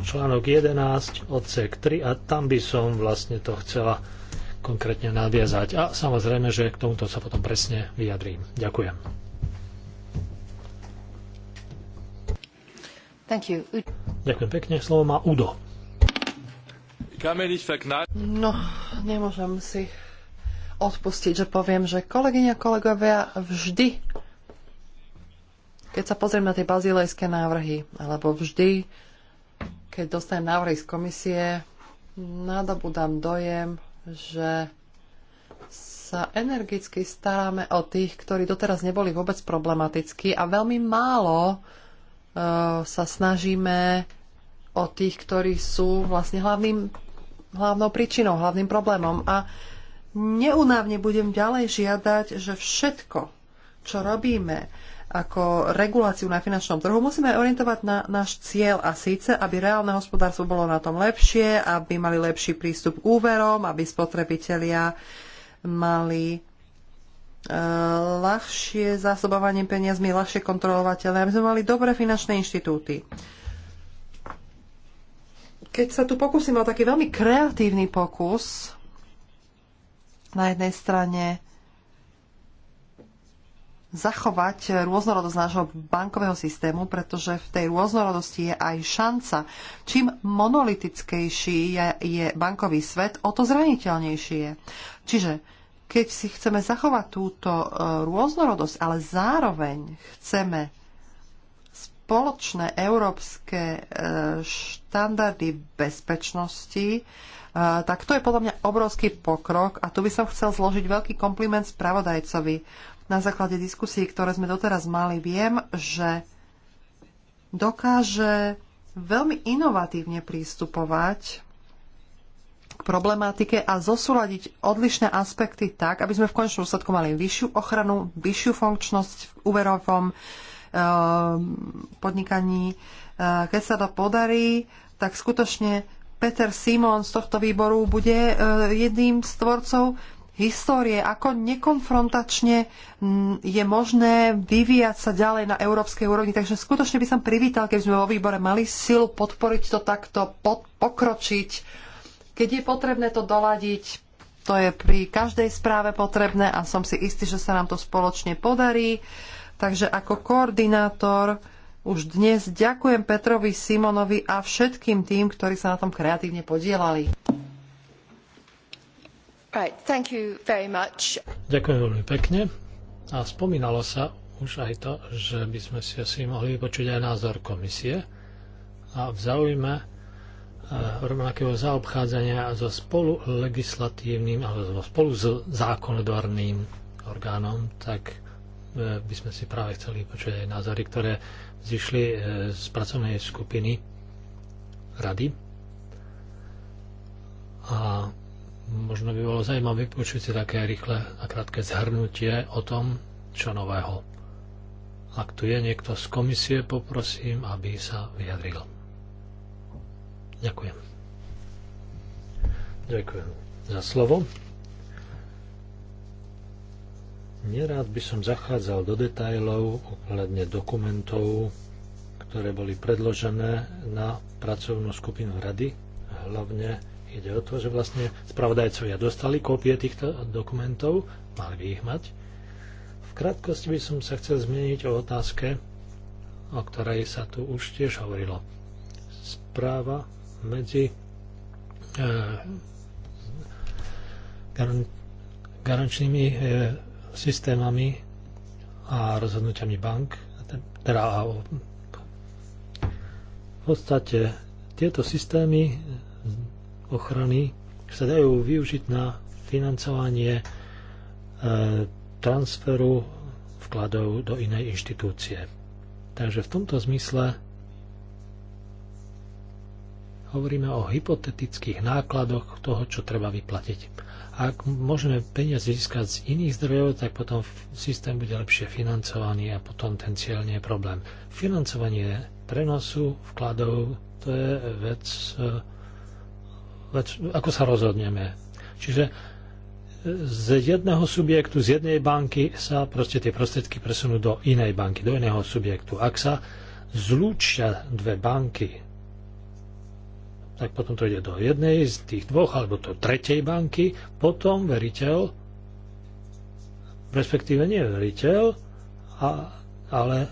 článok 11, odsek 3 a tam by som vlastne to chcela konkrétne nadviazať. A samozrejme, že k tomuto sa potom presne vyjadrím. Ďakujem. Ďakujem pekne. Slovo má Udo. No, nemôžem si odpustiť, že poviem, že kolegyňa, kolegovia, vždy, keď sa pozriem na tie bazilejské návrhy, alebo vždy, keď dostanem návrhy z komisie, nadobudám dojem, že sa energicky staráme o tých, ktorí doteraz neboli vôbec problematickí a veľmi málo Eh, sa snažíme o tých, ktorí sú vlastne hlavným, hlavnou príčinou, hlavným problémom. A neunávne budem ďalej žiadať, že všetko, čo robíme ako reguláciu na finančnom trhu, musíme orientovať na náš cieľ a síce, aby reálne hospodárstvo bolo na tom lepšie, aby mali lepší prístup k úverom, aby spotrebitelia mali E, ľahšie zásobovanie peniazmi, ľahšie kontrolovateľné, aby sme mali dobré finančné inštitúty. Keď sa tu pokúsim o taký veľmi kreatívny pokus, na jednej strane zachovať rôznorodosť nášho bankového systému, pretože v tej rôznorodosti je aj šanca. Čím monolitickejší je, je bankový svet, o to zraniteľnejší je. Čiže keď si chceme zachovať túto e, rôznorodosť, ale zároveň chceme spoločné európske e, štandardy bezpečnosti, e, tak to je podľa mňa obrovský pokrok a tu by som chcel zložiť veľký kompliment spravodajcovi. Na základe diskusí, ktoré sme doteraz mali, viem, že dokáže veľmi inovatívne prístupovať problematike a zosúľadiť odlišné aspekty tak, aby sme v končnom dôsledku mali vyššiu ochranu, vyššiu funkčnosť v úverovom e, podnikaní. E, keď sa to podarí, tak skutočne Peter Simon z tohto výboru bude e, jedným z tvorcov histórie, ako nekonfrontačne mm, je možné vyvíjať sa ďalej na európskej úrovni. Takže skutočne by som privítal, keby sme vo výbore mali silu podporiť to takto, pod, pokročiť keď je potrebné to doladiť, to je pri každej správe potrebné a som si istý, že sa nám to spoločne podarí. Takže ako koordinátor už dnes ďakujem Petrovi, Simonovi a všetkým tým, ktorí sa na tom kreatívne podielali. Right, thank you very much. Ďakujem veľmi pekne. A spomínalo sa už aj to, že by sme si asi mohli vypočuť aj názor komisie. A v záujme rovnakého zaobchádzania so spolu legislatívnym alebo so spolu s zákonodárnym orgánom, tak e, by sme si práve chceli počuť aj názory, ktoré zišli e, z pracovnej skupiny rady. A možno by bolo zaujímavé počuť si také rýchle a krátke zhrnutie o tom, čo nového. Ak tu je niekto z komisie, poprosím, aby sa vyjadril. Ďakujem. Ďakujem za slovo. Nerád by som zachádzal do detajlov ohľadne dokumentov, ktoré boli predložené na pracovnú skupinu rady. Hlavne ide o to, že vlastne spravodajcovia dostali kópie týchto dokumentov, mali by ich mať. V krátkosti by som sa chcel zmieniť o otázke, o ktorej sa tu už tiež hovorilo. Správa medzi eh, garančnými eh, systémami a rozhodnutiami bank, teda v podstate tieto systémy ochrany sa dajú využiť na financovanie eh, transferu vkladov do inej inštitúcie. Takže v tomto zmysle hovoríme o hypotetických nákladoch toho, čo treba vyplatiť. Ak môžeme peniaze získať z iných zdrojov, tak potom systém bude lepšie financovaný a potom ten cieľ nie je problém. Financovanie prenosu vkladov to je vec, e, vec ako sa rozhodneme. Čiže e, z jedného subjektu, z jednej banky sa proste tie prostriedky presunú do inej banky, do iného subjektu. Ak sa zlúčia dve banky, tak potom to ide do jednej z tých dvoch alebo do tretej banky, potom veriteľ, respektíve nie veriteľ, a, ale e,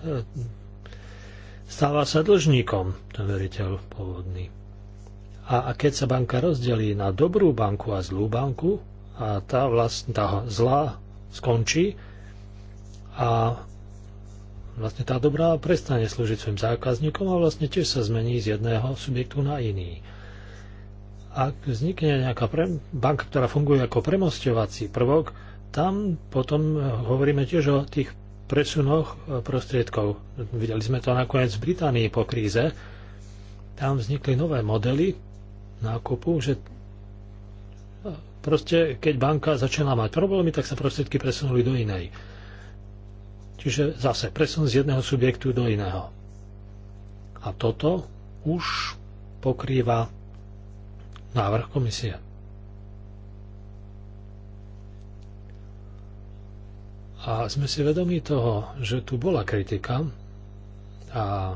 stáva sa dlžníkom ten veriteľ pôvodný. A, a keď sa banka rozdelí na dobrú banku a zlú banku, a tá, vlastne, tá zlá skončí a vlastne tá dobrá prestane slúžiť svojim zákazníkom a vlastne tiež sa zmení z jedného subjektu na iný ak vznikne nejaká pre, banka, ktorá funguje ako premostovací prvok, tam potom e, hovoríme tiež o tých presunoch e, prostriedkov. Videli sme to nakoniec v Británii po kríze. Tam vznikli nové modely nákupu, že e, proste keď banka začala mať problémy, tak sa prostriedky presunuli do inej. Čiže zase presun z jedného subjektu do iného. A toto už pokrýva návrh komisie. A sme si vedomi toho, že tu bola kritika a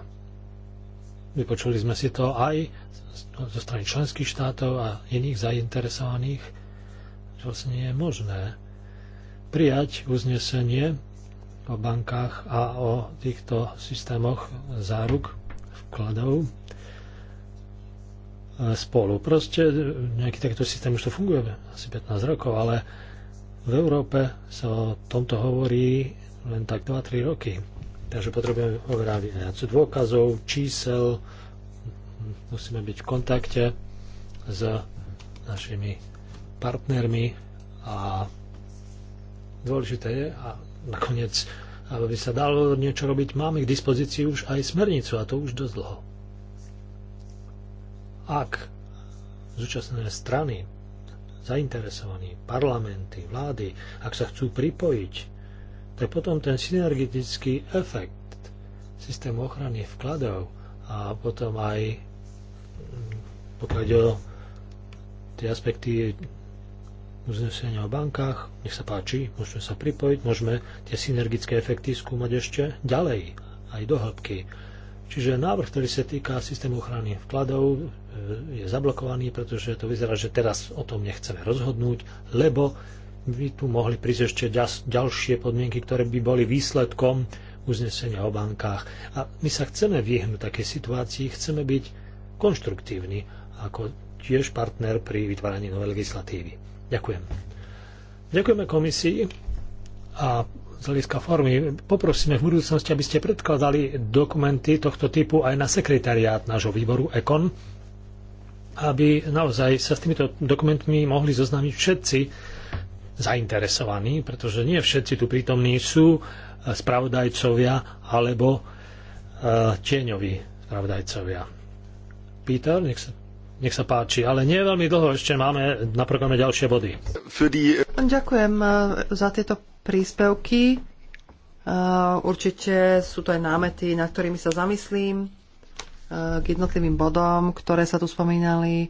vypočuli sme si to aj zo strany členských štátov a iných zainteresovaných, že vlastne nie je možné prijať uznesenie o bankách a o týchto systémoch záruk vkladov spolu. Proste nejaký takýto systém už to funguje asi 15 rokov, ale v Európe sa o tomto hovorí len tak 2-3 roky. Takže potrebujeme oveľa viac dôkazov, čísel, musíme byť v kontakte s našimi partnermi a dôležité je a nakoniec, aby sa dalo niečo robiť, máme k dispozícii už aj smernicu a to už dosť dlho. Ak zúčastnené strany, zainteresovaní, parlamenty, vlády, ak sa chcú pripojiť, tak potom ten synergetický efekt systému ochrany vkladov a potom aj mm, pokiaľ ide o tie aspekty uznesenia o bankách, nech sa páči, môžeme sa pripojiť, môžeme tie synergické efekty skúmať ešte ďalej, aj do hĺbky. Čiže návrh, ktorý sa týka systému ochrany vkladov, e, je zablokovaný, pretože to vyzerá, že teraz o tom nechceme rozhodnúť, lebo by tu mohli prísť ešte ďalšie podmienky, ktoré by boli výsledkom uznesenia o bankách. A my sa chceme vyhnúť takej situácii, chceme byť konštruktívni ako tiež partner pri vytváraní novej legislatívy. Ďakujem. Ďakujeme komisii a z hľadiska formy. Poprosíme v budúcnosti, aby ste predkladali dokumenty tohto typu aj na sekretariát nášho výboru EKON, aby naozaj sa s týmito dokumentmi mohli zoznámiť všetci zainteresovaní, pretože nie všetci tu prítomní sú e, spravodajcovia alebo e, tieňoví spravodajcovia. Peter, nech sa nech sa páči, ale nie veľmi dlho, ešte máme na programe ďalšie body. Ďakujem e, za tieto príspevky. E, určite sú to aj námety, nad ktorými sa zamyslím e, k jednotlivým bodom, ktoré sa tu spomínali. E,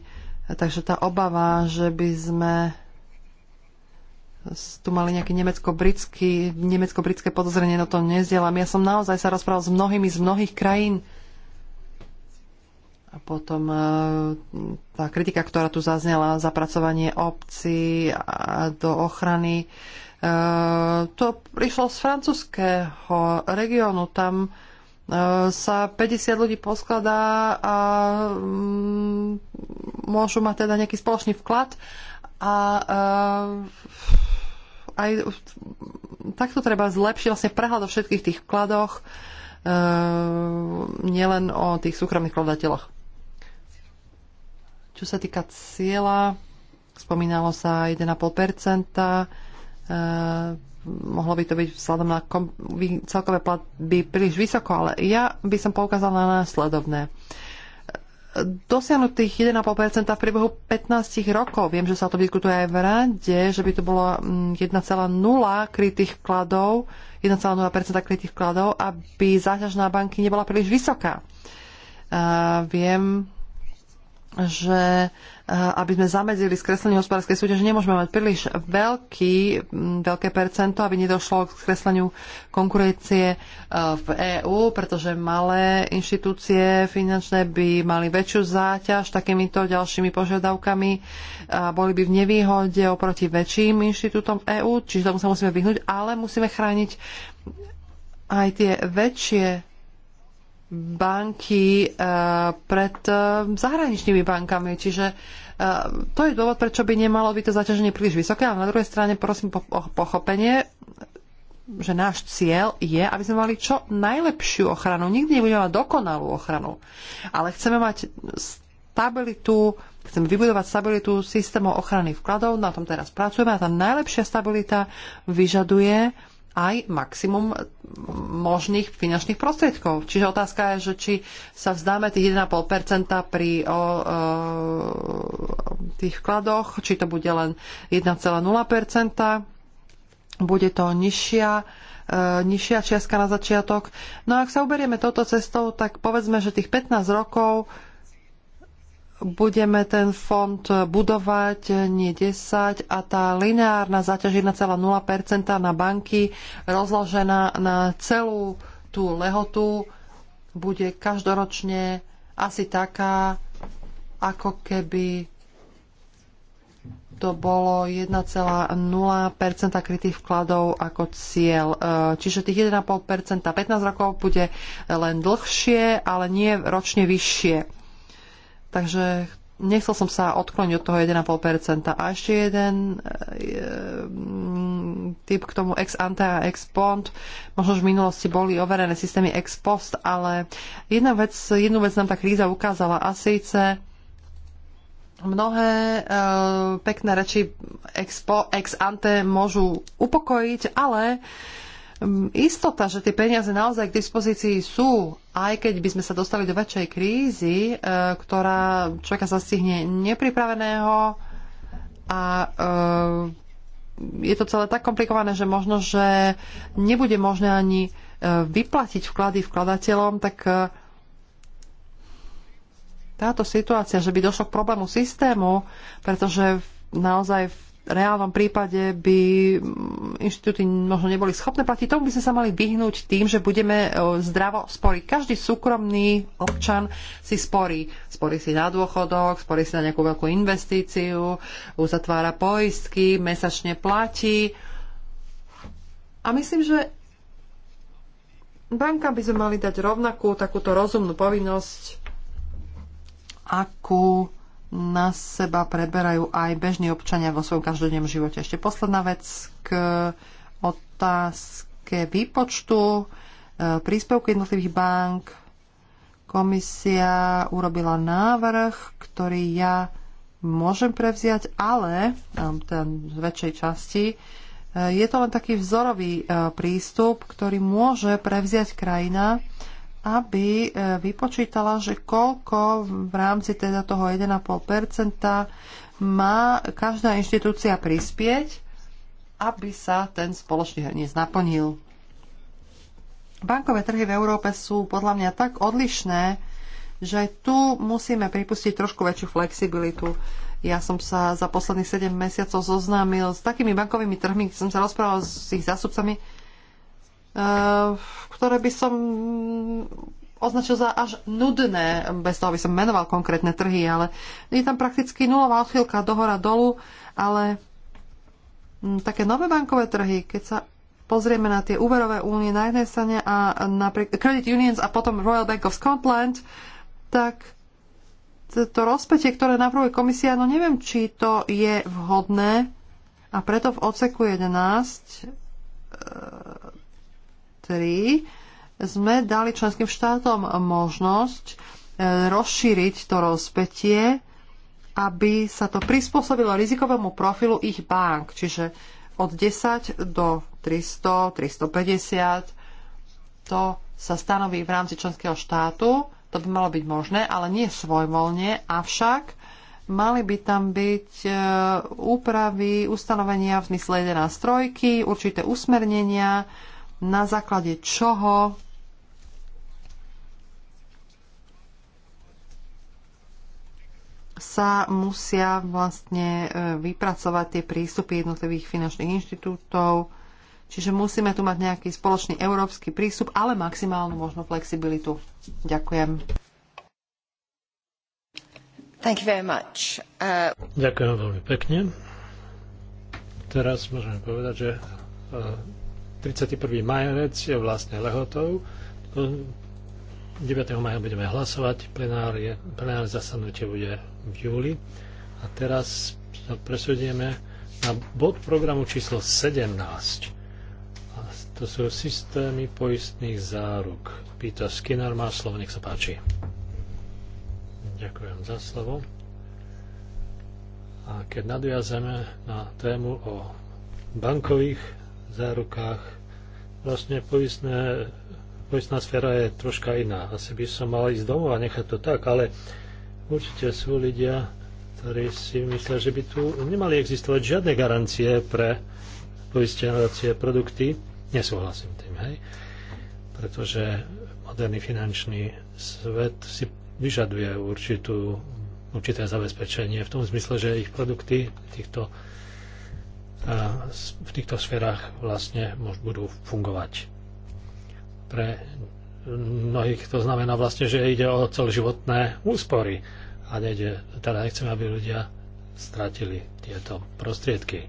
takže tá obava, že by sme tu mali nejaké nemecko-britské nemecko podozrenie, no to nezdielam. Ja som naozaj sa rozprával s mnohými z mnohých krajín. A potom tá kritika, ktorá tu zaznela, zapracovanie obci a do ochrany E, to prišlo z francúzského regiónu. Tam e, sa 50 ľudí poskladá a mm, môžu mať teda nejaký spoločný vklad a e, aj takto treba zlepšiť vlastne prehľad o všetkých tých vkladoch, nielen o tých súkromných vkladateľoch. Čo sa týka cieľa, spomínalo sa 1,5%, Eh, mohlo by to byť vzhľadom na celkové platby príliš vysoko, ale ja by som poukázala na následovné. Dosiahnutých 1,5% v priebehu 15 rokov. Viem, že sa to diskutuje aj v rade, že by to bolo 1,0 mm, krytých vkladov, 1,0% krytých vkladov, aby záťaž na banky nebola príliš vysoká. Uh, viem, že eh, aby sme zamedzili skreslenie hospodárskej súťaže, nemôžeme mať príliš veľký, mm, veľké percento, aby nedošlo k skresleniu konkurencie eh, v EÚ, pretože malé inštitúcie finančné by mali väčšiu záťaž takýmito ďalšími požiadavkami a boli by v nevýhode oproti väčším inštitútom v e EÚ, čiže tomu sa musíme vyhnúť, ale musíme chrániť aj tie väčšie banky e, pred e, zahraničnými bankami. Čiže e, to je dôvod, prečo by nemalo byť to zaťaženie príliš vysoké. A na druhej strane prosím o pochopenie, že náš cieľ je, aby sme mali čo najlepšiu ochranu. Nikdy nebudeme mať dokonalú ochranu. Ale chceme mať stabilitu, chceme vybudovať stabilitu systémov ochrany vkladov, na tom teraz pracujeme a tá najlepšia stabilita vyžaduje aj maximum možných finančných prostriedkov. Čiže otázka je, že či sa vzdáme tých 1,5% pri o, o, tých vkladoch, či to bude len 1,0%, bude to nižšia, e, nižšia čiastka na začiatok. No a ak sa uberieme touto cestou, tak povedzme, že tých 15 rokov budeme ten fond budovať, nie 10 a tá lineárna záťaž 1,0% na banky rozložená na celú tú lehotu bude každoročne asi taká, ako keby to bolo 1,0% krytých vkladov ako cieľ. E, čiže tých 1,5% 15 rokov bude len dlhšie, ale nie ročne vyššie Takže nechcel som sa odkloniť od toho 1,5%. A ešte jeden e, typ k tomu ex ante a ex pont. Možno už v minulosti boli overené systémy ex post, ale jedna vec, jednu vec nám tá kríza ukázala a síce mnohé e, pekné reči ex, po, ex ante môžu upokojiť, ale e, Hm, istota, že tie peniaze naozaj k dispozícii sú, aj keď by sme sa dostali do väčšej krízy, e, ktorá človeka zastihne nepripraveného a e, je to celé tak komplikované, že možno, že nebude možné ani e, vyplatiť vklady vkladateľom, tak táto situácia, že by došlo k problému systému, pretože naozaj v reálnom prípade by mm, inštitúty možno neboli schopné platiť. Tomu by sme sa mali vyhnúť tým, že budeme e, zdravo sporiť. Každý súkromný občan si sporí. Sporí si na dôchodok, sporí si na nejakú veľkú investíciu, uzatvára poistky, mesačne platí. A myslím, že banka by sme mali dať rovnakú takúto rozumnú povinnosť, akú na seba preberajú aj bežní občania vo svojom každodennom živote. Ešte posledná vec k otázke výpočtu e, príspevku jednotlivých bank. Komisia urobila návrh, ktorý ja môžem prevziať, ale um, ten z väčšej časti e, je to len taký vzorový e, prístup, ktorý môže prevziať krajina, aby e, vypočítala, že koľko v rámci teda toho 1,5% má každá inštitúcia prispieť, aby sa ten spoločný hrniec naplnil. Bankové trhy v Európe sú podľa mňa tak odlišné, že tu musíme pripustiť trošku väčšiu flexibilitu. Ja som sa za posledných 7 mesiacov zoznámil s takými bankovými trhmi, kde som sa rozprával s ich zástupcami, Eh, ktoré by som označil za až nudné, bez toho by som menoval konkrétne trhy, ale je tam prakticky nulová odchýlka dohora dolu, ale hm, také nové bankové trhy, keď sa pozrieme na tie úverové únie na jednej strane a napriek Credit Unions a potom Royal Bank of Scotland, tak to rozpetie, ktoré navrhuje komisia, no neviem, či to je vhodné a preto v odseku 11 3 sme dali členským štátom možnosť e, rozšíriť to rozpetie, aby sa to prispôsobilo rizikovému profilu ich bank, čiže od 10 do 300, 350, to sa stanoví v rámci členského štátu, to by malo byť možné, ale nie svojvoľne, avšak Mali by tam byť e, úpravy, ustanovenia v zmysle 11.3, určité usmernenia, na základe čoho sa musia vlastne e, vypracovať tie prístupy jednotlivých finančných inštitútov. Čiže musíme tu mať nejaký spoločný európsky prístup, ale maximálnu možnú flexibilitu. Ďakujem. Thank you very much. Uh... Ďakujem veľmi pekne. Teraz môžeme povedať, že uh 31. majerec je vlastne lehotou. 9. maja budeme hlasovať, plenárne, zasadnutie bude v júli. A teraz sa presudieme na bod programu číslo 17. A to sú systémy poistných záruk. Peter Skinner má slovo, nech sa páči. Ďakujem za slovo. A keď nadviazeme na tému o bankových zárukách, vlastne poistné, poistná sféra je troška iná. Asi by som mal ísť domov a nechať to tak, ale určite sú ľudia, ktorí si myslia, že by tu nemali existovať žiadne garancie pre poistenovacie produkty. Nesúhlasím tým, hej? Pretože moderný finančný svet si vyžaduje určitú, určité zabezpečenie v tom zmysle, že ich produkty týchto v týchto sférach vlastne budú fungovať. Pre mnohých to znamená vlastne, že ide o celoživotné úspory a nejde, teda nechceme, aby ľudia stratili tieto prostriedky.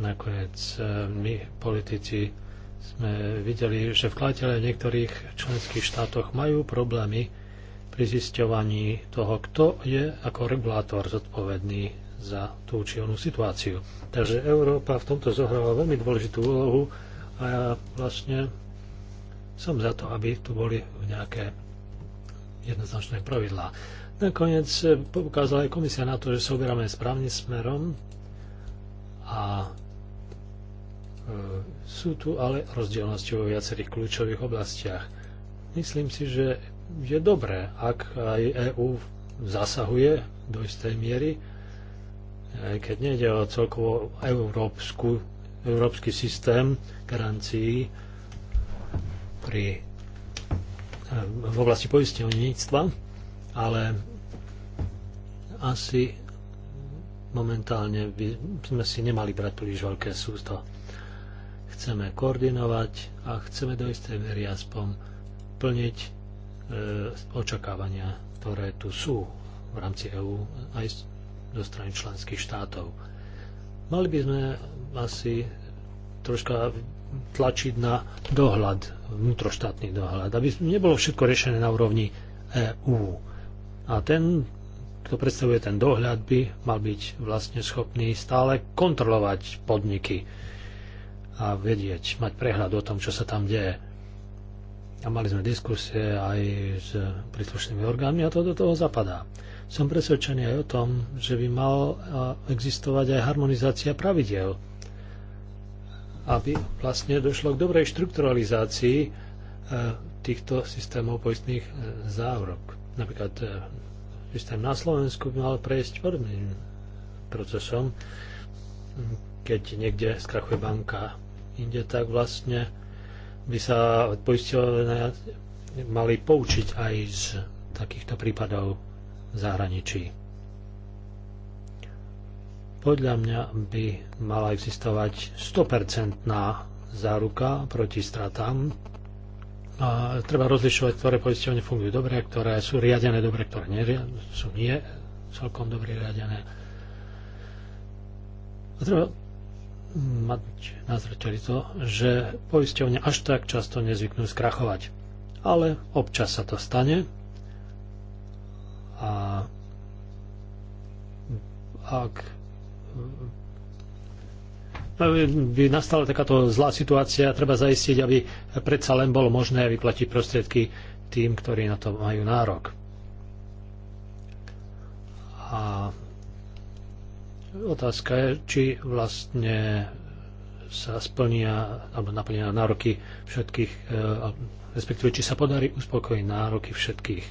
Nakoniec e, my, politici, sme videli, že vkladateľe v niektorých členských štátoch majú problémy pri zisťovaní toho, kto je ako regulátor zodpovedný za tú či onú situáciu. Takže Európa v tomto zohráva veľmi dôležitú úlohu a ja vlastne som za to, aby tu boli nejaké jednoznačné pravidlá. Nakoniec poukázala aj komisia na to, že sa oberáme správnym smerom a e, sú tu ale rozdielnosti vo viacerých kľúčových oblastiach. Myslím si, že je dobré, ak aj EÚ zasahuje do istej miery aj keď nejde o celkovo európsku, európsky systém garancií pri, eh, v oblasti poisťovníctva, ale asi momentálne by sme si nemali brať príliš veľké sústo. Chceme koordinovať a chceme do istej miery aspoň plniť e, očakávania, ktoré tu sú v rámci EÚ aj zo strany členských štátov. Mali by sme asi troška tlačiť na dohľad, vnútroštátny dohľad, aby nebolo všetko riešené na úrovni EÚ. A ten, kto predstavuje ten dohľad, by mal byť vlastne schopný stále kontrolovať podniky a vedieť, mať prehľad o tom, čo sa tam deje. A mali sme diskusie aj s príslušnými orgánmi a to do toho zapadá som presvedčený aj o tom, že by mal e, existovať aj harmonizácia pravidel, aby vlastne došlo k dobrej štrukturalizácii e, týchto systémov poistných e, zárok. Napríklad systém na Slovensku by mal prejsť podobným procesom. Keď niekde skrachuje banka inde, tak vlastne by sa poisťovne mali poučiť aj z takýchto prípadov zahraničí. Podľa mňa by mala existovať 100% záruka proti stratám. A treba rozlišovať, ktoré poisťovne fungujú dobre, ktoré sú riadené dobre, ktoré nie, sú nie celkom dobre riadené. A treba mať na to, že poisťovne až tak často nezvyknú skrachovať. Ale občas sa to stane a ak no, by nastala takáto zlá situácia, treba zaistiť, aby predsa len bolo možné vyplatiť prostriedky tým, ktorí na to majú nárok. A otázka je, či vlastne sa splnia alebo naplnia nároky všetkých, e, respektíve či sa podarí uspokojiť nároky všetkých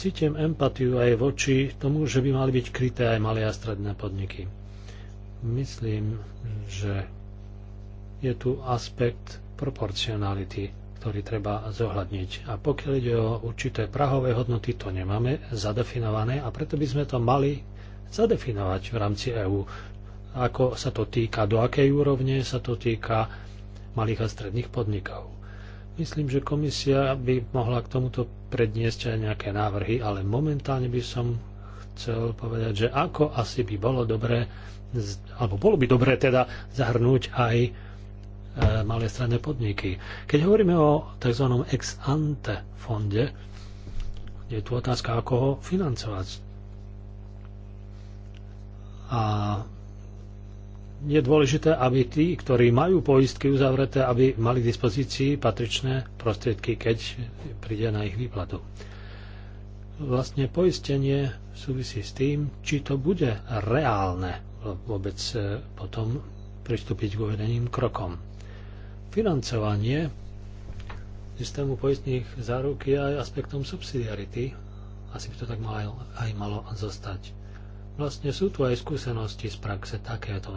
cítim empatiu aj voči tomu, že by mali byť kryté aj malé a stredné podniky. Myslím, že je tu aspekt proporcionality, ktorý treba zohľadniť. A pokiaľ ide o určité prahové hodnoty, to nemáme zadefinované a preto by sme to mali zadefinovať v rámci EÚ. Ako sa to týka, do akej úrovne sa to týka malých a stredných podnikov. Myslím, že komisia by mohla k tomuto predniesť aj nejaké návrhy, ale momentálne by som chcel povedať, že ako asi by bolo dobré, alebo bolo by dobré teda zahrnúť aj e, malé stredné podniky. Keď hovoríme o tzv. ex ante fonde, je tu otázka, ako ho financovať. A je dôležité, aby tí, ktorí majú poistky uzavreté, aby mali k dispozícii patričné prostriedky, keď príde na ich výplatu. Vlastne poistenie súvisí s tým, či to bude reálne vôbec e, potom pristúpiť k uvedeným krokom. Financovanie systému poistných záruk je aj aspektom subsidiarity. Asi by to tak malo aj, aj malo zostať. Vlastne sú tu aj skúsenosti z praxe takéto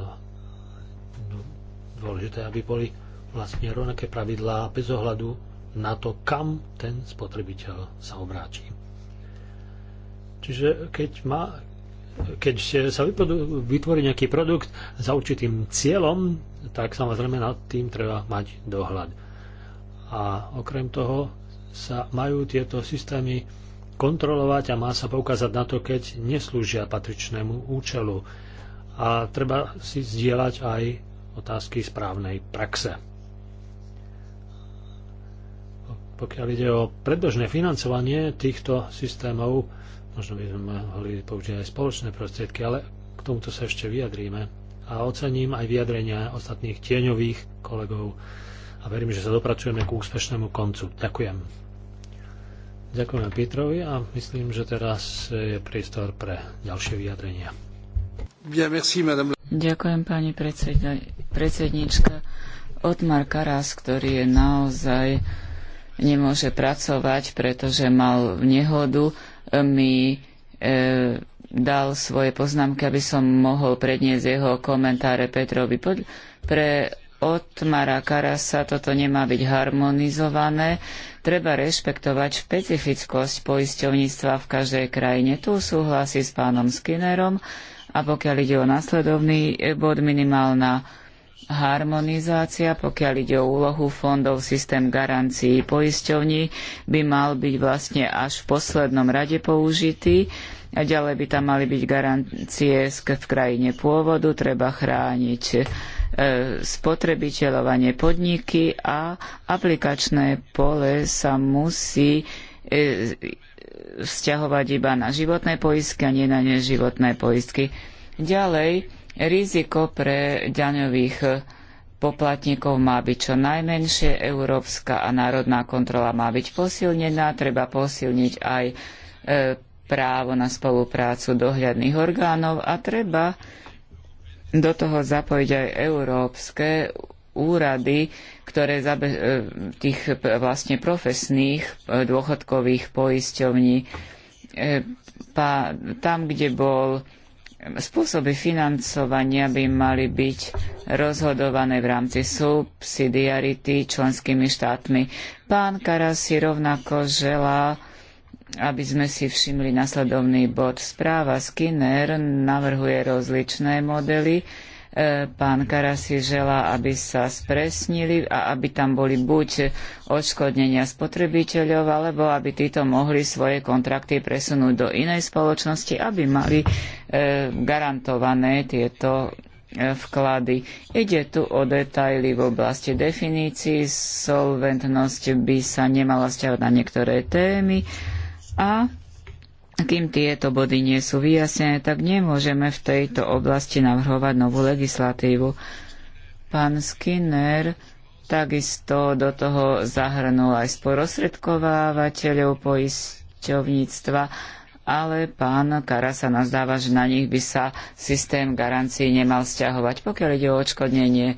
dôležité, aby boli vlastne rovnaké pravidlá bez ohľadu na to, kam ten spotrebiteľ sa obráči. Čiže keď, má, keď sa vytvorí nejaký produkt za určitým cieľom, tak samozrejme nad tým treba mať dohľad. A okrem toho sa majú tieto systémy kontrolovať a má sa poukázať na to, keď neslúžia patričnému účelu. A treba si zdieľať aj otázky správnej praxe. Pokiaľ ide o predbežné financovanie týchto systémov, možno by sme mohli použiť aj spoločné prostriedky, ale k tomuto sa ešte vyjadríme. A ocením aj vyjadrenia ostatných tieňových kolegov a verím, že sa dopracujeme k úspešnému koncu. Ďakujem. Ďakujem Petrovi a myslím, že teraz je priestor pre ďalšie vyjadrenia. Bien, merci, madame. Ďakujem pani predsednička. Otmar Karas, ktorý je naozaj nemôže pracovať, pretože mal nehodu, mi e, dal svoje poznámky, aby som mohol predniesť jeho komentáre Petrovi. Pre Otmara Karasa toto nemá byť harmonizované. Treba rešpektovať špecifickosť poisťovníctva v každej krajine. Tu súhlasí s pánom Skinnerom a pokiaľ ide o následovný bod, minimálna harmonizácia, pokiaľ ide o úlohu fondov, systém garancií poisťovní, by mal byť vlastne až v poslednom rade použitý. A ďalej by tam mali byť garancie v krajine pôvodu, treba chrániť e, spotrebiteľovanie podniky a aplikačné pole sa musí e, vzťahovať iba na životné poistky a nie na neživotné poistky. Ďalej, riziko pre daňových poplatníkov má byť čo najmenšie, európska a národná kontrola má byť posilnená, treba posilniť aj e, právo na spoluprácu dohľadných orgánov a treba do toho zapojiť aj európske úrady, ktoré e, tých e, vlastne profesných e, dôchodkových poisťovní tam, kde bol spôsoby financovania by mali byť rozhodované v rámci subsidiarity členskými štátmi. Pán Karas si rovnako želá, aby sme si všimli nasledovný bod. Správa Skinner navrhuje rozličné modely, Pán Karas si želá, aby sa spresnili a aby tam boli buď odškodnenia spotrebiteľov, alebo aby títo mohli svoje kontrakty presunúť do inej spoločnosti, aby mali e, garantované tieto e, vklady. Ide tu o detaily v oblasti definícií, solventnosť by sa nemala vzťahovať na niektoré témy a kým tieto body nie sú vyjasnené, tak nemôžeme v tejto oblasti navrhovať novú legislatívu. Pán Skinner takisto do toho zahrnul aj sporosredkovávateľov poisťovníctva, ale pán Kara sa nazdáva, že na nich by sa systém garancií nemal stiahovať, pokiaľ ide o odškodnenie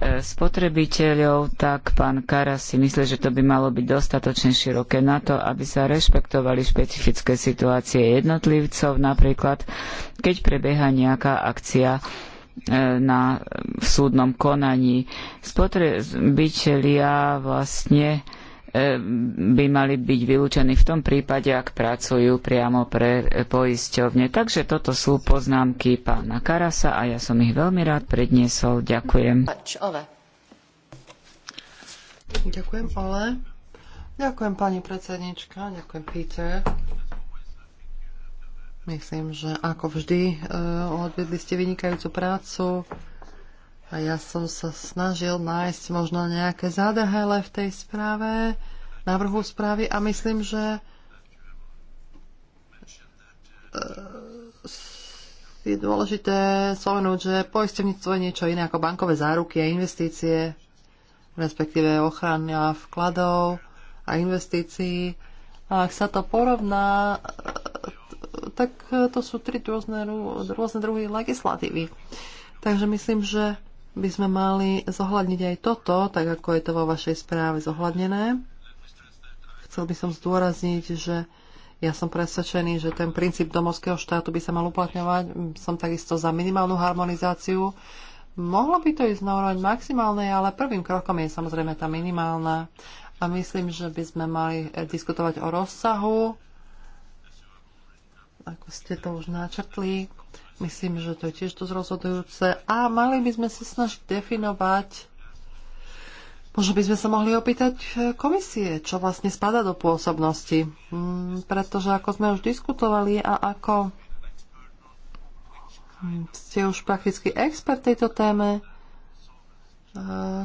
spotrebiteľov, tak pán Karas si myslí, že to by malo byť dostatočne široké na to, aby sa rešpektovali špecifické situácie jednotlivcov, napríklad keď prebieha nejaká akcia e, na, súdnom konaní. Spotrebitelia vlastne E, by mali byť vylúčení v tom prípade, ak pracujú priamo pre poisťovne. Takže toto sú poznámky pána Karasa a ja som ich veľmi rád predniesol. Ďakujem. Ďakujem, Ole. Ďakujem, pani predsednička. Ďakujem, Peter. Myslím, že ako vždy e, odvedli ste vynikajúcu prácu. A ja som sa snažil nájsť možno nejaké zádrhele v tej správe, návrhu správy a myslím, že eh, je dôležité spomenúť, že poistovníctvo je niečo iné ako bankové záruky a investície, respektíve ochrana vkladov a investícií. A ak sa to porovná, eh, tak to sú tri rôzne, rôzne druhy legislatívy. Takže myslím, že by sme mali zohľadniť aj toto, tak ako je to vo vašej správe zohľadnené. Chcel by som zdôrazniť, že ja som presvedčený, že ten princíp domovského štátu by sa mal uplatňovať. Som takisto za minimálnu harmonizáciu. Mohlo by to ísť na úroveň maximálnej, ale prvým krokom je samozrejme tá minimálna. A myslím, že by sme mali eh, diskutovať o rozsahu, ako ste to už načrtli, Myslím, že to je tiež to rozhodujúce. A mali by sme sa snažiť definovať, možno by sme sa mohli opýtať eh, komisie, čo vlastne spada do pôsobnosti. Mm, pretože ako sme už diskutovali a ako ste už prakticky expert tejto téme, eh,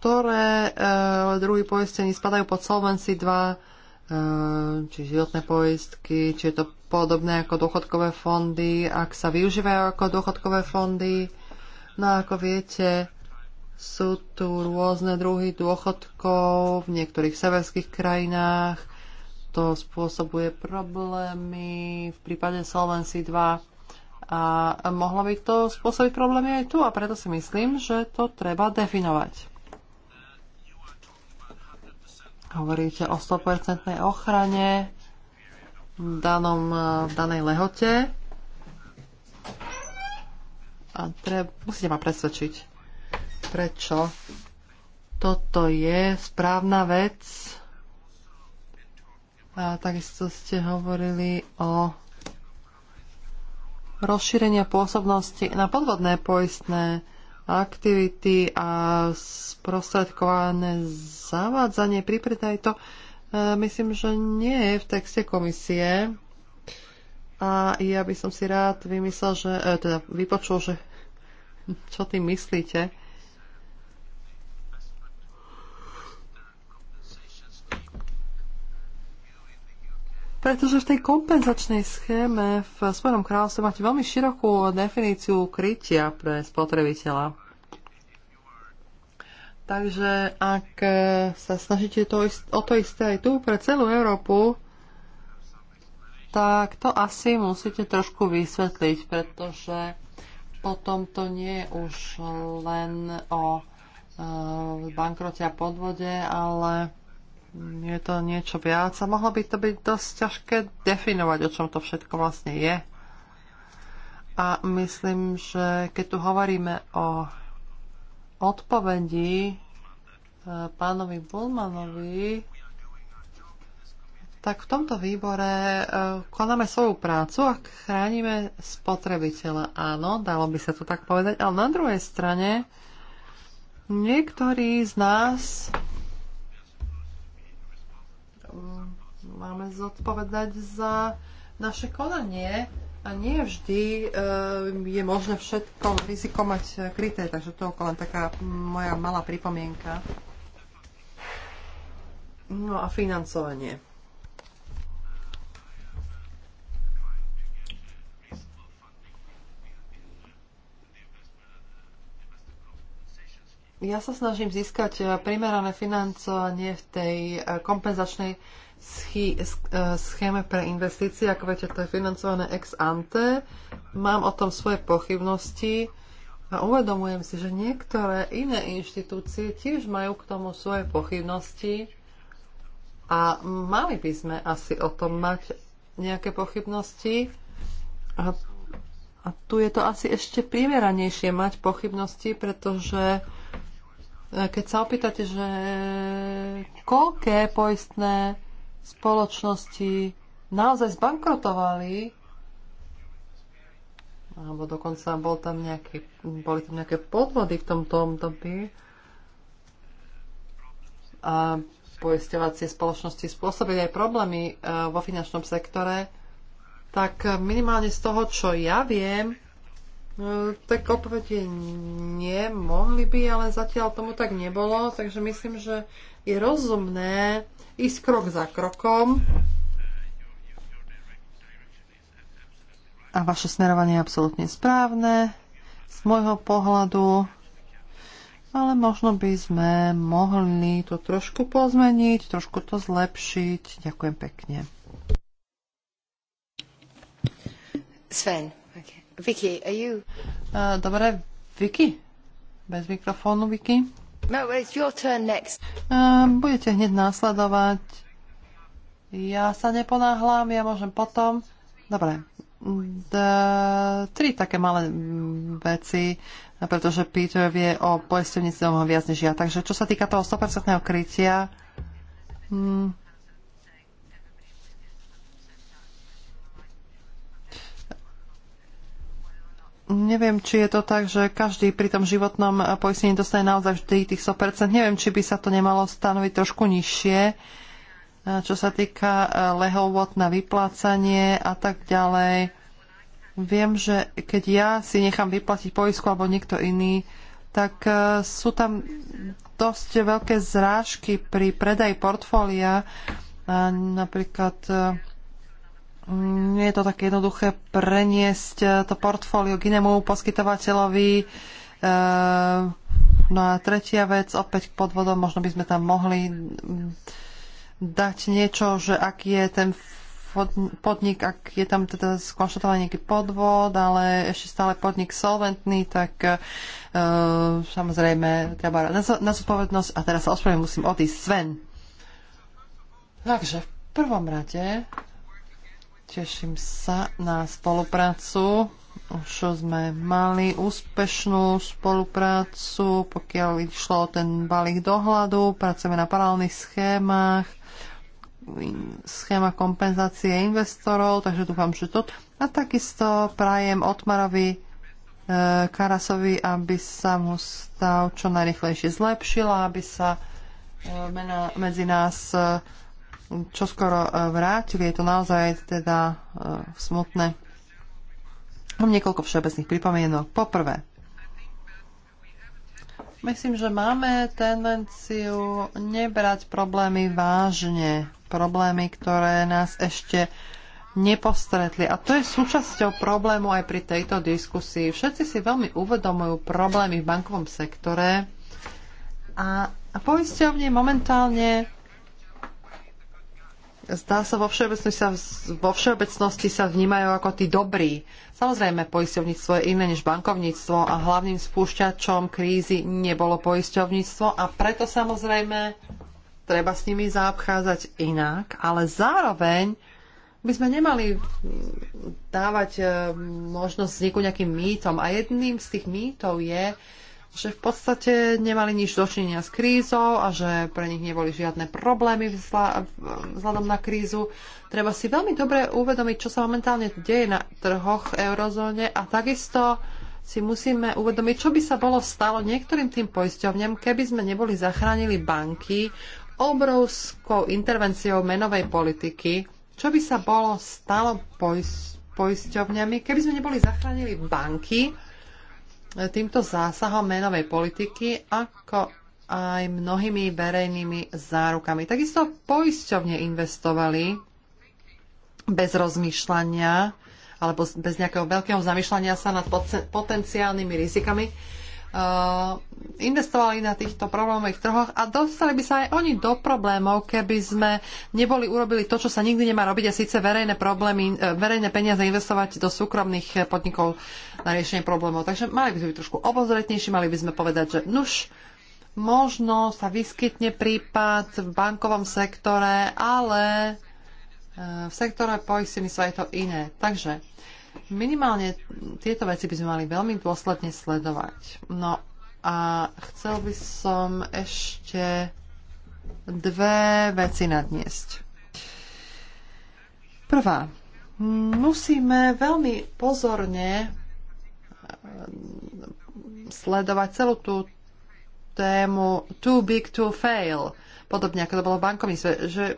ktoré eh, druhy poistení spadajú pod Solvency 2, či životné poistky, či je to podobné ako dôchodkové fondy, ak sa využívajú ako dôchodkové fondy. No a ako viete, sú tu rôzne druhy dôchodkov v niektorých severských krajinách. To spôsobuje problémy v prípade Solvency 2. A mohlo by to spôsobiť problémy aj tu a preto si myslím, že to treba definovať. Hovoríte o 100% ochrane danom, v eh, danej lehote. A treba, musíte ma presvedčiť, prečo toto je správna vec. A takisto ste hovorili o rozšírenia pôsobnosti na podvodné poistné aktivity a sprostredkované zavádzanie. Pri tejto E, myslím, že nie je v texte komisie. A ja by som si rád vymyslel, že, e, teda vypočul, že čo tým myslíte. Pretože v tej kompenzačnej schéme v Spojenom kráľovstve máte veľmi širokú definíciu krytia pre spotrebiteľa. Takže ak e, sa snažíte to, o to isté aj tu pre celú Európu, tak to asi musíte trošku vysvetliť, pretože potom to nie je už len o e, bankrote a podvode, ale je to niečo viac a mohlo by to byť dosť ťažké definovať, o čom to všetko vlastne je. A myslím, že keď tu hovoríme o odpovedí e, pánovi Bulmanovi, tak v tomto výbore e, konáme svoju prácu a chránime spotrebiteľa. Áno, dalo by sa to tak povedať, ale na druhej strane niektorí z nás e, máme zodpovedať za naše konanie a nie vždy eh, je možné všetko riziko mať eh, kryté, takže to je len taká moja malá pripomienka. No a financovanie. Ja sa snažím získať eh, primerané financovanie v tej kompenzačnej E, schéme pre investície, ako viete, to je financované ex ante. Mám o tom svoje pochybnosti a uvedomujem si, že niektoré iné inštitúcie tiež majú k tomu svoje pochybnosti a mali by sme asi o tom mať nejaké pochybnosti. A, a tu je to asi ešte primeranejšie mať pochybnosti, pretože e, keď sa opýtate, že koľké poistné spoločnosti naozaj zbankrotovali, alebo dokonca bol tam nejaký, boli tam nejaké podvody v tomto období a poisťovacie spoločnosti spôsobili aj problémy e, vo finančnom sektore, tak minimálne z toho, čo ja viem, e, tak opäť nie, mohli by, ale zatiaľ tomu tak nebolo, takže myslím, že je rozumné ísť krok za krokom. A vaše smerovanie je absolútne správne z môjho pohľadu, ale možno by sme mohli to trošku pozmeniť, trošku to zlepšiť. Ďakujem pekne. Sven, okay. Vicky, are you... Uh, dobre, Vicky? Bez mikrofónu, Vicky? No, it's your turn next. Uh, budete hneď následovať. Ja sa neponáhlám, ja môžem potom. Dobre. D, tri také malé mm, veci, pretože Peter vie o poistevnici domov viac než ja. Takže čo sa týka toho 100% krytia, mm, Neviem, či je to tak, že každý pri tom životnom poistení dostane naozaj vždy tých 100%. Neviem, či by sa to nemalo stanoviť trošku nižšie, eh, čo sa týka eh, lehovod na vyplácanie a tak ďalej. Viem, že keď ja si nechám vyplatiť poisku alebo niekto iný, tak eh, sú tam dosť veľké zrážky pri predaji portfólia. Napríklad nie je to také jednoduché preniesť eh, to portfólio k inému poskytovateľovi. Eh, no a tretia vec, opäť k podvodom, možno by sme tam mohli mm, dať niečo, že ak je ten podnik, ak je tam teda skonštatovaný nejaký podvod, ale ešte stále podnik solventný, tak uh, samozrejme treba na, na zodpovednosť. A teraz sa ospravedlňujem, musím odísť Sven. Takže v prvom rade Teším sa na spoluprácu. Už sme mali úspešnú spoluprácu, pokiaľ išlo o ten balík dohľadu. Pracujeme na paralelných schémach, schéma kompenzácie investorov, takže dúfam, že to... A takisto prajem Otmarovi e, Karasovi, aby sa mu stav čo najrychlejšie zlepšila, aby sa e, medzi nás e, čoskoro e, vrátili. Je to naozaj teda e, smutné. Mám niekoľko všeobecných pripomienok. Poprvé, Myslím, že máme tendenciu nebrať problémy vážne. Problémy, ktoré nás ešte nepostretli. A to je súčasťou problému aj pri tejto diskusii. Všetci si veľmi uvedomujú problémy v bankovom sektore a, a poisťovne momentálne Zdá sa vo všeobecnosti, sa, vo všeobecnosti sa vnímajú ako tí dobrí. Samozrejme, poisťovníctvo je iné než bankovníctvo a hlavným spúšťačom krízy nebolo poisťovníctvo a preto samozrejme treba s nimi zaobchádzať inak, ale zároveň by sme nemali dávať eh, možnosť vzniku nejakým mýtom. A jedným z tých mýtov je, že v podstate nemali nič dočinenia s krízou a že pre nich neboli žiadne problémy vzhľadom na krízu. Treba si veľmi dobre uvedomiť, čo sa momentálne deje na trhoch v eurozóne a takisto si musíme uvedomiť, čo by sa bolo stalo niektorým tým poisťovňam, keby sme neboli zachránili banky obrovskou intervenciou menovej politiky. Čo by sa bolo stalo poisťovňami, keby sme neboli zachránili banky, týmto zásahom menovej politiky, ako aj mnohými verejnými zárukami. Takisto poisťovne investovali bez rozmýšľania alebo bez nejakého veľkého zamýšľania sa nad potenciálnymi rizikami Uh, investovali na týchto problémových trhoch a dostali by sa aj oni do problémov, keby sme neboli urobili to, čo sa nikdy nemá robiť a síce verejné, problémy, eh, verejné peniaze investovať do súkromných eh, podnikov na riešenie problémov. Takže mali by sme byť trošku obozretnejší, mali by sme povedať, že nuž, možno sa vyskytne prípad v bankovom sektore, ale eh, v sektore poistení sa je to iné. Takže Minimálne tieto veci by sme mali veľmi dôsledne sledovať. No a chcel by som ešte dve veci nadniesť. Prvá. Musíme veľmi pozorne eh, sledovať celú tú tému too big to fail, podobne ako to bolo v bankovníctve, že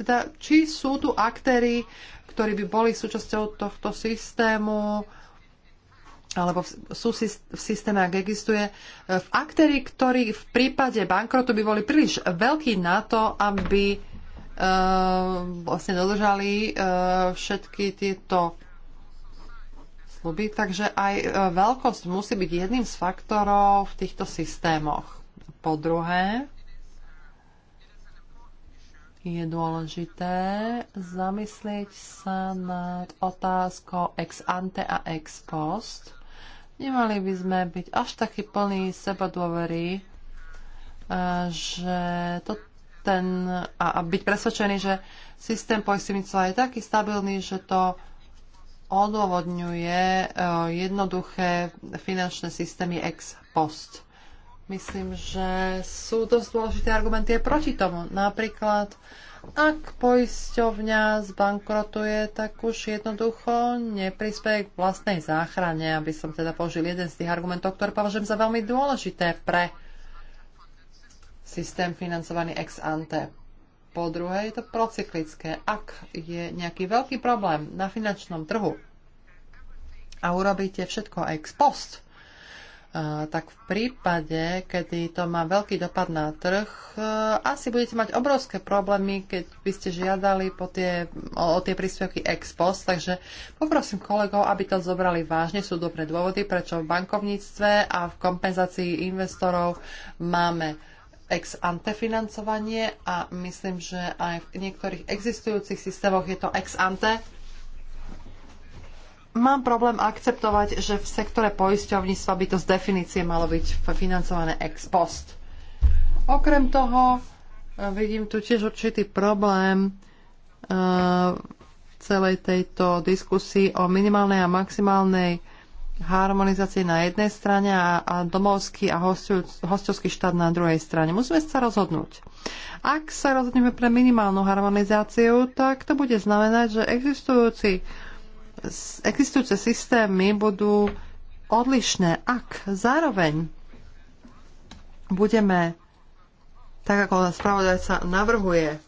teda či sú tu aktéry, ktorí by boli súčasťou tohto systému alebo sú v systéme, ak existuje, v aktéri, ktorí v prípade bankrotu by boli príliš veľkí na to, aby e, vlastne dodržali e, všetky tieto sluby. Takže aj e, veľkosť musí byť jedným z faktorov v týchto systémoch. Po druhé, je dôležité zamyslieť sa nad otázkou ex ante a ex post. Nemali by sme byť až taký plný seba dôvery, eh, že to ten, a, a byť presvedčený, že systém poistenectva je taký stabilný, že to odôvodňuje eh, jednoduché finančné systémy ex post. Myslím, že sú dosť dôležité argumenty aj proti tomu. Napríklad, ak poisťovňa zbankrotuje, tak už jednoducho neprispieje k vlastnej záchrane, aby som teda použil jeden z tých argumentov, ktoré považujem za veľmi dôležité pre systém financovaný ex ante. Po druhé je to procyklické. Ak je nejaký veľký problém na finančnom trhu a urobíte všetko ex post, tak v prípade, kedy to má veľký dopad na trh, asi budete mať obrovské problémy, keď by ste žiadali po tie, o, o tie príspevky ex post, takže poprosím kolegov, aby to zobrali vážne. Sú dobré dôvody, prečo v bankovníctve a v kompenzácii investorov máme ex ante financovanie a myslím, že aj v niektorých existujúcich systémoch je to ex ante mám problém akceptovať, že v sektore poisťovníctva by to z definície malo byť financované ex post. Okrem toho e, vidím tu tiež určitý problém v e, celej tejto diskusii o minimálnej a maximálnej harmonizácii na jednej strane a, a domovský a hostovský štát na druhej strane. Musíme sa rozhodnúť. Ak sa rozhodneme pre minimálnu harmonizáciu, tak to bude znamenať, že existujúci uh, existujúce systémy budú odlišné, ak zároveň budeme, tak ako spravodajca navrhuje, eh,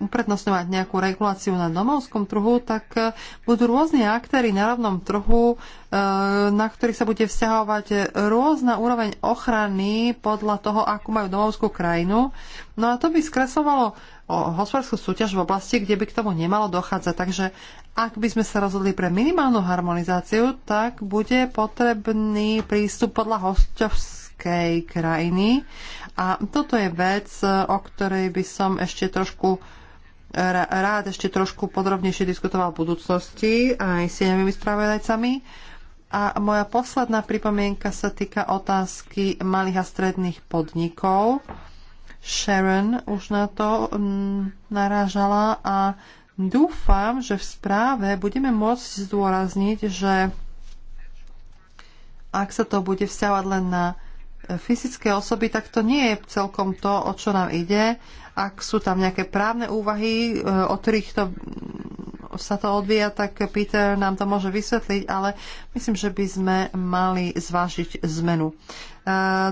uprednostňovať nejakú reguláciu na domovskom trhu, tak eh, budú rôzni aktéry na rovnom trhu, eh, na ktorých sa bude vzťahovať rôzna úroveň ochrany podľa toho, akú majú domovskú krajinu. No a to by skresovalo o hospodárskú súťaž v oblasti, kde by k tomu nemalo dochádzať. Takže ak by sme sa rozhodli pre minimálnu harmonizáciu, tak bude potrebný prístup podľa hostovskej krajiny. A toto je vec, o ktorej by som ešte trošku rád ešte trošku podrobnejšie diskutoval v budúcnosti aj s inými spravodajcami. A moja posledná pripomienka sa týka otázky malých a stredných podnikov. Sharon už na to mm, narážala a dúfam, že v správe budeme môcť zdôrazniť, že ak sa to bude vzťahovať len na e, fyzické osoby, tak to nie je celkom to, o čo nám ide. Ak sú tam nejaké právne úvahy, e, o ktorých to, mm, sa to odvíja, tak Peter nám to môže vysvetliť, ale myslím, že by sme mali zvážiť zmenu. E,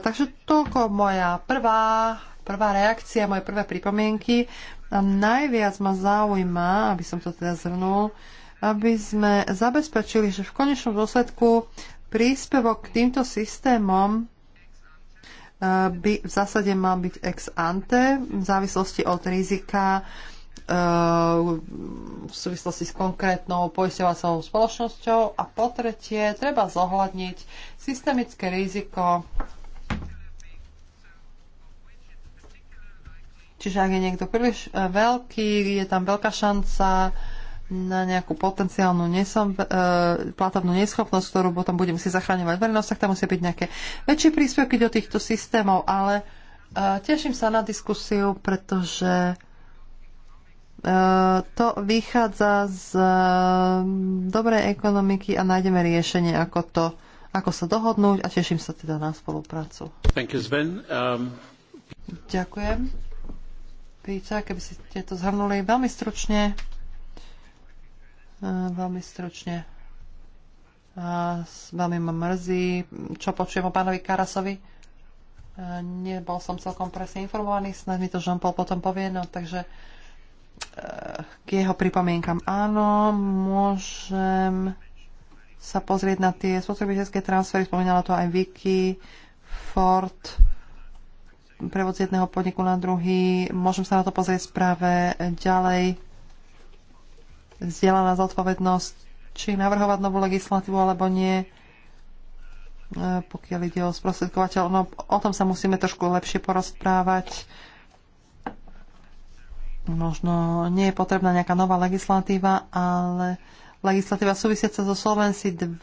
takže toľko moja prvá prvá reakcia, moje prvé pripomienky. A najviac ma zaujíma, aby som to teda zhrnul, aby sme zabezpečili, že v konečnom dôsledku príspevok k týmto systémom e, by v zásade mal byť ex ante v závislosti od rizika e, v súvislosti s konkrétnou poisťovacou spoločnosťou a po tretie treba zohľadniť systemické riziko Čiže ak je niekto príliš e, veľký, je tam veľká šanca na nejakú potenciálnu nesom, e, platobnú neschopnosť, ktorú potom budeme si zachraňovať verejnosť, tak tam musia byť nejaké väčšie príspevky do týchto systémov, ale e, teším sa na diskusiu, pretože e, to vychádza z e, dobrej ekonomiky a nájdeme riešenie, ako, to, ako sa dohodnúť a teším sa teda na spoluprácu. You, um... Ďakujem. Píca, keby ste to zhrnuli veľmi stručne. E, veľmi stručne. A veľmi ma mrzí, čo počujem o pánovi Karasovi. E, nebol som celkom presne informovaný, snad mi to Jean-Paul potom povie, no takže e, k jeho pripomienkam áno, môžem sa pozrieť na tie spotrebiteľské transfery, spomínala to aj Vicky, Ford, prevod z jedného podniku na druhý. Môžem sa na to pozrieť správe ďalej. Vzdielaná zodpovednosť, či navrhovať novú legislatívu alebo nie, e, pokiaľ ide o sprostredkovateľ. No, o tom sa musíme trošku lepšie porozprávať. Možno nie je potrebná nejaká nová legislatíva, ale legislatíva súvisiaca so Solvency 2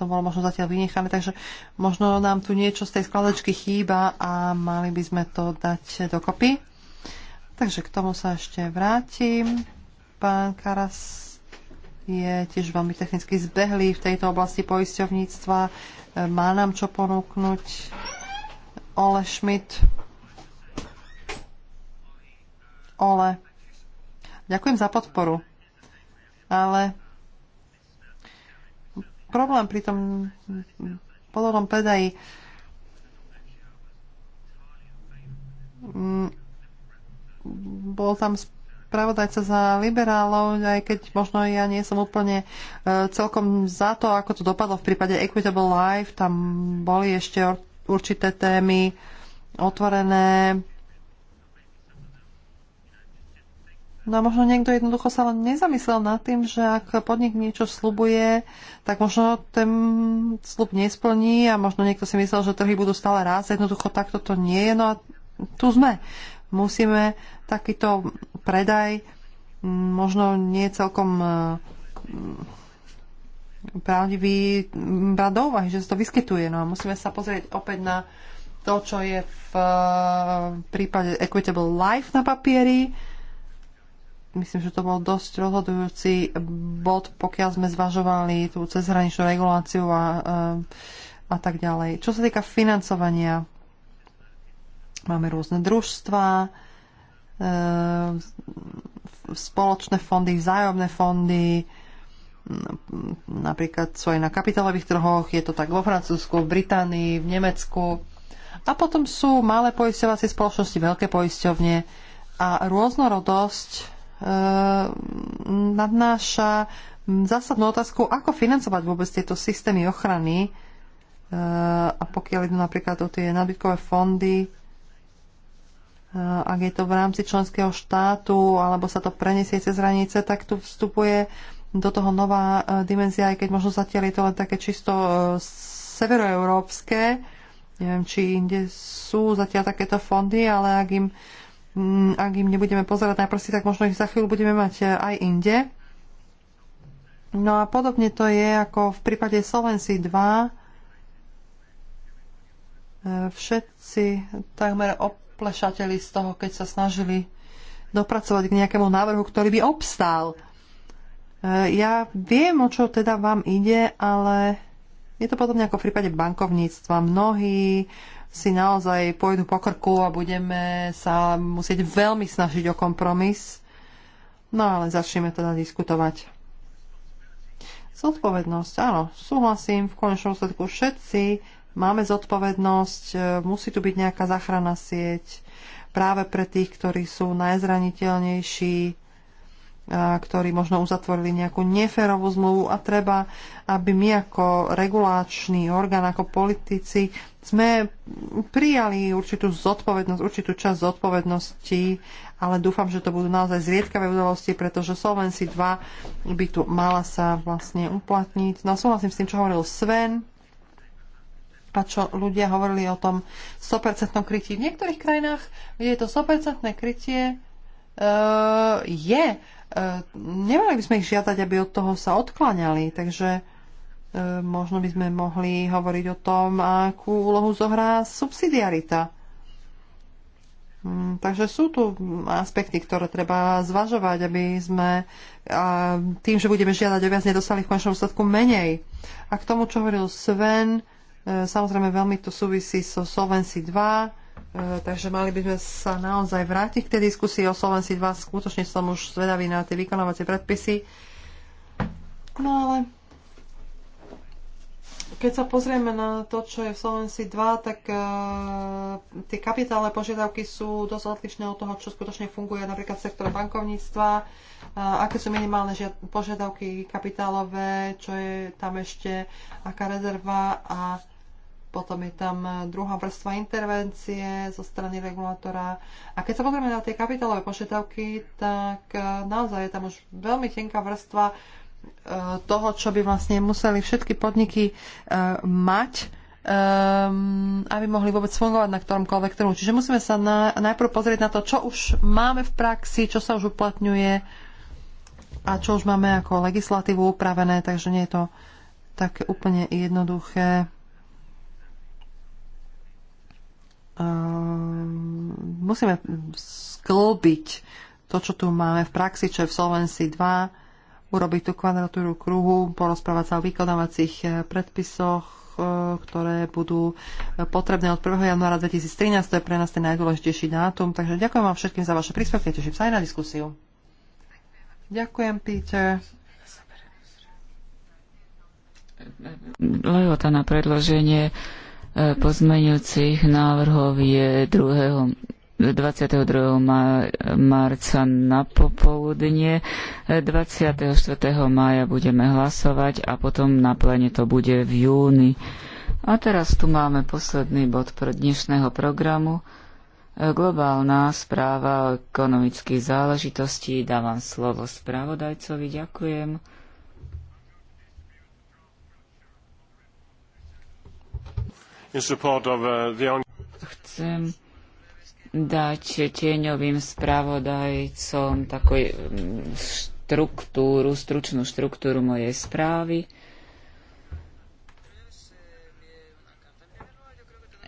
to bolo možno zatiaľ vynechané, takže možno nám tu niečo z tej skladačky chýba a mali by sme to dať dokopy. Takže k tomu sa ešte vrátim. Pán Karas je tiež veľmi technicky zbehlý v tejto oblasti poisťovníctva. Má nám čo ponúknuť. Ole Schmidt. Ole. Ďakujem za podporu. Ale problém pri tom polovom predaji. Mm, bol tam spravodajca za liberálov, aj keď možno ja nie som úplne e, celkom za to, ako to dopadlo v prípade Equitable Life. Tam boli ešte určité témy otvorené, No a možno niekto jednoducho sa len nezamyslel nad tým, že ak podnik niečo slubuje, tak možno ten slub nesplní a možno niekto si myslel, že trhy budú stále rásť. Jednoducho takto to nie je. No a tu sme. Musíme takýto predaj možno nie celkom e, pravdivý brať do úvahy, že sa to vyskytuje. No a musíme sa pozrieť opäť na to, čo je v e, prípade Equitable Life na papieri myslím, že to bol dosť rozhodujúci bod, pokiaľ sme zvažovali tú cezhraničnú reguláciu a, a tak ďalej. Čo sa týka financovania, máme rôzne družstva, e, spoločné fondy, vzájomné fondy, napríklad sú aj na kapitálových trhoch, je to tak vo Francúzsku, v Británii, v Nemecku. A potom sú malé poisťovacie spoločnosti, veľké poisťovne a rôznorodosť Ehm, nadnáša mm, zásadnú otázku, ako financovať vôbec tieto systémy ochrany ehm, a pokiaľ idú napríklad o tie nadbytkové fondy, ehm, ak je to v rámci členského štátu alebo sa to preniesie cez hranice, tak tu vstupuje do toho nová eh, dimenzia, aj keď možno zatiaľ je to len také čisto eh, severoeurópske. Neviem, či inde sú zatiaľ takéto fondy, ale ak im Mm, ak im nebudeme pozerať na prsty, tak možno ich za chvíľu budeme mať e, aj inde. No a podobne to je ako v prípade Solvency 2. E, všetci takmer oplešateli z toho, keď sa snažili dopracovať k nejakému návrhu, ktorý by obstál. E, ja viem, o čo teda vám ide, ale je to podobne ako v prípade bankovníctva. Mnohí si naozaj pôjdu po krku a budeme sa musieť veľmi snažiť o kompromis. No ale začneme teda diskutovať. Zodpovednosť, áno, súhlasím, v konečnom sledku všetci máme zodpovednosť, e, musí tu byť nejaká záchranná sieť práve pre tých, ktorí sú najzraniteľnejší, ktorí možno uzatvorili nejakú neférovú zmluvu a treba, aby my ako regulačný orgán, ako politici sme prijali určitú zodpovednosť, určitú časť zodpovednosti, ale dúfam, že to budú naozaj zriedkavé udalosti, pretože Solvency 2 by tu mala sa vlastne uplatniť. No súhlasím s tým, čo hovoril Sven, a čo ľudia hovorili o tom 100% krytí. V niektorých krajinách, kde je to 100% krytie, uh, je, nemali by sme ich žiadať, aby od toho sa odkláňali. Takže e, možno by sme mohli hovoriť o tom, akú úlohu zohrá subsidiarita. Mm, takže sú tu aspekty, ktoré treba zvažovať, aby sme tým, že budeme žiadať o viac, nedostali v končnom úsledku menej. A k tomu, čo hovoril Sven, e, samozrejme veľmi to súvisí so Solvency 2, E, takže mali by sme sa naozaj vrátiť k tej diskusii o Solvency 2. Skutočne som už zvedavý na tie vykonávacie predpisy. No ale keď sa pozrieme na to, čo je v Solvency 2, tak uh, tie kapitálne požiadavky sú dosť odlišné od toho, čo skutočne funguje napríklad v sektore bankovníctva, uh, aké sú minimálne požiadavky kapitálové, čo je tam ešte, aká rezerva a potom je tam e, druhá vrstva intervencie zo strany regulátora. A keď sa pozrieme na tie kapitálové požiadavky, tak e, naozaj je tam už veľmi tenká vrstva e, toho, čo by vlastne museli všetky podniky mať, ehm, aby mohli vôbec fungovať na ktoromkoľvek trhu. Čiže musíme sa najprv pozrieť na to, čo už máme v praxi, čo sa už uplatňuje a čo už máme ako legislatívu upravené, takže nie je to tak úplne jednoduché Ehm, musíme sklbiť to, čo tu máme v praxi, čo je v Solvency 2, urobiť tú kvadratúru kruhu, porozprávať sa o vykonávacích eh, predpisoch, eh, ktoré budú eh, potrebné od 1. januára 2013. To je pre nás ten najdôležitejší dátum. Takže ďakujem vám všetkým za vaše príspevky. Teším sa aj na diskusiu. Ďakujem, Peter. Lehota na predloženie pozmeňujúcich návrhov je 2. 22. marca na popoludnie. 24. mája budeme hlasovať a potom na plene to bude v júni. A teraz tu máme posledný bod pre dnešného programu. Globálna správa o ekonomických záležitostí. Dávam slovo spravodajcovi. Ďakujem. Uh, chcem dať tieňovým spravodajcom takú štruktúru, mm, stručnú štruktúru mojej správy.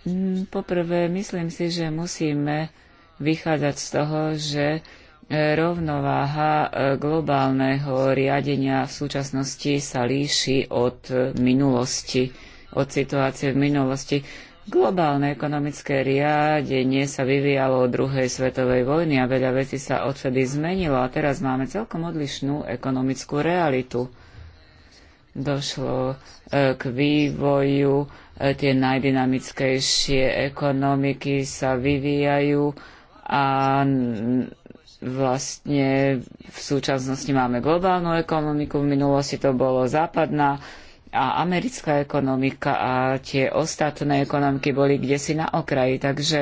Mm, poprvé, myslím si, že musíme vychádzať z toho, že e, rovnováha e, globálneho riadenia v súčasnosti sa líši od e, minulosti od situácie v minulosti. Globálne ekonomické riadenie sa vyvíjalo od druhej svetovej vojny a veľa vecí sa odvtedy zmenilo a teraz máme celkom odlišnú ekonomickú realitu. Došlo e, k vývoju, e, tie najdynamickejšie ekonomiky sa vyvíjajú a vlastne v súčasnosti máme globálnu ekonomiku, v minulosti to bolo západná a americká ekonomika a tie ostatné ekonomiky boli kde si na okraji, takže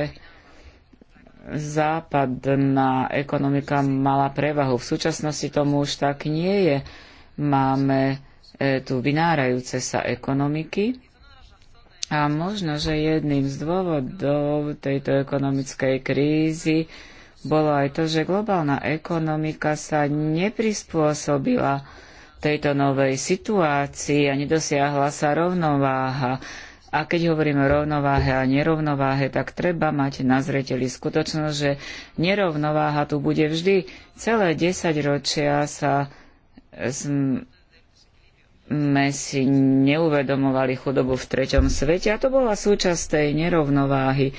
západná ekonomika mala prevahu. V súčasnosti tomu už tak nie je. Máme e, tu vynárajúce sa ekonomiky a možno, že jedným z dôvodov tejto ekonomickej krízy bolo aj to, že globálna ekonomika sa neprispôsobila tejto novej situácii a nedosiahla sa rovnováha. A keď hovoríme o rovnováhe a nerovnováhe, tak treba mať na zreteli skutočnosť, že nerovnováha tu bude vždy. Celé desaťročia sa sme si neuvedomovali chudobu v treťom svete a to bola súčasť tej nerovnováhy.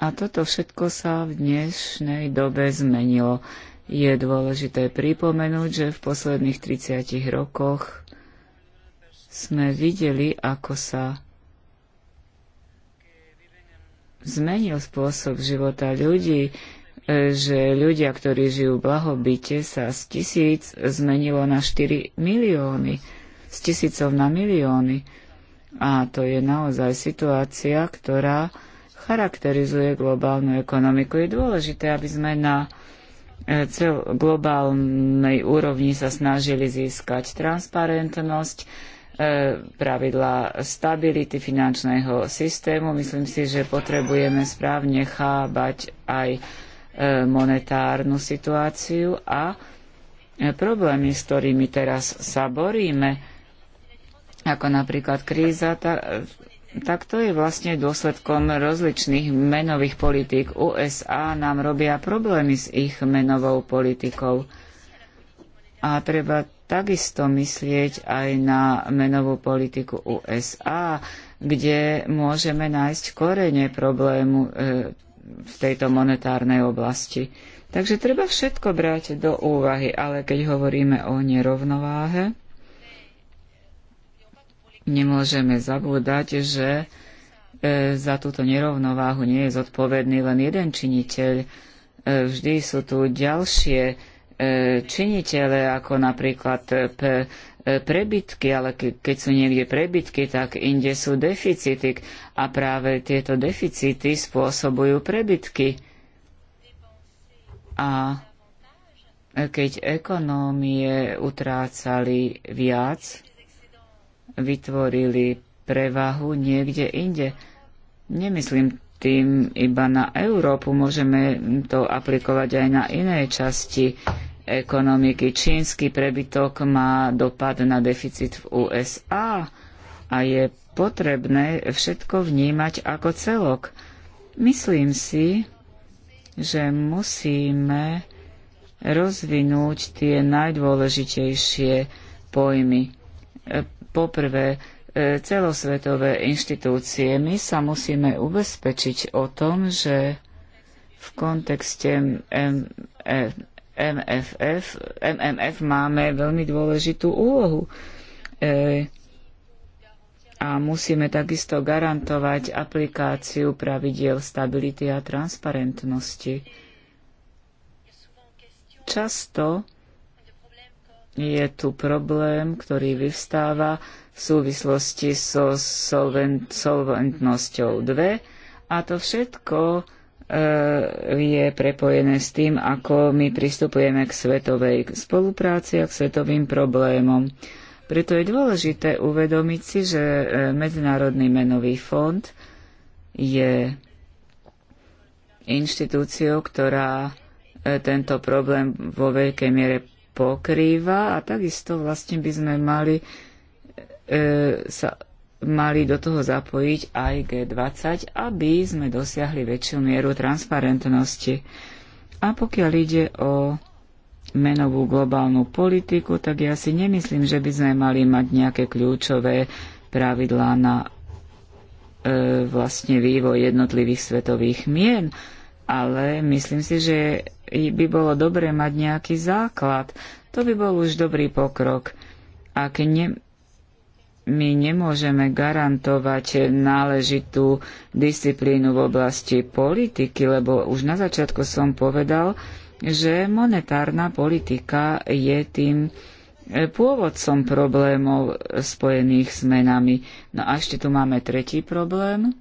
A toto všetko sa v dnešnej dobe zmenilo. Je dôležité pripomenúť, že v posledných 30 rokoch sme videli, ako sa zmenil spôsob života ľudí, e, že ľudia, ktorí žijú v blahobite, sa z tisíc zmenilo na 4 milióny, z tisícov na milióny. A to je naozaj situácia, ktorá charakterizuje globálnu ekonomiku. Je dôležité, aby sme na cel globálnej úrovni sa snažili získať transparentnosť, e, pravidla stability finančného systému. Myslím si, že potrebujeme správne chábať aj e, monetárnu situáciu a e, problémy, s ktorými teraz sa boríme, ako napríklad kríza, tá, tak to je vlastne dôsledkom rozličných menových politík. USA nám robia problémy s ich menovou politikou. A treba takisto myslieť aj na menovú politiku USA, kde môžeme nájsť korene problému e, v tejto monetárnej oblasti. Takže treba všetko brať do úvahy, ale keď hovoríme o nerovnováhe, nemôžeme zabúdať, že e, za túto nerovnováhu nie je zodpovedný len jeden činiteľ. E, vždy sú tu ďalšie e, činiteľe, ako napríklad prebytky, ale keď sú niekde prebytky, tak inde sú deficity a práve tieto deficity spôsobujú prebytky. A keď ekonómie utrácali viac, vytvorili prevahu niekde inde. Nemyslím tým iba na Európu, môžeme to aplikovať aj na iné časti ekonomiky. Čínsky prebytok má dopad na deficit v USA a je potrebné všetko vnímať ako celok. Myslím si, že musíme rozvinúť tie najdôležitejšie pojmy Poprvé, e, celosvetové inštitúcie. My sa musíme ubezpečiť o tom, že v kontekste MFF, e, MMF máme veľmi dôležitú úlohu. E, a musíme takisto garantovať aplikáciu pravidiel stability a transparentnosti. Často je tu problém, ktorý vyvstáva v súvislosti so solvent, solventnosťou 2 a to všetko eh, je prepojené s tým, ako my pristupujeme k svetovej spolupráci a k svetovým problémom. Preto je dôležité uvedomiť si, že eh, Medzinárodný menový fond je inštitúciou, ktorá eh, tento problém vo veľkej miere pokrýva a takisto vlastne by sme mali e, sa mali do toho zapojiť aj G20, aby sme dosiahli väčšiu mieru transparentnosti. A pokiaľ ide o menovú globálnu politiku, tak ja si nemyslím, že by sme mali mať nejaké kľúčové pravidlá na e, vlastne vývoj jednotlivých svetových mien. E, ale myslím si, že by bolo dobré mať nejaký základ. To by bol už dobrý pokrok. Ak ne, my nemôžeme garantovať náležitú disciplínu v oblasti politiky, lebo už na začiatku som povedal, že monetárna politika je tým e, pôvodcom problémov spojených s menami. No a ešte tu máme tretí problém,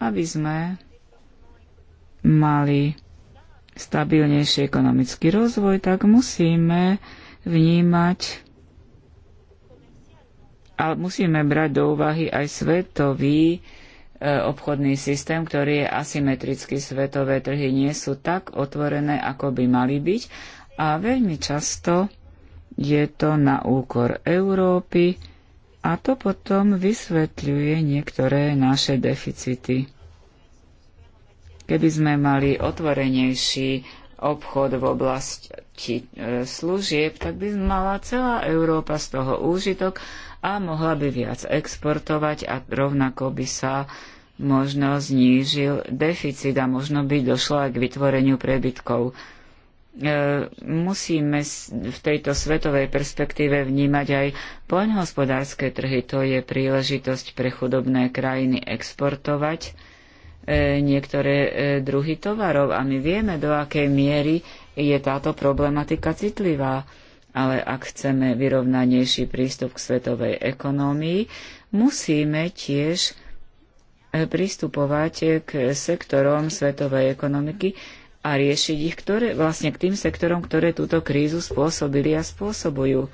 aby sme mali stabilnejší ekonomický rozvoj, tak musíme vnímať a musíme brať do úvahy aj svetový e, obchodný systém, ktorý je asymetrický. Svetové trhy nie sú tak otvorené, ako by mali byť a veľmi často je to na úkor Európy a to potom vysvetľuje niektoré naše deficity. Keby sme mali otvorenejší obchod v oblasti e, služieb, tak by mala celá Európa z toho úžitok a mohla by viac exportovať a rovnako by sa možno znížil deficit a možno by došlo aj k vytvoreniu prebytkov. E, musíme v tejto svetovej perspektíve vnímať aj poľnohospodárske trhy. To je príležitosť pre chudobné krajiny exportovať E, niektoré e, druhy tovarov a my vieme, do akej miery je táto problematika citlivá. Ale ak chceme vyrovnanejší prístup k svetovej ekonómii, musíme tiež e, pristupovať k sektorom svetovej ekonomiky a riešiť ich ktoré, vlastne k tým sektorom, ktoré túto krízu spôsobili a spôsobujú.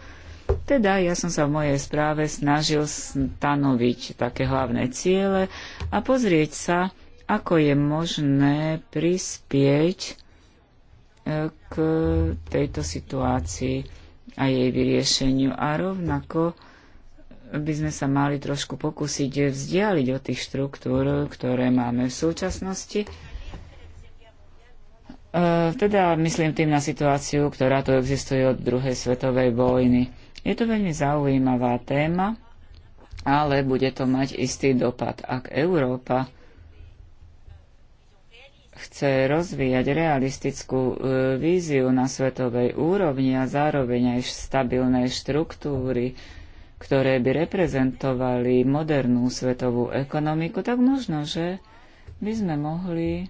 Teda ja som sa v mojej správe snažil stanoviť také hlavné ciele a pozrieť sa, ako je možné prispieť e, k tejto situácii a jej vyriešeniu a rovnako by sme sa mali trošku pokúsiť vzdialiť od tých štruktúr, ktoré máme v súčasnosti. E, teda myslím tým na situáciu, ktorá tu existuje od druhej svetovej vojny. Je to veľmi zaujímavá téma, ale bude to mať istý dopad. Ak Európa chce rozvíjať realistickú e, víziu na svetovej úrovni a zároveň aj stabilné štruktúry, ktoré by reprezentovali modernú svetovú ekonomiku, tak možno, že by sme mohli e,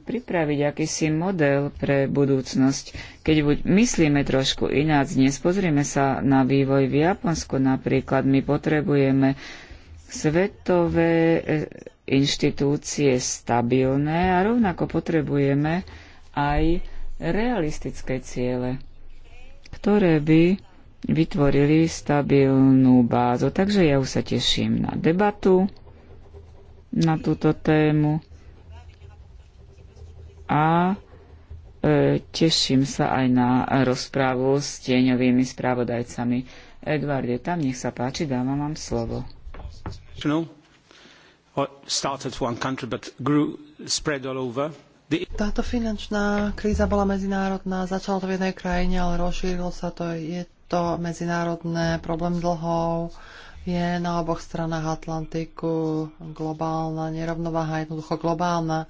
pripraviť akýsi model pre budúcnosť. Keď buď myslíme trošku ináč dnes, pozrieme sa na vývoj v Japonsku napríklad, my potrebujeme svetové e, inštitúcie stabilné a rovnako potrebujeme aj realistické ciele, ktoré by vytvorili stabilnú bázu. Takže ja už sa teším na debatu na túto tému a e, teším sa aj na rozprávu s tieňovými spravodajcami. Edvard, je tam, nech sa páči, dávam vám slovo you or started one country but grew, spread all over. The... Táto finančná kríza bola medzinárodná, začalo to v jednej krajine, ale rozšírilo sa to. Je to medzinárodné, problém dlhov, je na oboch stranách Atlantiku globálna nerovnováha, jednoducho globálna.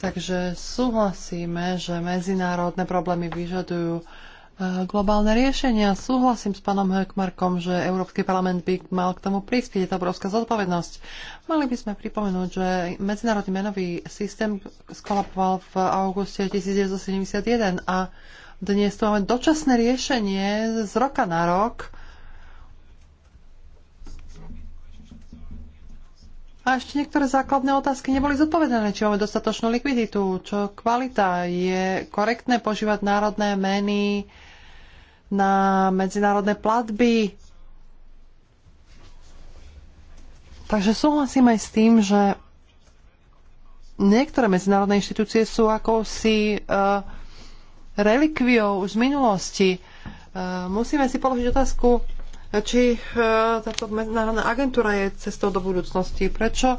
Takže súhlasíme, že medzinárodné problémy vyžadujú E, globálne riešenia. Súhlasím s pánom Hökmarkom, že Európsky parlament by mal k tomu prispieť. Je to obrovská zodpovednosť. Mali by sme pripomenúť, že medzinárodný menový systém skolapoval v auguste 1971 a dnes tu máme dočasné riešenie z roka na rok, A ešte niektoré základné otázky neboli zodpovedané, či máme dostatočnú likviditu, čo kvalita, je korektné požívať národné meny na medzinárodné platby. Takže súhlasím aj s tým, že niektoré medzinárodné inštitúcie sú akousi uh, relikviou už z minulosti. Uh, musíme si položiť otázku, či e, táto medzinárodná agentúra je cestou do budúcnosti. Prečo e,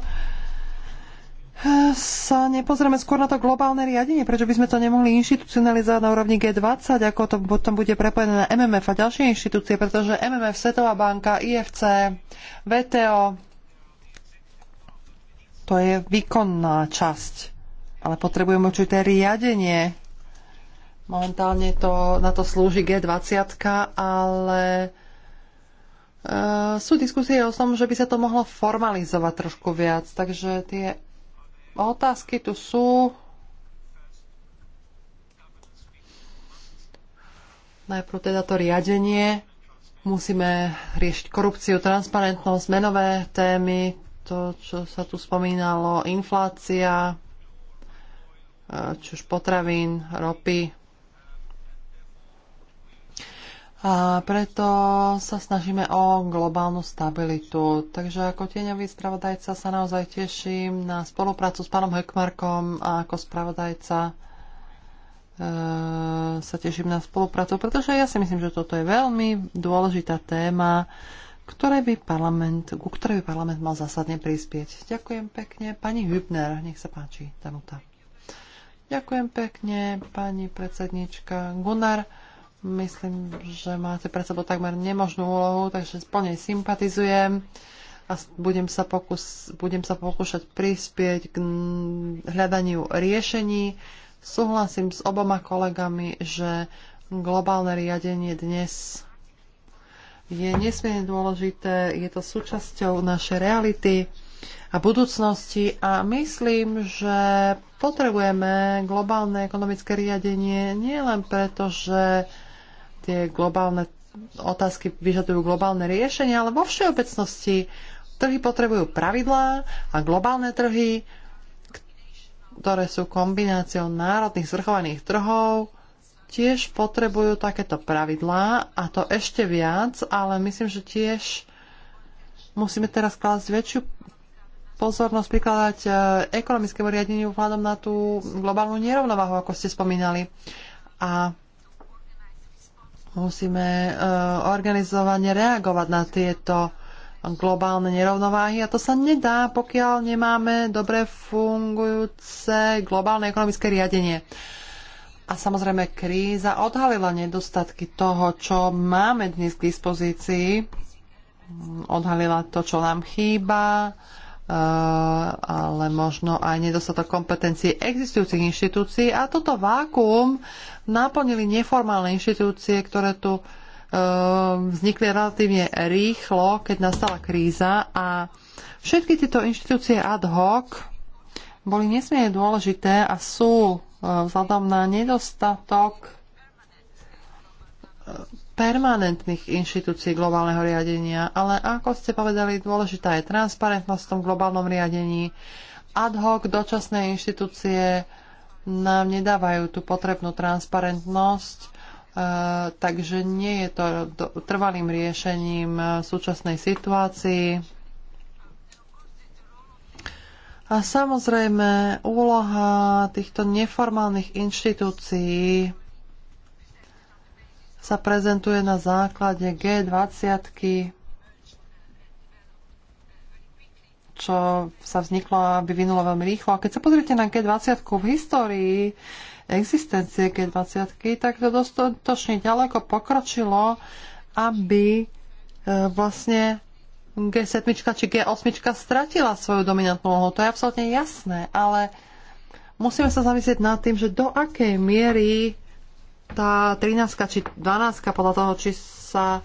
sa nepozrieme skôr na to globálne riadenie? Prečo by sme to nemohli inštitucionalizovať na úrovni G20, ako to potom bude prepojené na MMF a ďalšie inštitúcie? Pretože MMF, Svetová banka, IFC, VTO, to je výkonná časť. Ale potrebujeme určité riadenie. Momentálne to, na to slúži G20, ale Eh, sú diskusie o tom, že by sa to mohlo formalizovať trošku viac. Takže tie otázky tu sú. Najprv teda to riadenie. Musíme riešiť korupciu, transparentnosť, menové témy, to, čo sa tu spomínalo, inflácia, eh, či už potravín, ropy, a preto sa snažíme o globálnu stabilitu. Takže ako tieňový spravodajca sa naozaj teším na spoluprácu s pánom Hekmarkom a ako spravodajca e, sa teším na spoluprácu, pretože ja si myslím, že toto je veľmi dôležitá téma, ktoré by parlament, ku ktorej by parlament mal zásadne prispieť. Ďakujem pekne. Pani Hübner, nech sa páči, Danuta. Ďakujem pekne, pani predsednička Gunnar. Myslím, že máte pred sebou takmer nemožnú úlohu, takže plne sympatizujem a budem sa, pokus, budem sa pokúšať prispieť k hľadaniu riešení. Súhlasím s oboma kolegami, že globálne riadenie dnes je nesmierne dôležité, je to súčasťou našej reality a budúcnosti a myslím, že potrebujeme globálne ekonomické riadenie nielen preto, že tie globálne otázky vyžadujú globálne riešenia, ale vo všeobecnosti trhy potrebujú pravidlá a globálne trhy, ktoré sú kombináciou národných zvrchovaných trhov, tiež potrebujú takéto pravidlá a to ešte viac, ale myslím, že tiež musíme teraz klásť väčšiu pozornosť prikladať e, ekonomickému riadeniu vzhľadom na tú globálnu nerovnováhu, ako ste spomínali. A Musíme eh, organizovane reagovať na tieto globálne nerovnováhy a to sa nedá, pokiaľ nemáme dobre fungujúce globálne ekonomické riadenie. A samozrejme kríza odhalila nedostatky toho, čo máme dnes k dispozícii. Odhalila to, čo nám chýba, Eh, ale možno aj nedostatok kompetencií existujúcich inštitúcií. A toto vákuum naplnili neformálne inštitúcie, ktoré tu eh, vznikli relatívne rýchlo, keď nastala kríza a všetky tieto inštitúcie ad hoc boli nesmierne dôležité a sú eh, vzhľadom na nedostatok permanentných inštitúcií globálneho riadenia, ale ako ste povedali, dôležitá je transparentnosť v tom globálnom riadení. Ad hoc dočasné inštitúcie nám nedávajú tú potrebnú transparentnosť, e, takže nie je to trvalým riešením e, súčasnej situácii. A samozrejme, úloha týchto neformálnych inštitúcií sa prezentuje na základe G20, čo sa vzniklo a vyvinulo veľmi rýchlo. A keď sa pozriete na G20 v histórii existencie G20, tak to dostatočne ďaleko pokročilo, aby e, vlastne G7 či G8 stratila svoju dominantnú úlohu. To je absolútne jasné, ale musíme sa zamyslieť nad tým, že do akej miery tá 13 či 12 podľa toho, či sa e,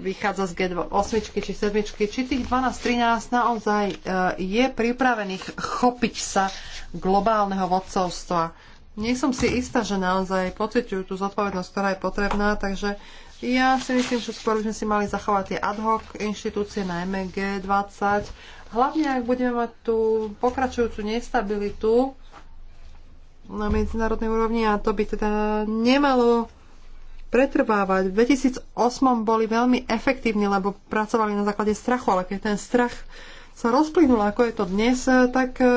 vychádza z G8 či 7, či tých 12-13 naozaj e, je pripravených chopiť sa globálneho vodcovstva. Nie som si istá, že naozaj pocitujú tú zodpovednosť, ktorá je potrebná, takže ja si myslím, že skôr by sme si mali zachovať tie ad hoc inštitúcie, najmä G20, hlavne ak budeme mať tú pokračujúcu nestabilitu, na medzinárodnej úrovni a to by teda nemalo pretrvávať. V 2008 boli veľmi efektívni, lebo pracovali na základe strachu, ale keď ten strach sa rozplynul, ako je to dnes, tak eh,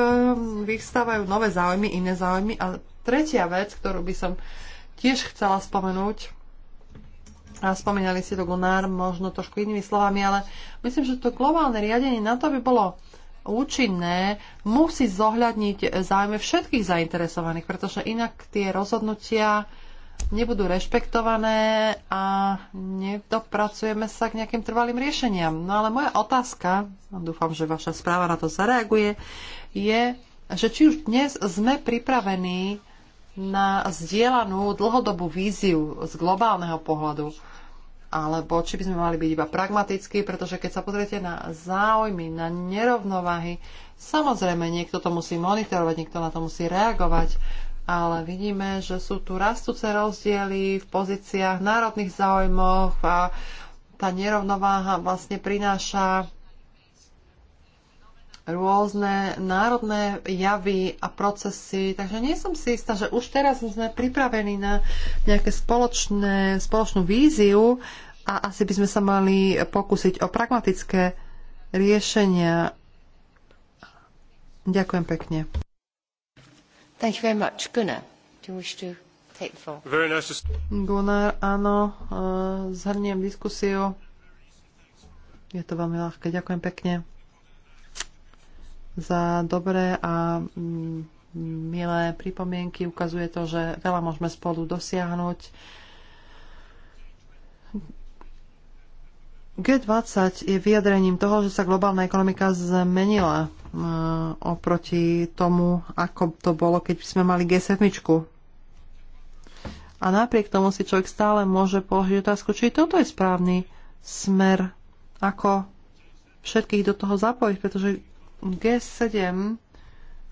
vyvstávajú nové záujmy, iné záujmy. A tretia vec, ktorú by som tiež chcela spomenúť, a spomínali si to Gunnar možno trošku inými slovami, ale myslím, že to globálne riadenie na to by bolo účinné, musí zohľadniť záujme všetkých zainteresovaných, pretože inak tie rozhodnutia nebudú rešpektované a nedopracujeme sa k nejakým trvalým riešeniam. No ale moja otázka, dúfam, že vaša správa na to zareaguje, je, že či už dnes sme pripravení na zdieľanú dlhodobú víziu z globálneho pohľadu alebo či by sme mali byť iba pragmatickí, pretože keď sa pozriete na záujmy, na nerovnováhy, samozrejme niekto to musí monitorovať, niekto na to musí reagovať, ale vidíme, že sú tu rastúce rozdiely v pozíciách národných záujmoch a tá nerovnováha vlastne prináša rôzne národné javy a procesy, takže nie som si istá, že už teraz sme pripravení na nejaké spoločné, spoločnú víziu a asi by sme sa mali pokúsiť o pragmatické riešenia. Ďakujem pekne. Thank you very much. Gunnar, do you wish to take the floor? Very nice to... Gunnar, áno, eh, zhrniem diskusiu. Je to veľmi ľahké. Ďakujem pekne za dobré a mm, milé pripomienky. Ukazuje to, že veľa môžeme spolu dosiahnuť. G20 je vyjadrením toho, že sa globálna ekonomika zmenila e, oproti tomu, ako to bolo, keď sme mali G7. A napriek tomu si človek stále môže položiť otázku, či toto je správny smer, ako všetkých do toho zapojiť, pretože G7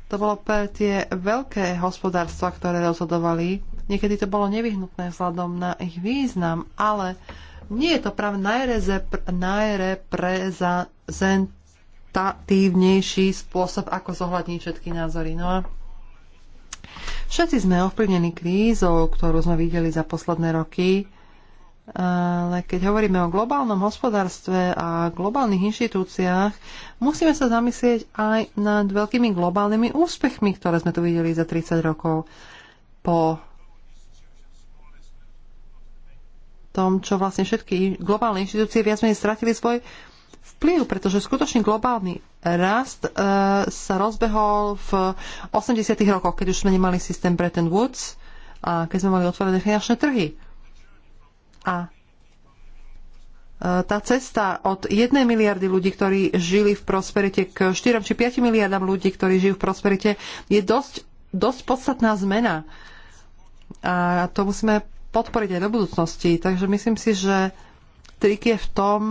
to bolo pre tie veľké hospodárstva, ktoré rozhodovali. Niekedy to bolo nevyhnutné vzhľadom na ich význam, ale nie je to práve najreprezentatívnejší spôsob, ako zohľadniť všetky názory. No a všetci sme ovplyvnení krízou, ktorú sme videli za posledné roky ale keď hovoríme o globálnom hospodárstve a globálnych inštitúciách, musíme sa zamyslieť aj nad veľkými globálnymi úspechmi, ktoré sme tu videli za 30 rokov po tom, čo vlastne všetky globálne inštitúcie viac menej stratili svoj vplyv, pretože skutočný globálny rast e, sa rozbehol v 80. rokoch, keď už sme nemali systém Bretton Woods a keď sme mali otvorené finančné trhy a e, tá cesta od 1 miliardy ľudí, ktorí žili v prosperite, k 4 či 5 miliardám ľudí, ktorí žijú v prosperite, je dosť, dosť podstatná zmena. A to musíme podporiť aj do budúcnosti. Takže myslím si, že trik je v tom,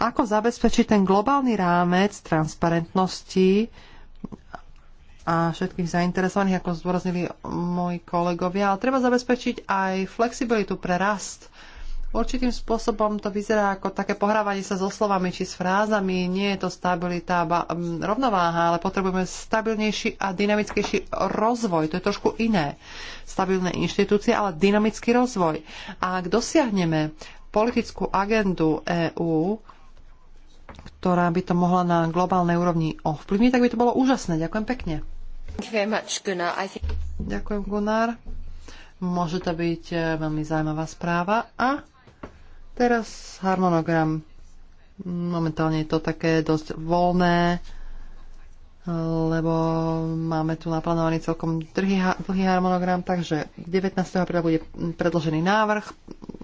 ako zabezpečiť ten globálny rámec transparentnosti a všetkých zainteresovaných, ako zdôraznili moji kolegovia. Ale treba zabezpečiť aj flexibilitu pre rast Určitým spôsobom to vyzerá ako také pohrávanie sa so slovami či s frázami. Nie je to stabilita, ba, rovnováha, ale potrebujeme stabilnejší a dynamickejší rozvoj. To je trošku iné. Stabilné inštitúcie, ale dynamický rozvoj. A ak dosiahneme politickú agendu EÚ, ktorá by to mohla na globálnej úrovni ovplyvniť, tak by to bolo úžasné. Ďakujem pekne. Ďakujem, Gunnar. Môže to byť e, veľmi zaujímavá správa a Teraz harmonogram. Momentálne je to také dosť voľné, lebo máme tu naplánovaný celkom dlhý, dlhý harmonogram, takže 19. apríla bude predložený návrh,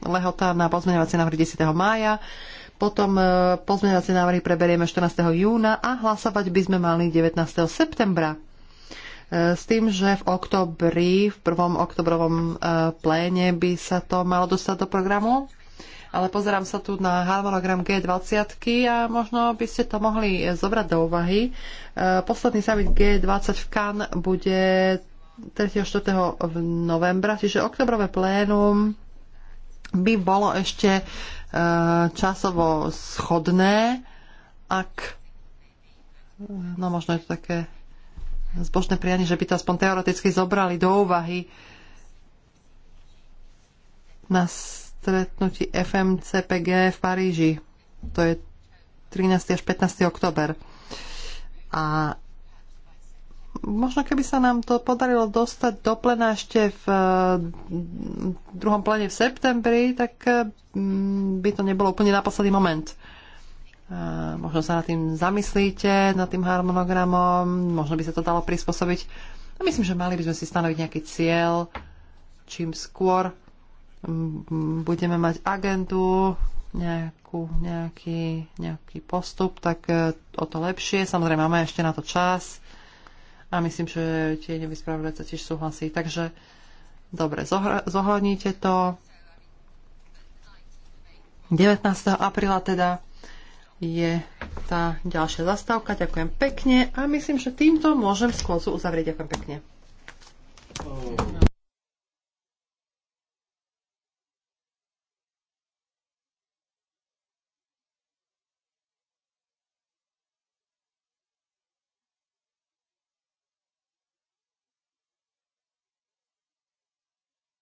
lehota na pozmeňovacie návrhy 10. mája, potom e, pozmeňovacie návrhy preberieme 14. júna a hlasovať by sme mali 19. septembra e, s tým, že v oktobri, v prvom oktobrovom e, pléne by sa to malo dostať do programu ale pozerám sa tu na harmonogram G20 a možno by ste to mohli zobrať do úvahy. E, posledný summit G20 v Cannes bude 3. 4. novembra, čiže oktobrové plénum by bolo ešte e, časovo schodné, ak no možno je to také zbožné prianie, že by to aspoň teoreticky zobrali do úvahy na stretnutí FMCPG v Paríži. To je 13. až 15. oktober. A možno keby sa nám to podarilo dostať do plena ešte v eh, druhom plene v septembri, tak eh, mm, by to nebolo úplne na posledný moment. Eh, možno sa nad tým zamyslíte, nad tým harmonogramom, možno by sa to dalo prispôsobiť. A myslím, že mali by sme si stanoviť nejaký cieľ, čím skôr budeme mať agendu, nejakú, nejaký, nejaký postup, tak e, o to lepšie. Samozrejme, máme ešte na to čas a myslím, že tie sa tiež súhlasí. Takže dobre, zohľadnite to. 19. apríla teda je tá ďalšia zastávka. Ďakujem pekne a myslím, že týmto môžem schôdzu uzavrieť. Ďakujem pekne. Oh.